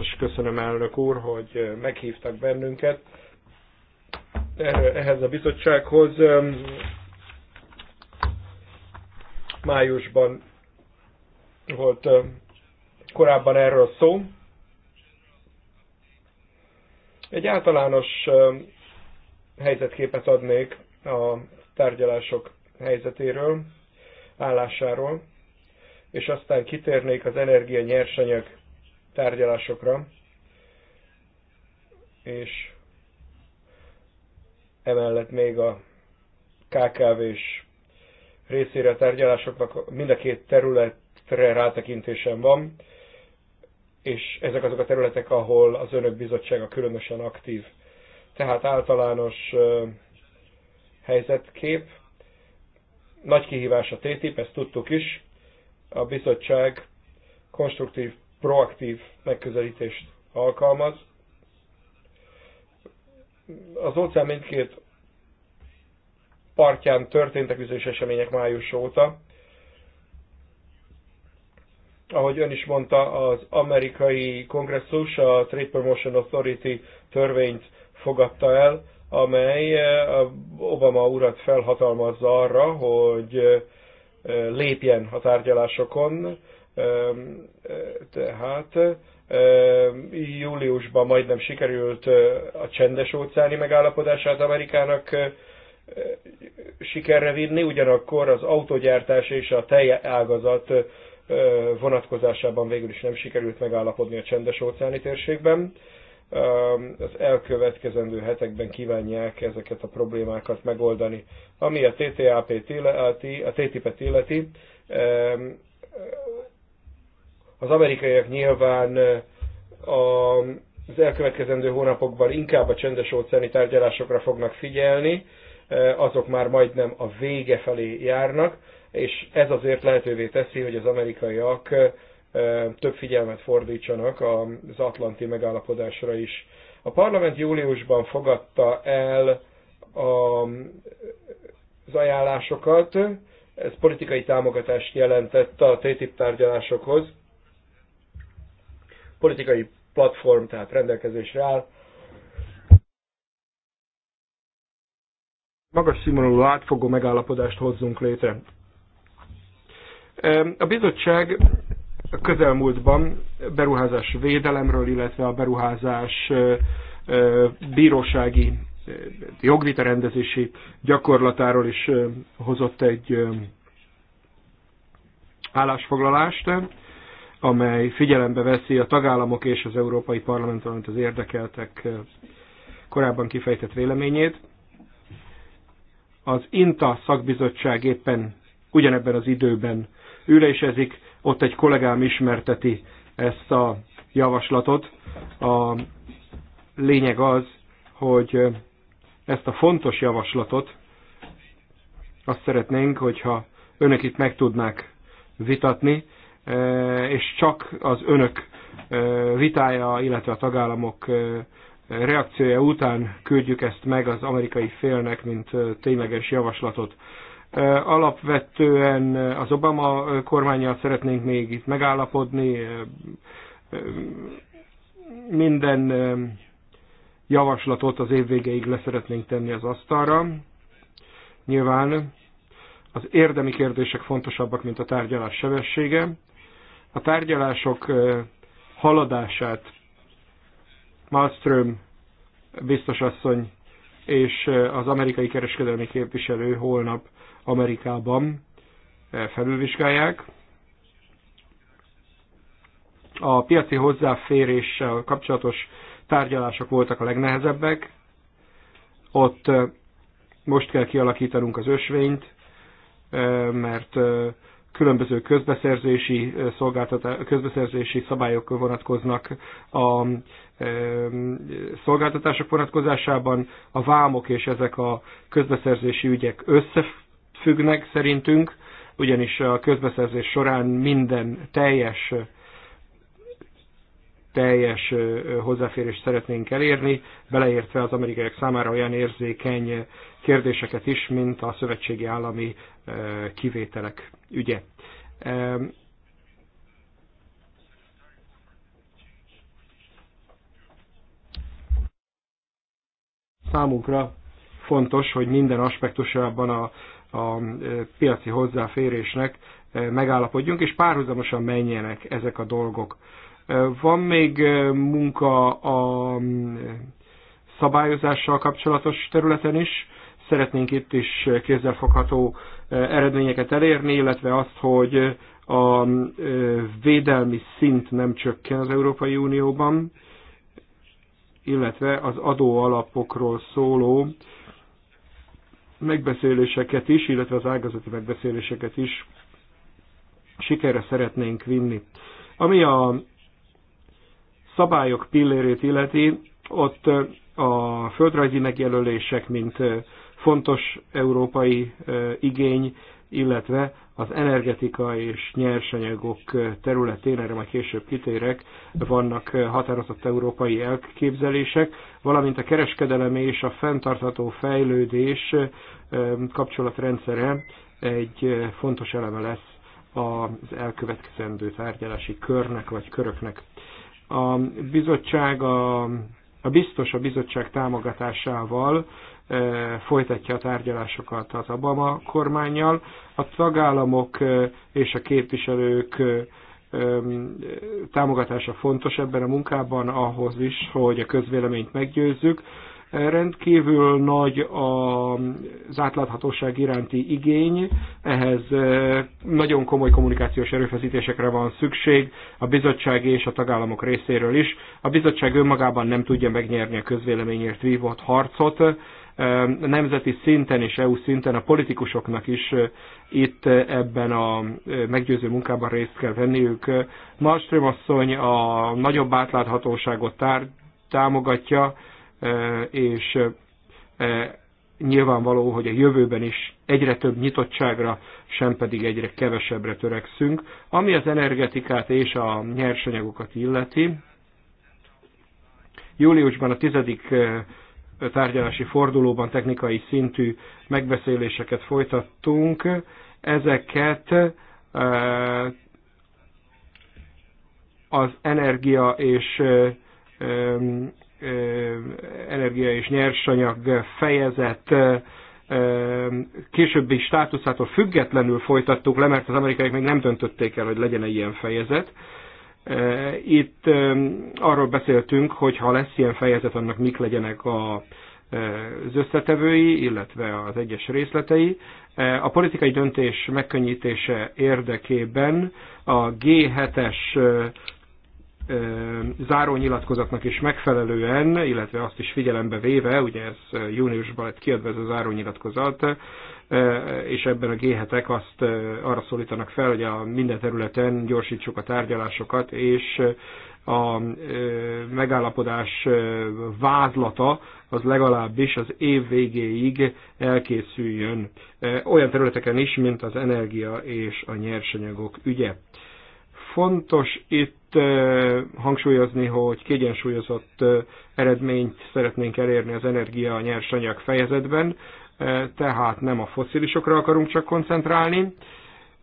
és köszönöm elnök úr, hogy meghívtak bennünket ehhez a bizottsághoz. Májusban volt korábban erről szó. Egy általános helyzetképet adnék a tárgyalások helyzetéről, állásáról, és aztán kitérnék az energia nyersanyag tárgyalásokra, és emellett még a KKV-s részére a tárgyalásoknak mind a két területre rátekintésem van, és ezek azok a területek, ahol az önök bizottsága különösen aktív. Tehát általános helyzetkép, nagy kihívás a TTIP, ezt tudtuk is, a bizottság konstruktív, proaktív megközelítést alkalmaz. Az óceán mindkét partján történtek üzős események május óta. Ahogy ön is mondta, az amerikai kongresszus a Trade Promotion Authority törvényt fogadta el, amely eh, Obama urat felhatalmazza arra, hogy eh, lépjen a tárgyalásokon. Ehm, eh, tehát ehm, júliusban majdnem sikerült a csendes óceáni megállapodását Amerikának sikerre vinni, ugyanakkor az autogyártás és a tejágazat vonatkozásában végül is nem sikerült megállapodni a csendes óceáni térségben. Az elkövetkezendő hetekben kívánják ezeket a problémákat megoldani. Ami a TTIP-et illeti, a TTIP-et illeti, az amerikaiak nyilván az elkövetkezendő hónapokban inkább a csendes óceáni tárgyalásokra fognak figyelni, azok már majdnem a vége felé járnak, és ez azért lehetővé teszi, hogy az amerikaiak több figyelmet fordítsanak az atlanti megállapodásra is. A parlament júliusban fogadta el az ajánlásokat, ez politikai támogatást jelentett a TTIP tárgyalásokhoz, politikai platform, tehát rendelkezésre áll magas színvonalú átfogó megállapodást hozzunk létre. A bizottság a közelmúltban beruházás védelemről, illetve a beruházás bírósági jogvita rendezési gyakorlatáról is hozott egy állásfoglalást, amely figyelembe veszi a tagállamok és az Európai Parlament, valamint az érdekeltek korábban kifejtett véleményét az INTA szakbizottság éppen ugyanebben az időben ülésezik, ott egy kollégám ismerteti ezt a javaslatot. A lényeg az, hogy ezt a fontos javaslatot azt szeretnénk, hogyha önök itt meg tudnák vitatni, e, és csak az önök e, vitája, illetve a tagállamok e, reakciója után küldjük ezt meg az amerikai félnek, mint tényleges javaslatot. Alapvetően az Obama kormányjal szeretnénk még itt megállapodni, minden javaslatot az év végéig leszeretnénk tenni az asztalra. Nyilván az érdemi kérdések fontosabbak, mint a tárgyalás sebessége. A tárgyalások haladását Malmström biztosasszony és az amerikai kereskedelmi képviselő holnap Amerikában felülvizsgálják. A piaci hozzáféréssel kapcsolatos tárgyalások voltak a legnehezebbek. Ott most kell kialakítanunk az ösvényt, mert különböző közbeszerzési, közbeszerzési szabályok vonatkoznak a szolgáltatások vonatkozásában a vámok és ezek a közbeszerzési ügyek összefüggnek szerintünk, ugyanis a közbeszerzés során minden teljes teljes hozzáférést szeretnénk elérni, beleértve az amerikaiak számára olyan érzékeny kérdéseket is, mint a szövetségi állami kivételek ügye. számunkra fontos, hogy minden aspektusában a, a e, piaci hozzáférésnek e, megállapodjunk, és párhuzamosan menjenek ezek a dolgok. E, van még munka a szabályozással kapcsolatos területen is. Szeretnénk itt is kézzelfogható eredményeket elérni, illetve azt, hogy a védelmi szint nem csökken az Európai Unióban illetve az adóalapokról szóló megbeszéléseket is, illetve az ágazati megbeszéléseket is sikerre szeretnénk vinni. Ami a szabályok pillérét illeti, ott a földrajzi megjelölések, mint fontos európai igény illetve az energetika és nyersanyagok területén, erre majd később kitérek, vannak határozott európai elképzelések, valamint a kereskedelem és a fenntartható fejlődés kapcsolatrendszere egy fontos eleme lesz az elkövetkezendő tárgyalási körnek vagy köröknek. A bizottság, a, a biztos a bizottság támogatásával folytatja a tárgyalásokat az Obama kormányjal. A tagállamok és a képviselők támogatása fontos ebben a munkában ahhoz is, hogy a közvéleményt meggyőzzük. Rendkívül nagy az átláthatóság iránti igény, ehhez nagyon komoly kommunikációs erőfeszítésekre van szükség a bizottság és a tagállamok részéről is. A bizottság önmagában nem tudja megnyerni a közvéleményért vívott harcot, nemzeti szinten és EU szinten a politikusoknak is itt ebben a meggyőző munkában részt kell venniük. Malmström asszony a nagyobb átláthatóságot tár, támogatja, és nyilvánvaló, hogy a jövőben is egyre több nyitottságra, sem pedig egyre kevesebbre törekszünk. Ami az energetikát és a nyersanyagokat illeti, júliusban a tizedik tárgyalási fordulóban technikai szintű megbeszéléseket folytattunk. Ezeket e, az energia és e, e, energia és nyersanyag fejezet későbbi státuszától függetlenül folytattuk le, mert az amerikaiak még nem döntötték el, hogy legyen -e ilyen fejezet. Itt arról beszéltünk, hogy ha lesz ilyen fejezet, annak mik legyenek a, az összetevői, illetve az egyes részletei. A politikai döntés megkönnyítése érdekében a G7-es zárónyilatkozatnak is megfelelően, illetve azt is figyelembe véve, ugye ez júniusban lett kiadva ez a zárónyilatkozat, és ebben a g azt arra szólítanak fel, hogy a minden területen gyorsítsuk a tárgyalásokat, és a megállapodás vázlata az legalábbis az év végéig elkészüljön olyan területeken is, mint az energia és a nyersanyagok ügye. Fontos itt hangsúlyozni, hogy kiegyensúlyozott eredményt szeretnénk elérni az energia nyersanyag fejezetben. E, tehát nem a fosszilisokra akarunk csak koncentrálni.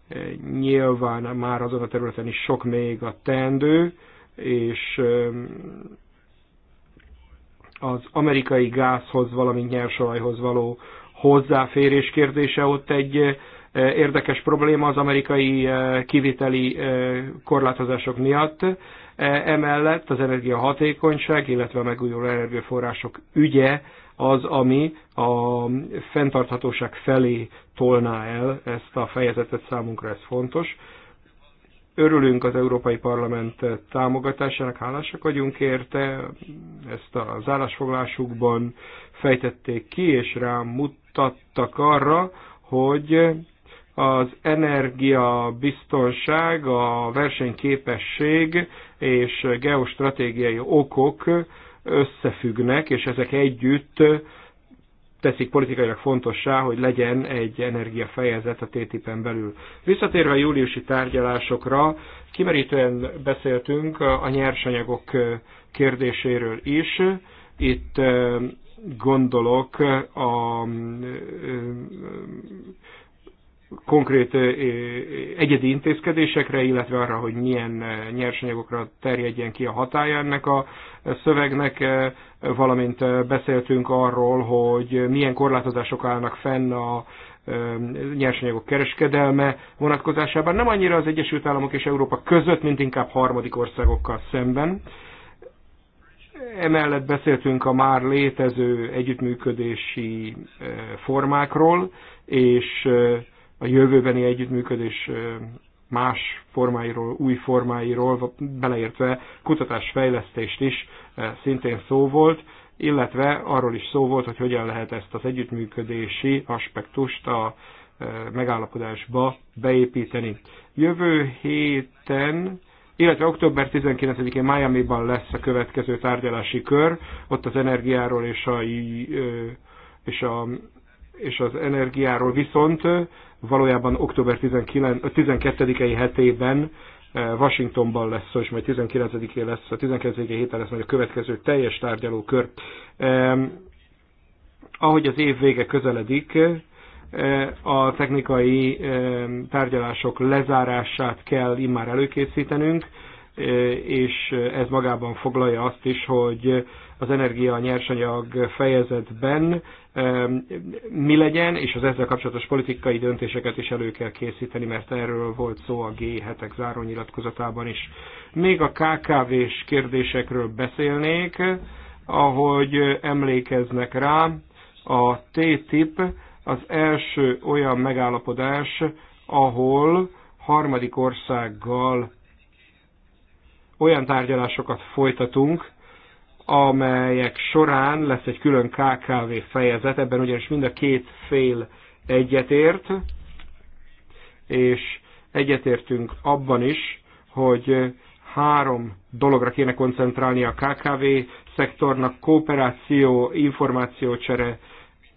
E, nyilván már azon a területen is sok még a teendő, és e, az amerikai gázhoz, valamint nyersolajhoz való hozzáférés kérdése ott egy érdekes probléma az amerikai kiviteli korlátozások miatt. Emellett az energiahatékonyság, illetve a megújuló energiaforrások ügye az, ami a fenntarthatóság felé tolná el ezt a fejezetet, számunkra ez fontos. Örülünk az Európai Parlament támogatásának, hálásak vagyunk érte, ezt az állásfoglásukban fejtették ki, és mutattak arra, hogy az energia biztonság, a versenyképesség és geostratégiai okok összefüggnek, és ezek együtt teszik politikailag fontossá, hogy legyen egy energiafejezet a TTIP-en belül. Visszatérve a júliusi tárgyalásokra, kimerítően beszéltünk a nyersanyagok kérdéséről is. Itt gondolok a konkrét egyedi intézkedésekre, illetve arra, hogy milyen nyersanyagokra terjedjen ki a hatája ennek a szövegnek, valamint beszéltünk arról, hogy milyen korlátozások állnak fenn a nyersanyagok kereskedelme vonatkozásában, nem annyira az Egyesült Államok és Európa között, mint inkább harmadik országokkal szemben. Emellett beszéltünk a már létező együttműködési formákról, és a jövőbeni együttműködés más formáiról, új formáiról, beleértve kutatásfejlesztést is szintén szó volt, illetve arról is szó volt, hogy hogyan lehet ezt az együttműködési aspektust a megállapodásba beépíteni. Jövő héten illetve október 19-én Miami-ban lesz a következő tárgyalási kör, ott az energiáról és, a, és, a, és az energiáról viszont valójában október 12-i hetében eh, Washingtonban lesz, és majd 19-én lesz, a 19 héten lesz majd a következő teljes tárgyalókör. Ahogy az év vége közeledik, eh, a technikai tárgyalások lezárását kell immár előkészítenünk, eh, és ez magában foglalja azt is, hogy az energia nyersanyag fejezetben mi legyen, és az ezzel kapcsolatos politikai döntéseket is elő kell készíteni, mert erről volt szó a G7-ek zárónyilatkozatában is. Még a KKV-s kérdésekről beszélnék, ahogy emlékeznek rá, a TTIP az első olyan megállapodás, ahol harmadik országgal olyan tárgyalásokat folytatunk, amelyek során lesz egy külön KKV fejezet, ebben ugyanis mind a két fél egyetért, és egyetértünk abban is, hogy három dologra kéne koncentrálni a KKV szektornak, kooperáció, információcsere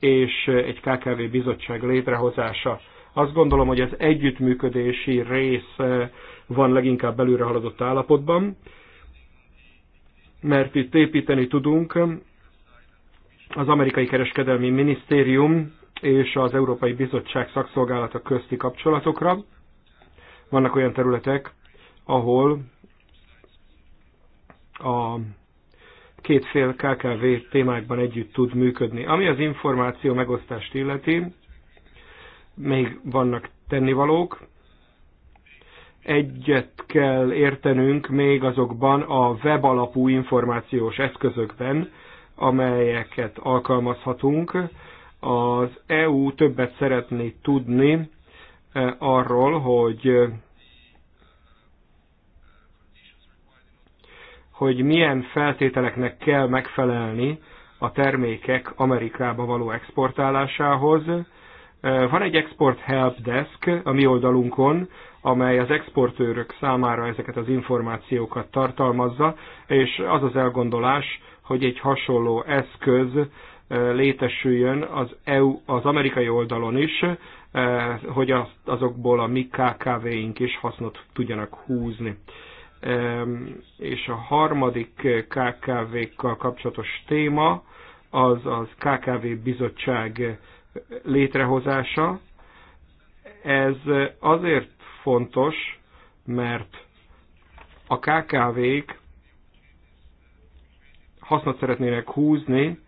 és egy KKV bizottság létrehozása. Azt gondolom, hogy az együttműködési rész van leginkább belülre haladott állapotban, mert itt építeni tudunk. Az amerikai kereskedelmi minisztérium és az Európai Bizottság szakszolgálata közti kapcsolatokra. Vannak olyan területek, ahol a két fél KKV témákban együtt tud működni. Ami az információ megosztást illeti, még vannak tennivalók, egyet kell értenünk még azokban a web alapú információs eszközökben, amelyeket alkalmazhatunk. Az EU többet szeretné tudni eh, arról, hogy hogy milyen feltételeknek kell megfelelni a termékek Amerikába való exportálásához. Eh, van egy Export Help Desk a mi oldalunkon, amely az exportőrök számára ezeket az információkat tartalmazza, és az az elgondolás, hogy egy hasonló eszköz eh, létesüljön az, EU, az amerikai oldalon is, eh, hogy azokból a mi KKV-ink is hasznot tudjanak húzni. És a harmadik KKV-kkal kapcsolatos téma az az KKV bizottság létrehozása. Ez azért fontos, mert a KKV-k hasznot szeretnének húzni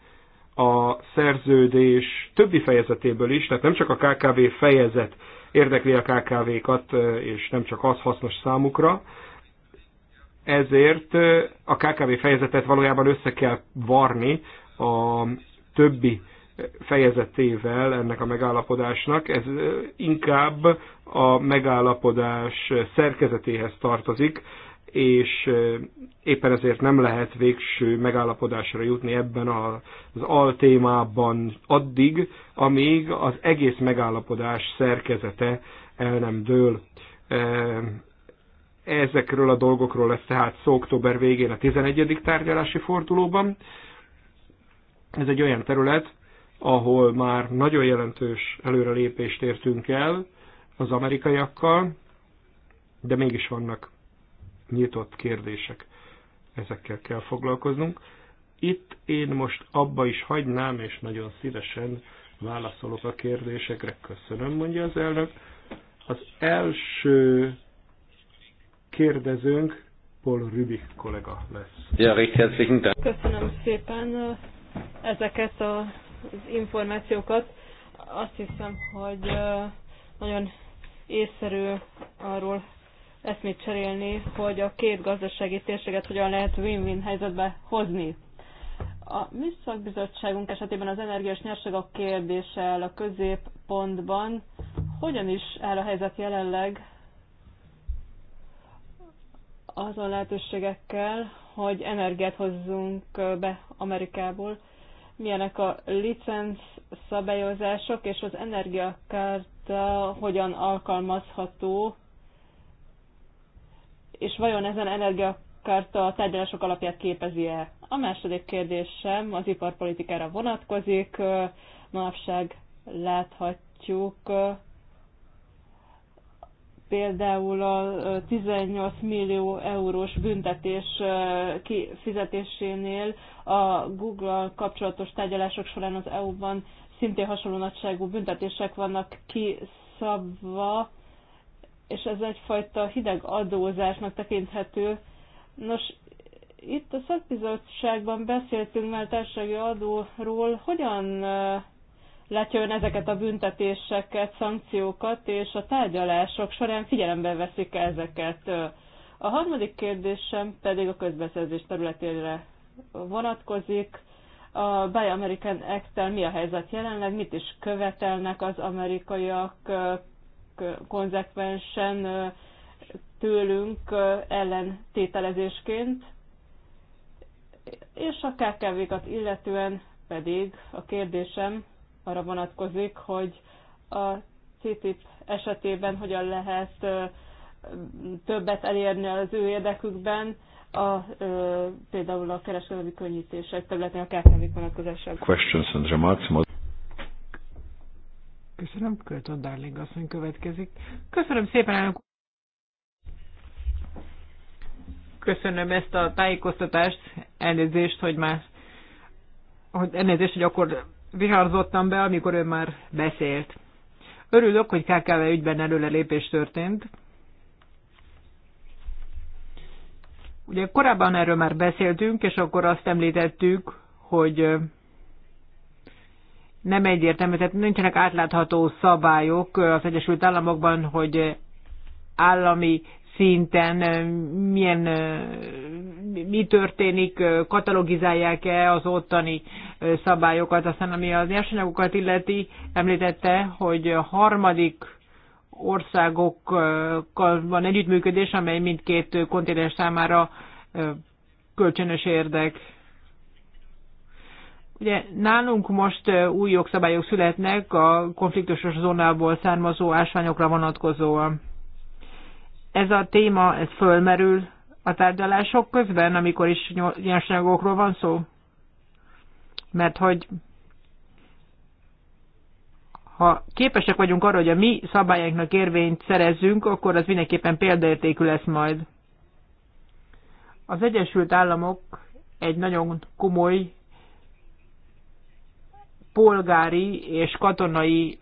a szerződés többi fejezetéből is, tehát nem csak a KKV fejezet érdekli a KKV-kat, és nem csak az hasznos számukra, ezért a KKV fejezetet valójában össze kell varni a többi fejezetével ennek a megállapodásnak. Ez inkább a megállapodás szerkezetéhez tartozik, és éppen ezért nem lehet végső megállapodásra jutni ebben az altémában addig, amíg az egész megállapodás szerkezete el nem dől. Ezekről a dolgokról lesz tehát szó október végén a 11. tárgyalási fordulóban. Ez egy olyan terület, ahol már nagyon jelentős előrelépést értünk el az amerikaiakkal, de mégis vannak nyitott kérdések. Ezekkel kell foglalkoznunk. Itt én most abba is hagynám, és nagyon szívesen válaszolok a kérdésekre. Köszönöm, mondja az elnök. Az első kérdezőnk Paul Rübik kollega lesz. Ja, Köszönöm szépen ezeket a az információkat. Azt hiszem, hogy nagyon észszerű arról eszmét cserélni, hogy a két gazdasági térséget hogyan lehet win-win helyzetbe hozni. A mi szakbizottságunk esetében az energiás nyersanyagok kérdése áll a középpontban. Hogyan is áll a helyzet jelenleg azon lehetőségekkel, hogy energiát hozzunk be Amerikából, milyenek a licenc szabályozások, és az energiakárta hogyan alkalmazható, és vajon ezen energiakárta a tárgyalások alapját képezi-e? A második kérdésem az iparpolitikára vonatkozik. Manapság láthatjuk például a 18 millió eurós büntetés kifizetésénél a Google kapcsolatos tárgyalások során az EU-ban szintén hasonló nagyságú büntetések vannak kiszabva, és ez egyfajta hideg adózásnak tekinthető. Nos, itt a szakbizottságban beszéltünk már társasági adóról, hogyan látja ön ezeket a büntetéseket, szankciókat, és a tárgyalások során figyelembe veszik ezeket. A harmadik kérdésem pedig a közbeszerzés területére vonatkozik. A Buy American act mi a helyzet jelenleg, mit is követelnek az amerikaiak konzekvensen tőlünk ellentételezésként, és a kkv illetően pedig a kérdésem arra vonatkozik, hogy a CTIP esetében hogyan lehet többet elérni az ő érdekükben, a, ö, például a kereskedelmi könnyítések területén a kkv vonatkozásában. Questions and remarks. Köszönöm, Költön Darling asszony következik. Köszönöm szépen, elnök Köszönöm ezt a tájékoztatást, elnézést, hogy már hogy elnézést, hogy akkor viharzottam be, amikor ő már beszélt. Örülök, hogy KKV ügyben lépés történt, Ugye korábban erről már beszéltünk, és akkor azt említettük, hogy nem egyértelmű, tehát nincsenek átlátható szabályok az Egyesült Államokban, hogy állami szinten milyen, mi történik, katalogizálják-e az ottani szabályokat. Aztán ami az nyersanyagokat illeti, említette, hogy a harmadik országokkal van együttműködés, amely mindkét kontinens számára kölcsönös érdek. Ugye nálunk most új jogszabályok születnek a konfliktusos zónából származó ásványokra vonatkozóan. Ez a téma, ez fölmerül a tárgyalások közben, amikor is nyersanyagokról van szó? Mert hogy ha képesek vagyunk arra, hogy a mi szabályainknak érvényt szerezzünk, akkor az mindenképpen példaértékű lesz majd. Az Egyesült Államok egy nagyon komoly polgári és katonai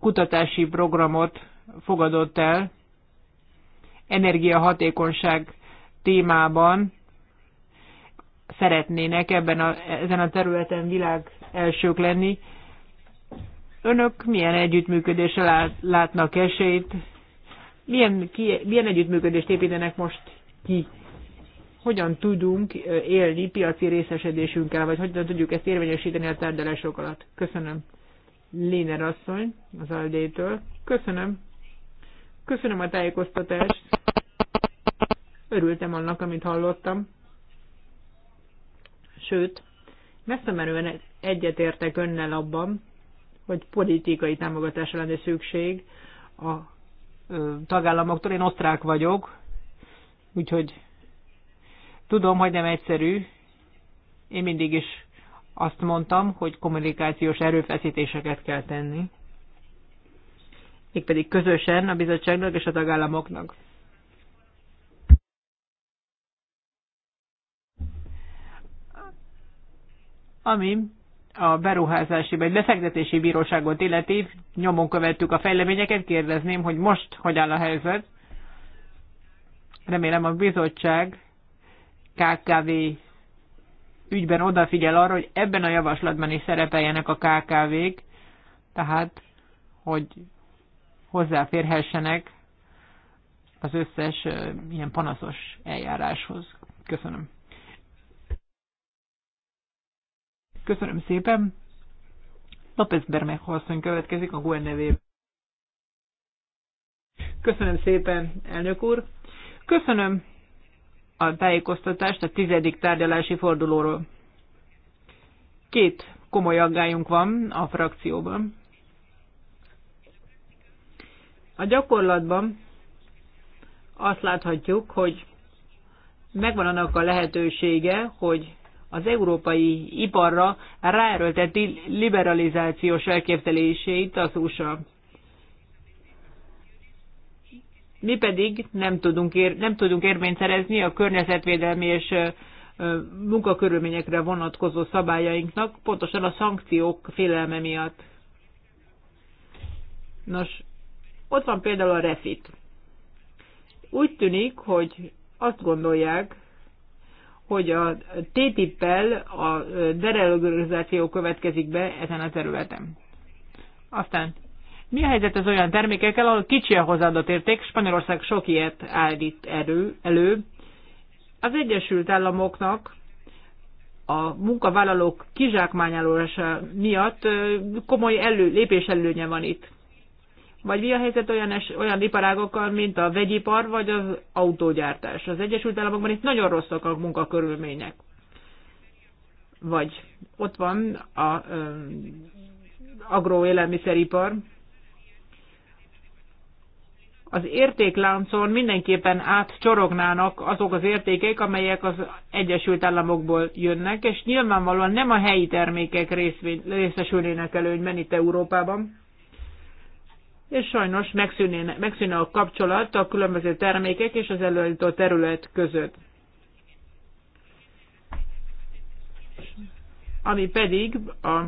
kutatási programot fogadott el energiahatékonyság témában. Szeretnének ebben a, ezen a területen világ elsők lenni. Önök milyen együttműködésre látnak esélyt? Milyen, ki, milyen együttműködést építenek most ki? Hogyan tudunk élni piaci részesedésünkkel, vagy hogyan tudjuk ezt érvényesíteni a tárgyalások alatt? Köszönöm. Léner asszony az Aldétől. Köszönöm. Köszönöm a tájékoztatást. Örültem annak, amit hallottam. Sőt, messze menően egyetértek önnel abban, vagy politikai támogatásra lenne szükség a tagállamoktól. Én osztrák vagyok, úgyhogy tudom, hogy nem egyszerű. Én mindig is azt mondtam, hogy kommunikációs erőfeszítéseket kell tenni, mégpedig közösen a bizottságnak és a tagállamoknak. Ami a beruházási vagy befektetési bíróságot illeti, nyomon követtük a fejleményeket, kérdezném, hogy most hogy áll a helyzet. Remélem a bizottság KKV ügyben odafigyel arra, hogy ebben a javaslatban is szerepeljenek a KKV-k, tehát hogy hozzáférhessenek az összes ilyen panaszos eljáráshoz. Köszönöm. Köszönöm szépen. López Bermejo asszony következik a GUE nevében. Köszönöm szépen, elnök úr. Köszönöm a tájékoztatást a tizedik tárgyalási fordulóról. Két komoly aggályunk van a frakcióban. A gyakorlatban azt láthatjuk, hogy megvan annak a lehetősége, hogy az európai iparra ráerőlteti liberalizációs elképzeléseit az USA. Mi pedig nem tudunk, ér, nem tudunk érvényt szerezni a környezetvédelmi és munkakörülményekre vonatkozó szabályainknak, pontosan a szankciók félelme miatt. Nos, ott van például a refit. Úgy tűnik, hogy azt gondolják, hogy a TTIP-el a deregulizáció következik be ezen a területen. Aztán, mi a helyzet az olyan termékekkel, ahol kicsi a hozzáadott érték? Spanyolország sok ilyet állít elő. elő. Az Egyesült Államoknak a munkavállalók kizsákmányolása miatt komoly elő, lépés előnye van itt. Vagy mi a helyzet olyan, es, olyan iparágokkal, mint a vegyipar vagy az autógyártás? Az Egyesült Államokban itt nagyon rosszak a munkakörülmények. Vagy ott van a ö, agroélelmiszeripar. Az értékláncon mindenképpen átcsorognának azok az értékek, amelyek az Egyesült Államokból jönnek, és nyilvánvalóan nem a helyi termékek részvény, részesülnének előnyben itt Európában és sajnos megszűnne, a kapcsolat a különböző termékek és az előállított terület között. Ami pedig a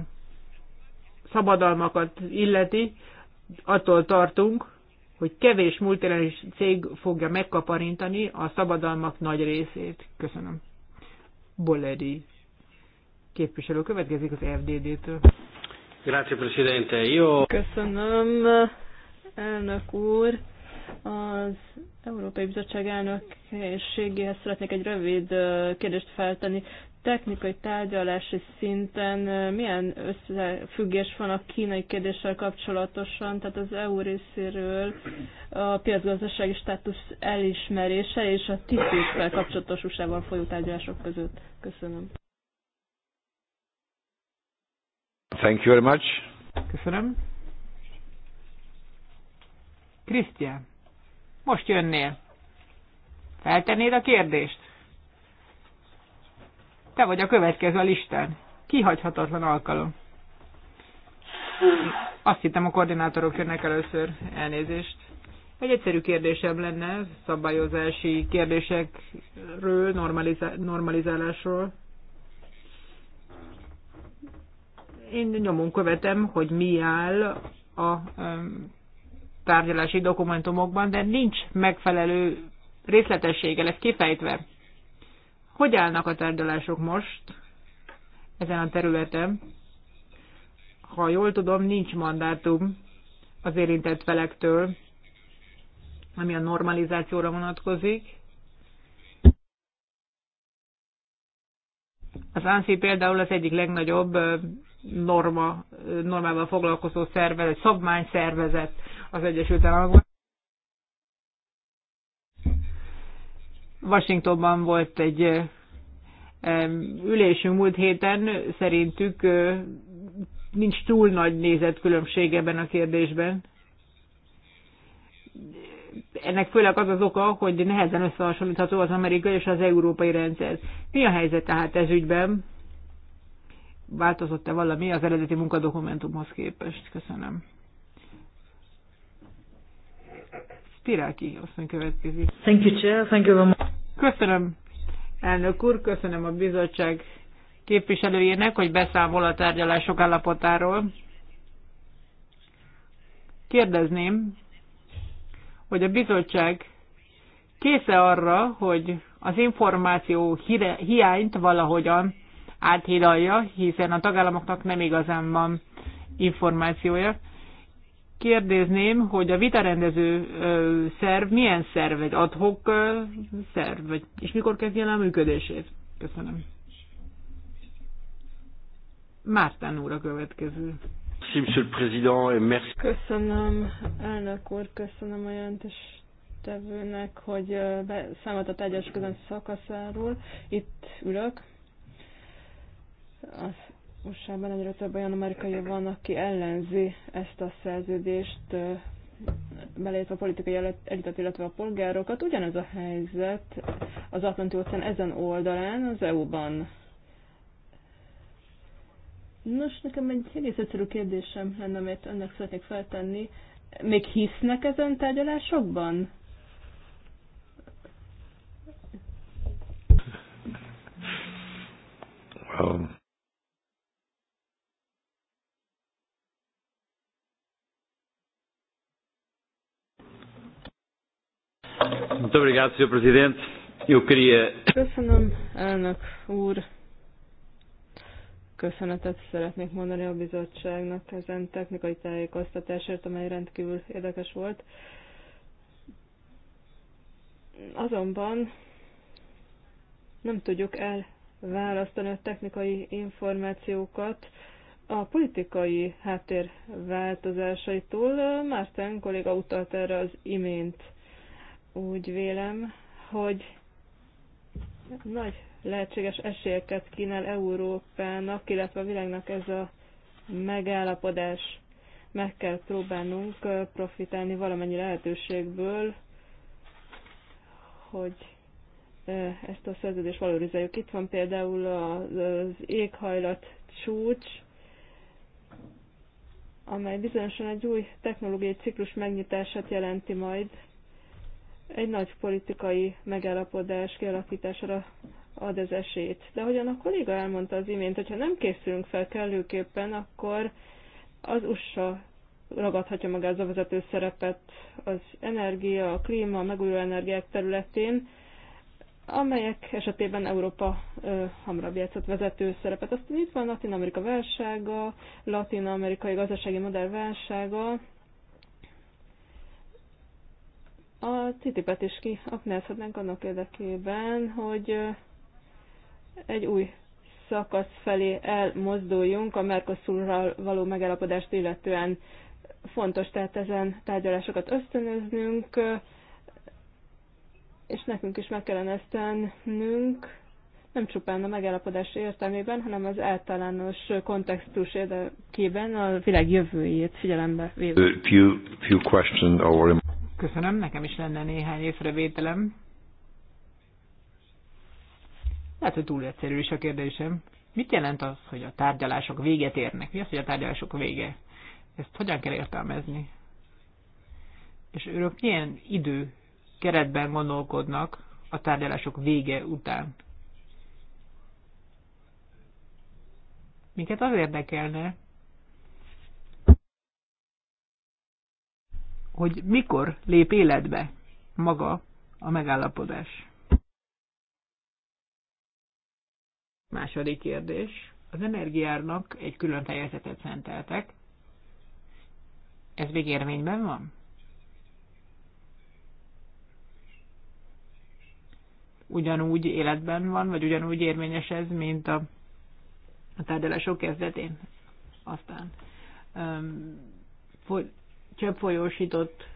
szabadalmakat illeti, attól tartunk, hogy kevés multinális cég fogja megkaparintani a szabadalmak nagy részét. Köszönöm. Boleri képviselő következik az FDD-től. Grazie Presidente. Io... Köszönöm elnök úr! Az Európai Bizottság elnökségéhez szeretnék egy rövid kérdést feltenni. Technikai tárgyalási szinten milyen összefüggés van a kínai kérdéssel kapcsolatosan, tehát az EU részéről a piacgazdasági státusz elismerése és a tisztéssel kapcsolatos usa folyó tárgyalások között? Köszönöm. Thank you very much. Köszönöm. Krisztián, most jönnél. Feltennéd a kérdést? Te vagy a következő a listán. Kihagyhatatlan alkalom. Azt hittem, a koordinátorok jönnek először. Elnézést. Egy egyszerű kérdésem lenne, szabályozási kérdésekről, normalizá- normalizálásról. Én nyomon követem, hogy mi áll a um, tárgyalási dokumentumokban, de nincs megfelelő részletessége, lesz kifejtve. Hogy állnak a tárgyalások most ezen a területen? Ha jól tudom, nincs mandátum az érintett felektől, ami a normalizációra vonatkozik. Az ANSZI például az egyik legnagyobb norma, normával foglalkozó szervezet, szabmány szervezet az Egyesült Államokban. Washingtonban volt egy ülésünk múlt héten, szerintük nincs túl nagy nézetkülönbség ebben a kérdésben. Ennek főleg az az oka, hogy nehezen összehasonlítható az amerikai és az európai rendszer. Mi a helyzet tehát ez ügyben? Változott-e valami az eredeti munkadokumentumhoz képest? Köszönöm. Piráki asszony következik. Thank you, Chair. Thank you very much. Köszönöm, elnök úr, köszönöm a bizottság képviselőjének, hogy beszámol a tárgyalások állapotáról. Kérdezném, hogy a bizottság késze arra, hogy az információ hiányt valahogyan áthidalja, hiszen a tagállamoknak nem igazán van információja kérdezném, hogy a vitarendező szerv milyen szerv, egy adhok szerv, vagy, és mikor kezdje el a működését? Köszönöm. Márten úr a következő. Köszönöm, elnök úr, köszönöm a jelentést tevőnek, hogy számolt a tegyes közön szakaszáról. Itt ülök. Az USA-ban egyre több olyan amerikai van, aki ellenzi ezt a szerződést, beleértve a politikai elitet, illetve a polgárokat. Ugyanez a helyzet az Atlanti óceán ezen oldalán, az EU-ban. Nos, nekem egy egész egyszerű kérdésem lenne, amit önnek szeretnék feltenni. Még hisznek ezen tárgyalásokban? Well, um, Muito obrigado, Sr. Presidente. Eu queria... Köszönöm, elnök úr. Köszönetet szeretnék mondani a bizottságnak ezen technikai tájékoztatásért, amely rendkívül érdekes volt. Azonban nem tudjuk elválasztani a technikai információkat a politikai háttér változásaitól. Márten kolléga utalt erre az imént úgy vélem, hogy nagy lehetséges esélyeket kínál Európának, illetve a világnak ez a megállapodás. Meg kell próbálnunk profitálni valamennyi lehetőségből, hogy ezt a szerződést valorizáljuk. Itt van például az éghajlat csúcs, amely bizonyosan egy új technológiai ciklus megnyitását jelenti majd egy nagy politikai megállapodás kialakítására ad ez esélyt. De ahogyan a kolléga elmondta az imént, hogyha nem készülünk fel kellőképpen, akkor az USA ragadhatja magához a vezető szerepet az energia, a klíma, a megújuló energiák területén, amelyek esetében Európa ö, hamarabb játszott vezető szerepet. Aztán itt van Latin Amerika válsága, Latin Amerikai gazdasági modell válsága, a citipet et is kiaknázhatnánk annak érdekében, hogy egy új szakasz felé elmozduljunk a Mercosurral való megállapodást illetően. Fontos tehát ezen tárgyalásokat ösztönöznünk, és nekünk is meg kellene ezt tennünk, nem csupán a megállapodás értelmében, hanem az általános kontextus érdekében a világ jövőjét figyelembe véve. Few, few Köszönöm, nekem is lenne néhány észrevételem. Lehet, hogy túl egyszerű is a kérdésem. Mit jelent az, hogy a tárgyalások véget érnek? Mi az, hogy a tárgyalások vége? Ezt hogyan kell értelmezni? És örök milyen idő keretben gondolkodnak a tárgyalások vége után? Minket az érdekelne, hogy mikor lép életbe maga a megállapodás. Második kérdés. Az energiárnak egy külön fejezetet szenteltek. Ez még érvényben van? Ugyanúgy életben van, vagy ugyanúgy érvényes ez, mint a, a tárgyalások kezdetén? Aztán um, cseppfolyósított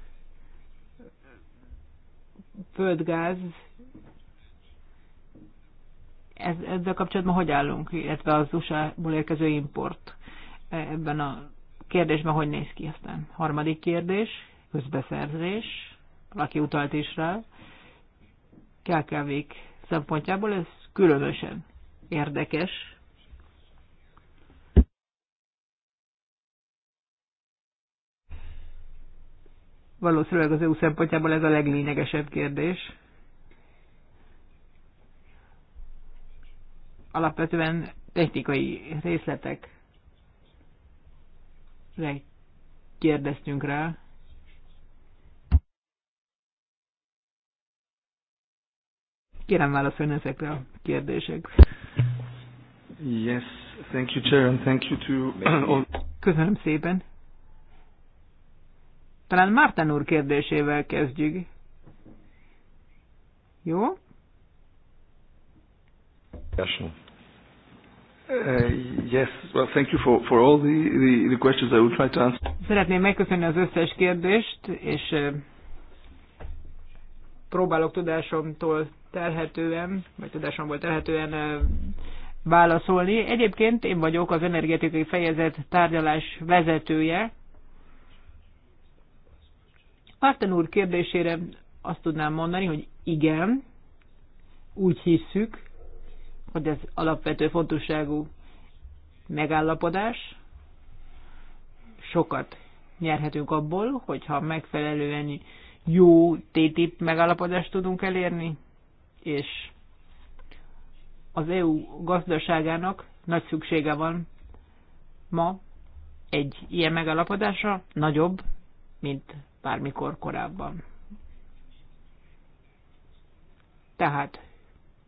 földgáz, ez, ezzel kapcsolatban hogy állunk, illetve az USA-ból érkező import ebben a kérdésben hogy néz ki aztán? Harmadik kérdés, közbeszerzés, valaki utalt is rá, KKV-k szempontjából ez különösen érdekes, Valószínűleg az EU szempontjából ez a leglényegesebb kérdés. Alapvetően technikai részletek kérdeztünk rá. Kérem válaszolni ezekre a kérdések. Yes, thank you, Chair, and thank you to all... Köszönöm szépen. Talán Márten úr kérdésével kezdjük. Jó? Köszönöm. Uh, yes, well, thank you for, for all the, the, questions I will try to answer. Szeretném megköszönni az összes kérdést, és uh, próbálok tudásomtól telhetően, vagy tudásomból telhetően uh, válaszolni. Egyébként én vagyok az energetikai fejezet tárgyalás vezetője, Márten úr kérdésére azt tudnám mondani, hogy igen, úgy hiszük, hogy ez alapvető fontosságú megállapodás. Sokat nyerhetünk abból, hogyha megfelelően jó TTIP megállapodást tudunk elérni, és az EU gazdaságának nagy szüksége van ma egy ilyen megállapodásra, nagyobb, mint bármikor korábban. Tehát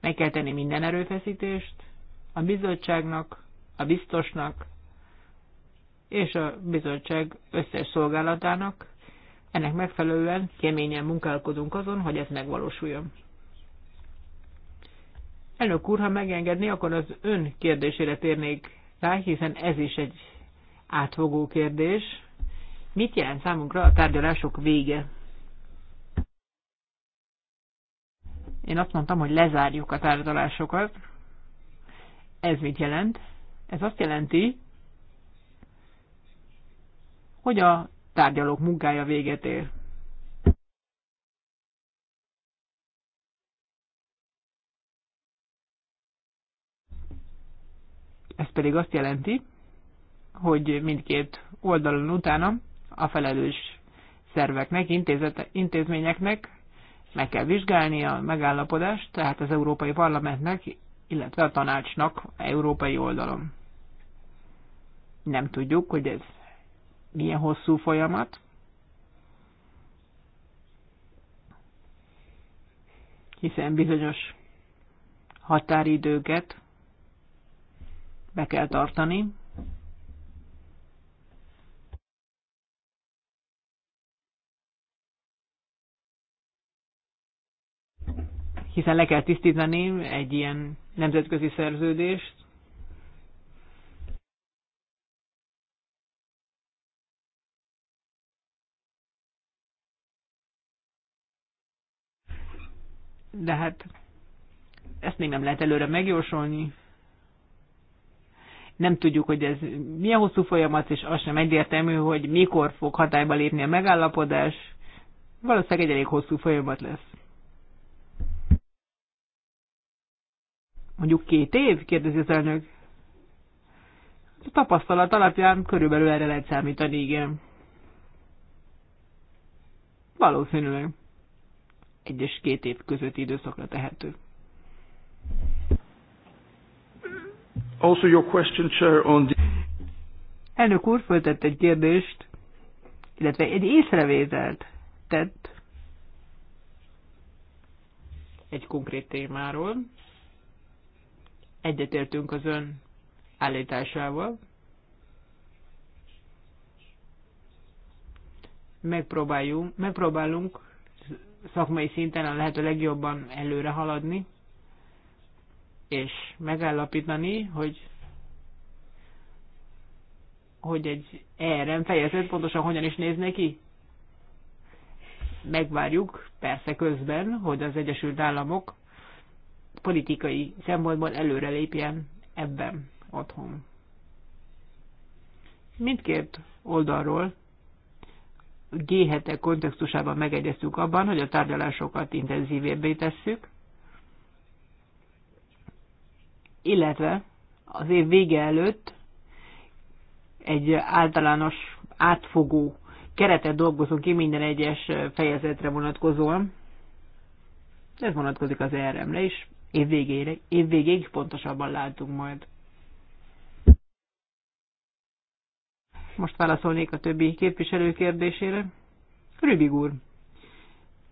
meg kell tenni minden erőfeszítést a bizottságnak, a biztosnak és a bizottság összes szolgálatának. Ennek megfelelően keményen munkálkodunk azon, hogy ez megvalósuljon. Elnök úr, ha megengedné, akkor az ön kérdésére térnék rá, hiszen ez is egy átfogó kérdés. Mit jelent számunkra a tárgyalások vége? Én azt mondtam, hogy lezárjuk a tárgyalásokat. Ez mit jelent? Ez azt jelenti, hogy a tárgyalók munkája véget ér. Ez pedig azt jelenti, hogy mindkét oldalon utána a felelős szerveknek, intézményeknek meg kell vizsgálni a megállapodást, tehát az Európai Parlamentnek, illetve a tanácsnak a európai oldalon. Nem tudjuk, hogy ez milyen hosszú folyamat. Hiszen bizonyos határidőket be kell tartani, hiszen le kell tisztítani egy ilyen nemzetközi szerződést, de hát ezt még nem lehet előre megjósolni. Nem tudjuk, hogy ez milyen hosszú folyamat, és az sem egyértelmű, hogy mikor fog hatályba lépni a megállapodás. Valószínűleg egy elég hosszú folyamat lesz. Mondjuk két év? kérdezi az elnök. A tapasztalat alapján körülbelül erre lehet számítani, igen. Valószínűleg. Egy és két év közötti időszakra tehető. Also your question, sir, on the... Elnök úr föltett egy kérdést, illetve egy észrevételt tett egy konkrét témáról. Egyetértünk az ön állításával. Megpróbáljunk, megpróbálunk szakmai szinten a lehető legjobban előre haladni, és megállapítani, hogy hogy egy ERM fejezet pontosan hogyan is néz neki. Megvárjuk persze közben, hogy az Egyesült Államok politikai szempontból előrelépjen ebben otthon. Mindkét oldalról g 7 kontextusában megegyeztük abban, hogy a tárgyalásokat intenzívébbé tesszük, illetve az év vége előtt egy általános átfogó keretet dolgozunk ki minden egyes fejezetre vonatkozóan. Ez vonatkozik az ERM-re is évvégére, évvégéig pontosabban látunk majd. Most válaszolnék a többi képviselő kérdésére. Rübig úr,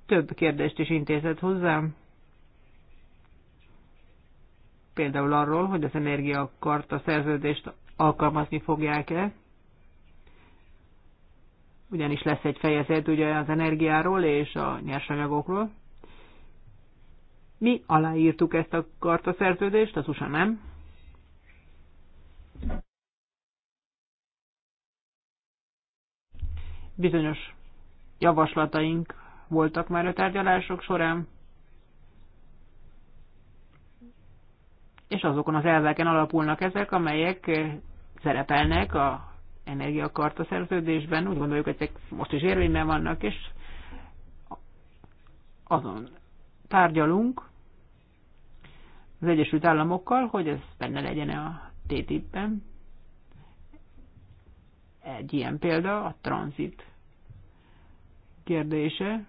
több kérdést is intézett hozzám. Például arról, hogy az energiakarta szerződést alkalmazni fogják-e. Ugyanis lesz egy fejezet ugye az energiáról és a nyersanyagokról. Mi aláírtuk ezt a kartaszerződést, az USA nem. Bizonyos javaslataink voltak már a tárgyalások során, és azokon az elveken alapulnak ezek, amelyek szerepelnek a energiakarta szerződésben, úgy gondoljuk, hogy ezek most is érvényben vannak, és azon tárgyalunk, az Egyesült Államokkal, hogy ez benne legyen a TTIP-ben. Egy ilyen példa a tranzit kérdése.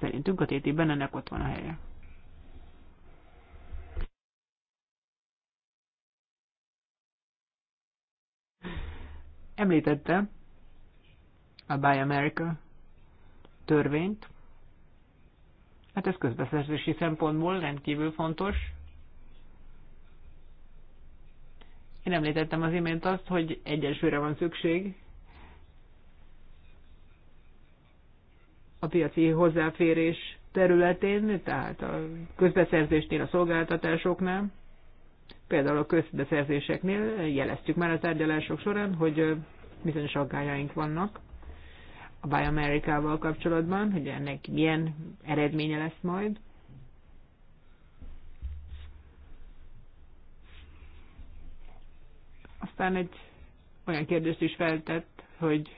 Szerintünk a TTIP-ben ennek ott van a helye. Említette a Buy America törvényt, Hát ez közbeszerzési szempontból rendkívül fontos. Én említettem az imént azt, hogy egyensúlyra van szükség a piaci hozzáférés területén, tehát a közbeszerzésnél, a szolgáltatásoknál, például a közbeszerzéseknél jeleztük már a tárgyalások során, hogy bizonyos aggájaink vannak a Buy America-val kapcsolatban, hogy ennek milyen eredménye lesz majd. Aztán egy olyan kérdést is feltett, hogy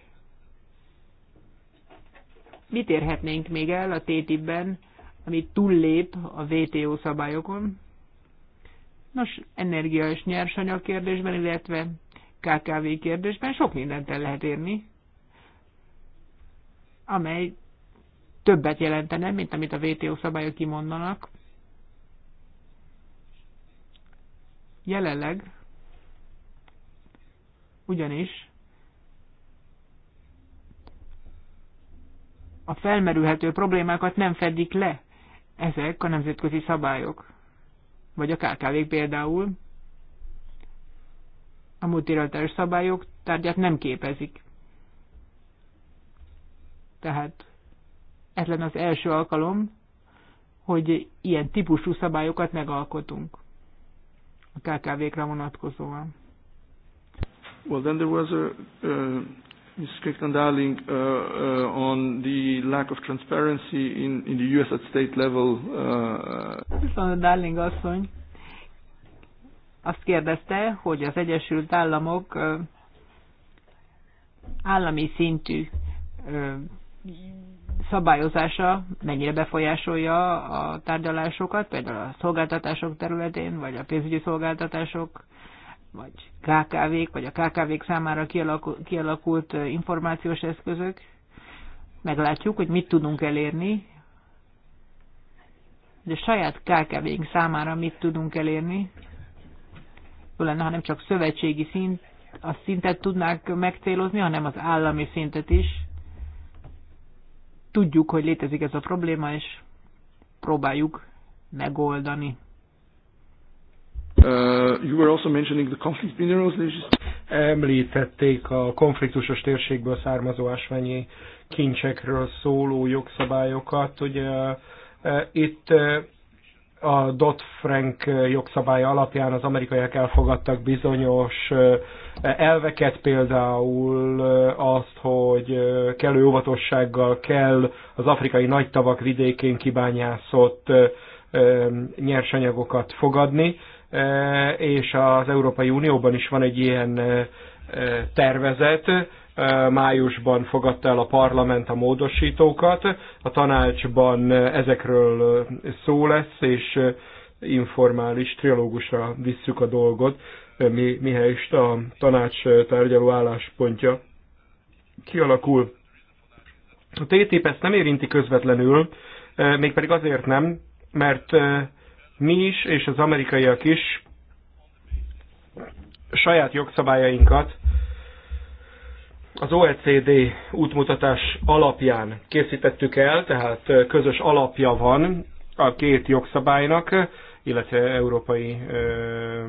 mit érhetnénk még el a TTIP-ben, ami túllép a WTO szabályokon. Nos, energia és nyersanyag kérdésben, illetve KKV kérdésben sok mindent el lehet érni amely többet jelentene, mint amit a WTO szabályok kimondanak. Jelenleg ugyanis a felmerülhető problémákat nem fedik le ezek a nemzetközi szabályok. Vagy a kkv például a multilaterális szabályok tárgyát nem képezik. Tehát ez lenne az első alkalom, hogy ilyen típusú szabályokat megalkotunk a KKV-kra vonatkozóan. Well, then there was a uh, Ms. Crichton Darling uh, uh, on the lack of transparency in, in the U.S. at state level. Uh, Darling asszony azt kérdezte, hogy az Egyesült Államok uh, állami szintű uh, szabályozása mennyire befolyásolja a tárgyalásokat, például a szolgáltatások területén, vagy a pénzügyi szolgáltatások, vagy KKV-k, vagy a KKV-k számára kialakult információs eszközök. Meglátjuk, hogy mit tudunk elérni, de saját kkv számára mit tudunk elérni. Jó lenne, nem csak szövetségi szint, a szintet tudnák megcélozni, hanem az állami szintet is Tudjuk, hogy létezik ez a probléma, és próbáljuk megoldani. Uh, you were also mentioning the conflict minerals Említették a konfliktusos térségből származó ásványi kincsekről szóló jogszabályokat. Ugye uh, itt uh, a Dodd-Frank jogszabály alapján az amerikaiak elfogadtak bizonyos elveket, például azt, hogy kellő óvatossággal kell az afrikai nagytavak vidékén kibányászott nyersanyagokat fogadni, és az Európai Unióban is van egy ilyen tervezet, májusban fogadta el a parlament a módosítókat, a tanácsban ezekről szó lesz, és informális trilógusra visszük a dolgot, mi, is a tanács tárgyaló álláspontja kialakul. A TTIP ezt nem érinti közvetlenül, mégpedig azért nem, mert mi is és az amerikaiak is saját jogszabályainkat az OECD útmutatás alapján készítettük el, tehát közös alapja van a két jogszabálynak, illetve európai ö,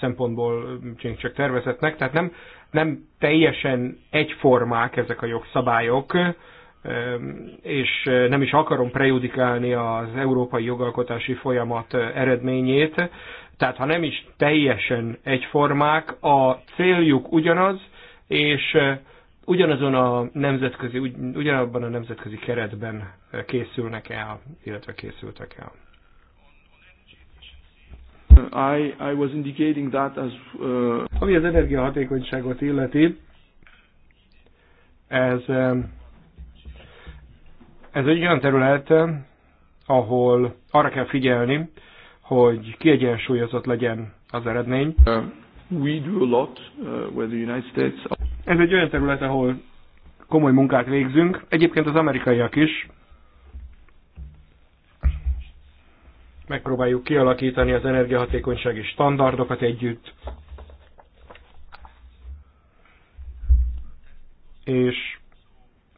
szempontból csak tervezetnek, tehát nem, nem teljesen egyformák ezek a jogszabályok, és nem is akarom prejudikálni az európai jogalkotási folyamat eredményét, tehát ha nem is teljesen egyformák, a céljuk ugyanaz, és eh, ugyanazon a nemzetközi, ugyanabban a nemzetközi keretben eh, készülnek el, illetve készültek el. I, I was indicating that as, uh... Ami az energiahatékonyságot illeti, ez, ez egy olyan terület, ahol arra kell figyelni, hogy kiegyensúlyozott legyen az eredmény. Uh We do a lot uh, where the United States... Ez egy olyan terület, ahol komoly munkát végzünk. Egyébként az amerikaiak is. Megpróbáljuk kialakítani az energiahatékonysági standardokat együtt. És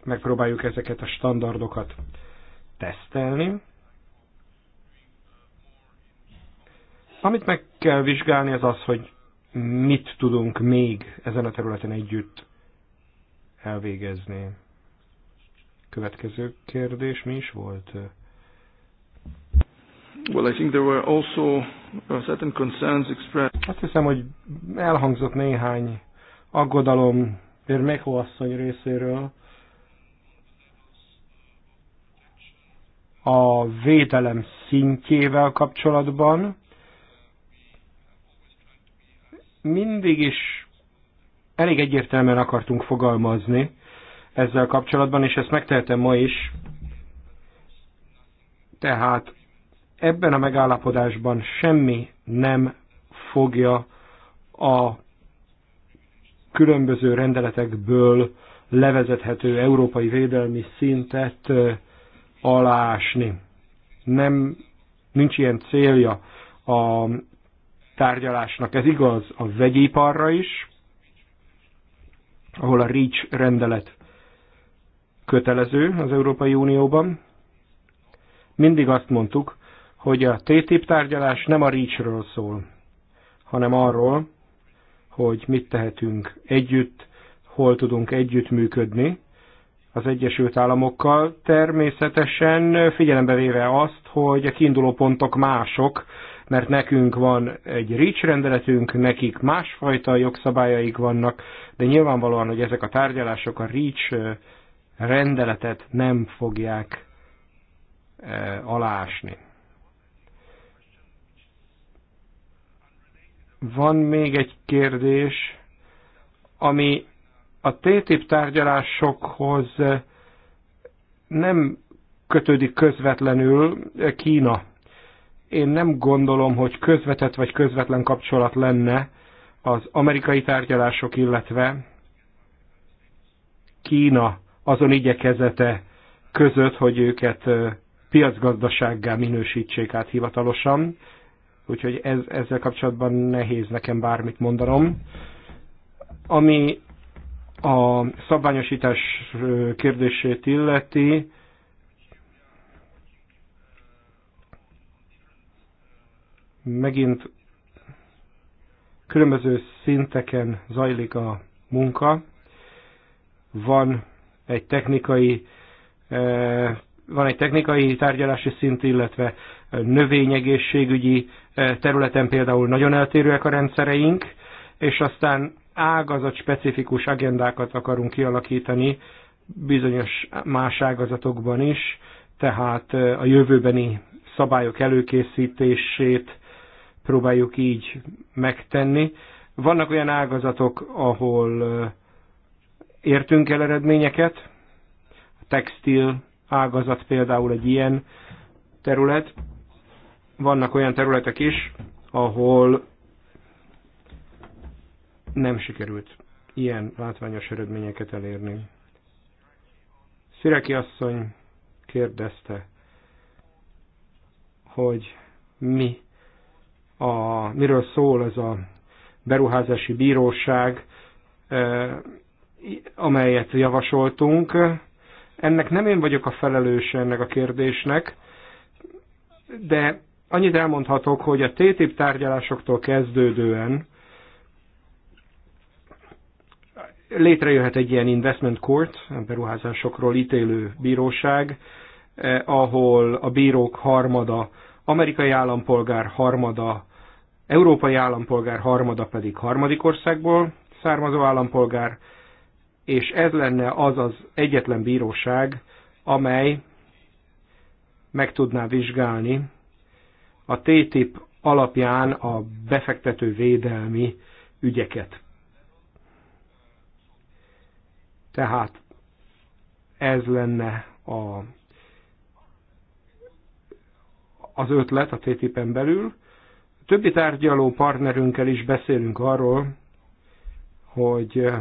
megpróbáljuk ezeket a standardokat tesztelni. Amit meg kell vizsgálni, az az, hogy mit tudunk még ezen a területen együtt elvégezni. Következő kérdés mi is volt? Well, I think there were also uh, certain concerns expressed. Azt hiszem, hogy elhangzott néhány aggodalom Érméko asszony részéről a védelem szintjével kapcsolatban mindig is elég egyértelműen akartunk fogalmazni ezzel kapcsolatban, és ezt megtehetem ma is. Tehát ebben a megállapodásban semmi nem fogja a különböző rendeletekből levezethető európai védelmi szintet alásni. Nem, nincs ilyen célja a tárgyalásnak. Ez igaz a vegyiparra is, ahol a REACH rendelet kötelező az Európai Unióban. Mindig azt mondtuk, hogy a TTIP tárgyalás nem a REACH-ről szól, hanem arról, hogy mit tehetünk együtt, hol tudunk együtt működni az Egyesült Államokkal, természetesen figyelembe véve azt, hogy a kiinduló pontok mások, mert nekünk van egy REACH rendeletünk, nekik másfajta jogszabályaik vannak, de nyilvánvalóan, hogy ezek a tárgyalások a REACH rendeletet nem fogják alásni. Van még egy kérdés, ami a TTIP tárgyalásokhoz nem kötődik közvetlenül Kína én nem gondolom, hogy közvetett vagy közvetlen kapcsolat lenne az amerikai tárgyalások, illetve Kína azon igyekezete között, hogy őket piacgazdasággá minősítsék át hivatalosan. Úgyhogy ez, ezzel kapcsolatban nehéz nekem bármit mondanom. Ami a szabványosítás kérdését illeti, megint különböző szinteken zajlik a munka. Van egy technikai e, van egy technikai tárgyalási szint, illetve növényegészségügyi e, területen például nagyon eltérőek a rendszereink, és aztán ágazat specifikus agendákat akarunk kialakítani bizonyos más ágazatokban is, tehát e, a jövőbeni szabályok előkészítését próbáljuk így megtenni. Vannak olyan ágazatok, ahol értünk el eredményeket, a textil ágazat például egy ilyen terület. Vannak olyan területek is, ahol nem sikerült ilyen látványos eredményeket elérni. Szireki asszony kérdezte, hogy mi a, miről szól ez a beruházási bíróság, e, amelyet javasoltunk. Ennek nem én vagyok a felelős ennek a kérdésnek, de annyit elmondhatok, hogy a TTIP tárgyalásoktól kezdődően létrejöhet egy ilyen investment court, beruházásokról ítélő bíróság, eh, ahol a bírók harmada amerikai állampolgár harmada, európai állampolgár harmada pedig harmadik országból származó állampolgár, és ez lenne az az egyetlen bíróság, amely meg tudná vizsgálni a TTIP alapján a befektető védelmi ügyeket. Tehát ez lenne a az ötlet a TTIP-en belül. Többi tárgyaló partnerünkkel is beszélünk arról, hogy eh,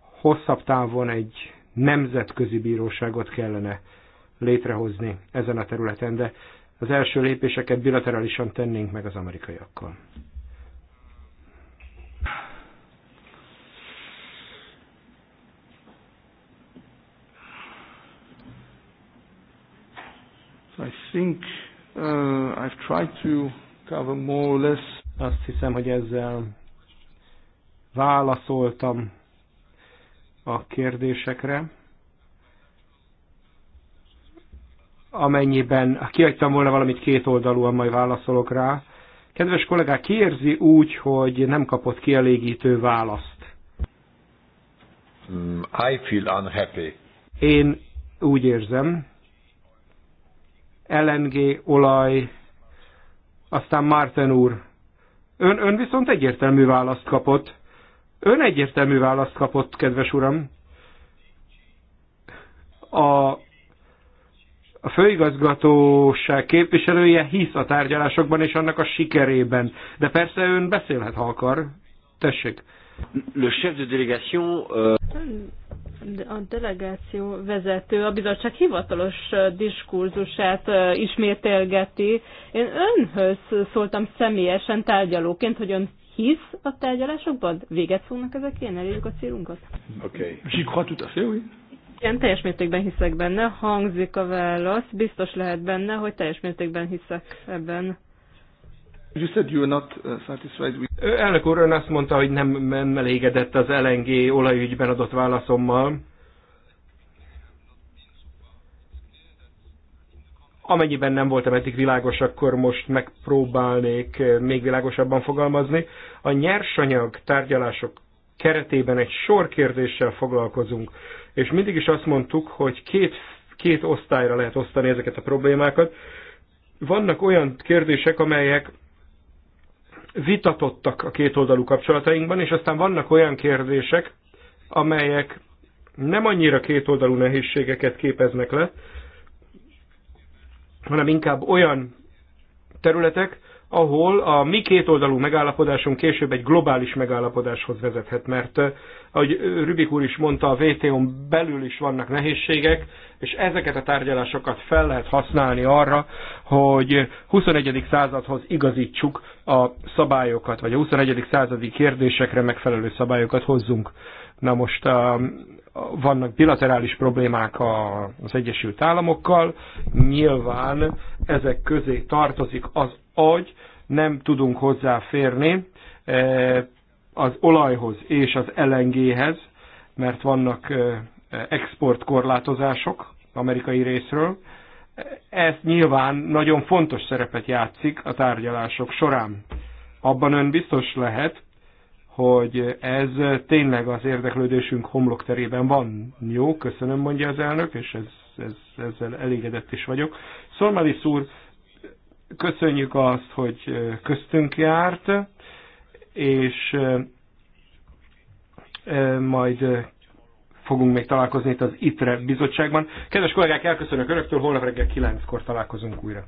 hosszabb távon egy nemzetközi bíróságot kellene létrehozni ezen a területen, de az első lépéseket bilaterálisan tennénk meg az amerikaiakkal. I think uh, I've tried to cover more or less. Azt hiszem, hogy ezzel válaszoltam a kérdésekre. Amennyiben kiadtam volna valamit két oldalúan, majd válaszolok rá. Kedves kollégák, kérzi úgy, hogy nem kapott kielégítő választ. Mm, I feel unhappy. Én úgy érzem, LNG, olaj, aztán Márten úr. Ön, ön viszont egyértelmű választ kapott. Ön egyértelmű választ kapott, kedves uram. A, a főigazgatóság képviselője hisz a tárgyalásokban és annak a sikerében. De persze ön beszélhet, ha akar. Tessék. Le chef de délégation... Euh a delegáció vezető a bizottság hivatalos diskurzusát ismételgeti. Én önhöz szóltam személyesen tárgyalóként, hogy ön hisz a tárgyalásokban? Véget fognak ezek én? Elérjük a célunkat? Oké. Okay. oui? Igen, teljes mértékben hiszek benne. Hangzik a válasz. Biztos lehet benne, hogy teljes mértékben hiszek ebben. You said you were not uh, satisfied with... Elnök úr, ön azt mondta, hogy nem, nem elégedett az LNG olajügyben adott válaszommal. Amennyiben nem voltam eddig világos, akkor most megpróbálnék még világosabban fogalmazni. A nyersanyag tárgyalások keretében egy sor kérdéssel foglalkozunk, és mindig is azt mondtuk, hogy két, két osztályra lehet osztani ezeket a problémákat. Vannak olyan kérdések, amelyek vitatottak a kétoldalú kapcsolatainkban, és aztán vannak olyan kérdések, amelyek nem annyira kétoldalú nehézségeket képeznek le, hanem inkább olyan területek, ahol a mi kétoldalú megállapodásunk később egy globális megállapodáshoz vezethet, mert eh, ahogy Rübik úr is mondta, a WTO-n belül is vannak nehézségek, és ezeket a tárgyalásokat fel lehet használni arra, hogy 21. századhoz igazítsuk a szabályokat, vagy a 21. századi kérdésekre megfelelő szabályokat hozzunk. Na most eh, vannak bilaterális problémák az Egyesült Államokkal, nyilván ezek közé tartozik az agy nem tudunk hozzáférni eh, az olajhoz és az LNG-hez, mert vannak eh, exportkorlátozások amerikai részről. Ez nyilván nagyon fontos szerepet játszik a tárgyalások során. Abban ön biztos lehet, hogy ez tényleg az érdeklődésünk homlokterében van. Jó, köszönöm, mondja az elnök, és ez, ez, ezzel elégedett is vagyok. Szolmális úr Köszönjük azt, hogy köztünk járt, és majd fogunk még találkozni itt az ITRE bizottságban. Kedves kollégák, elköszönök Önöktől, holnap reggel 9-kor találkozunk újra.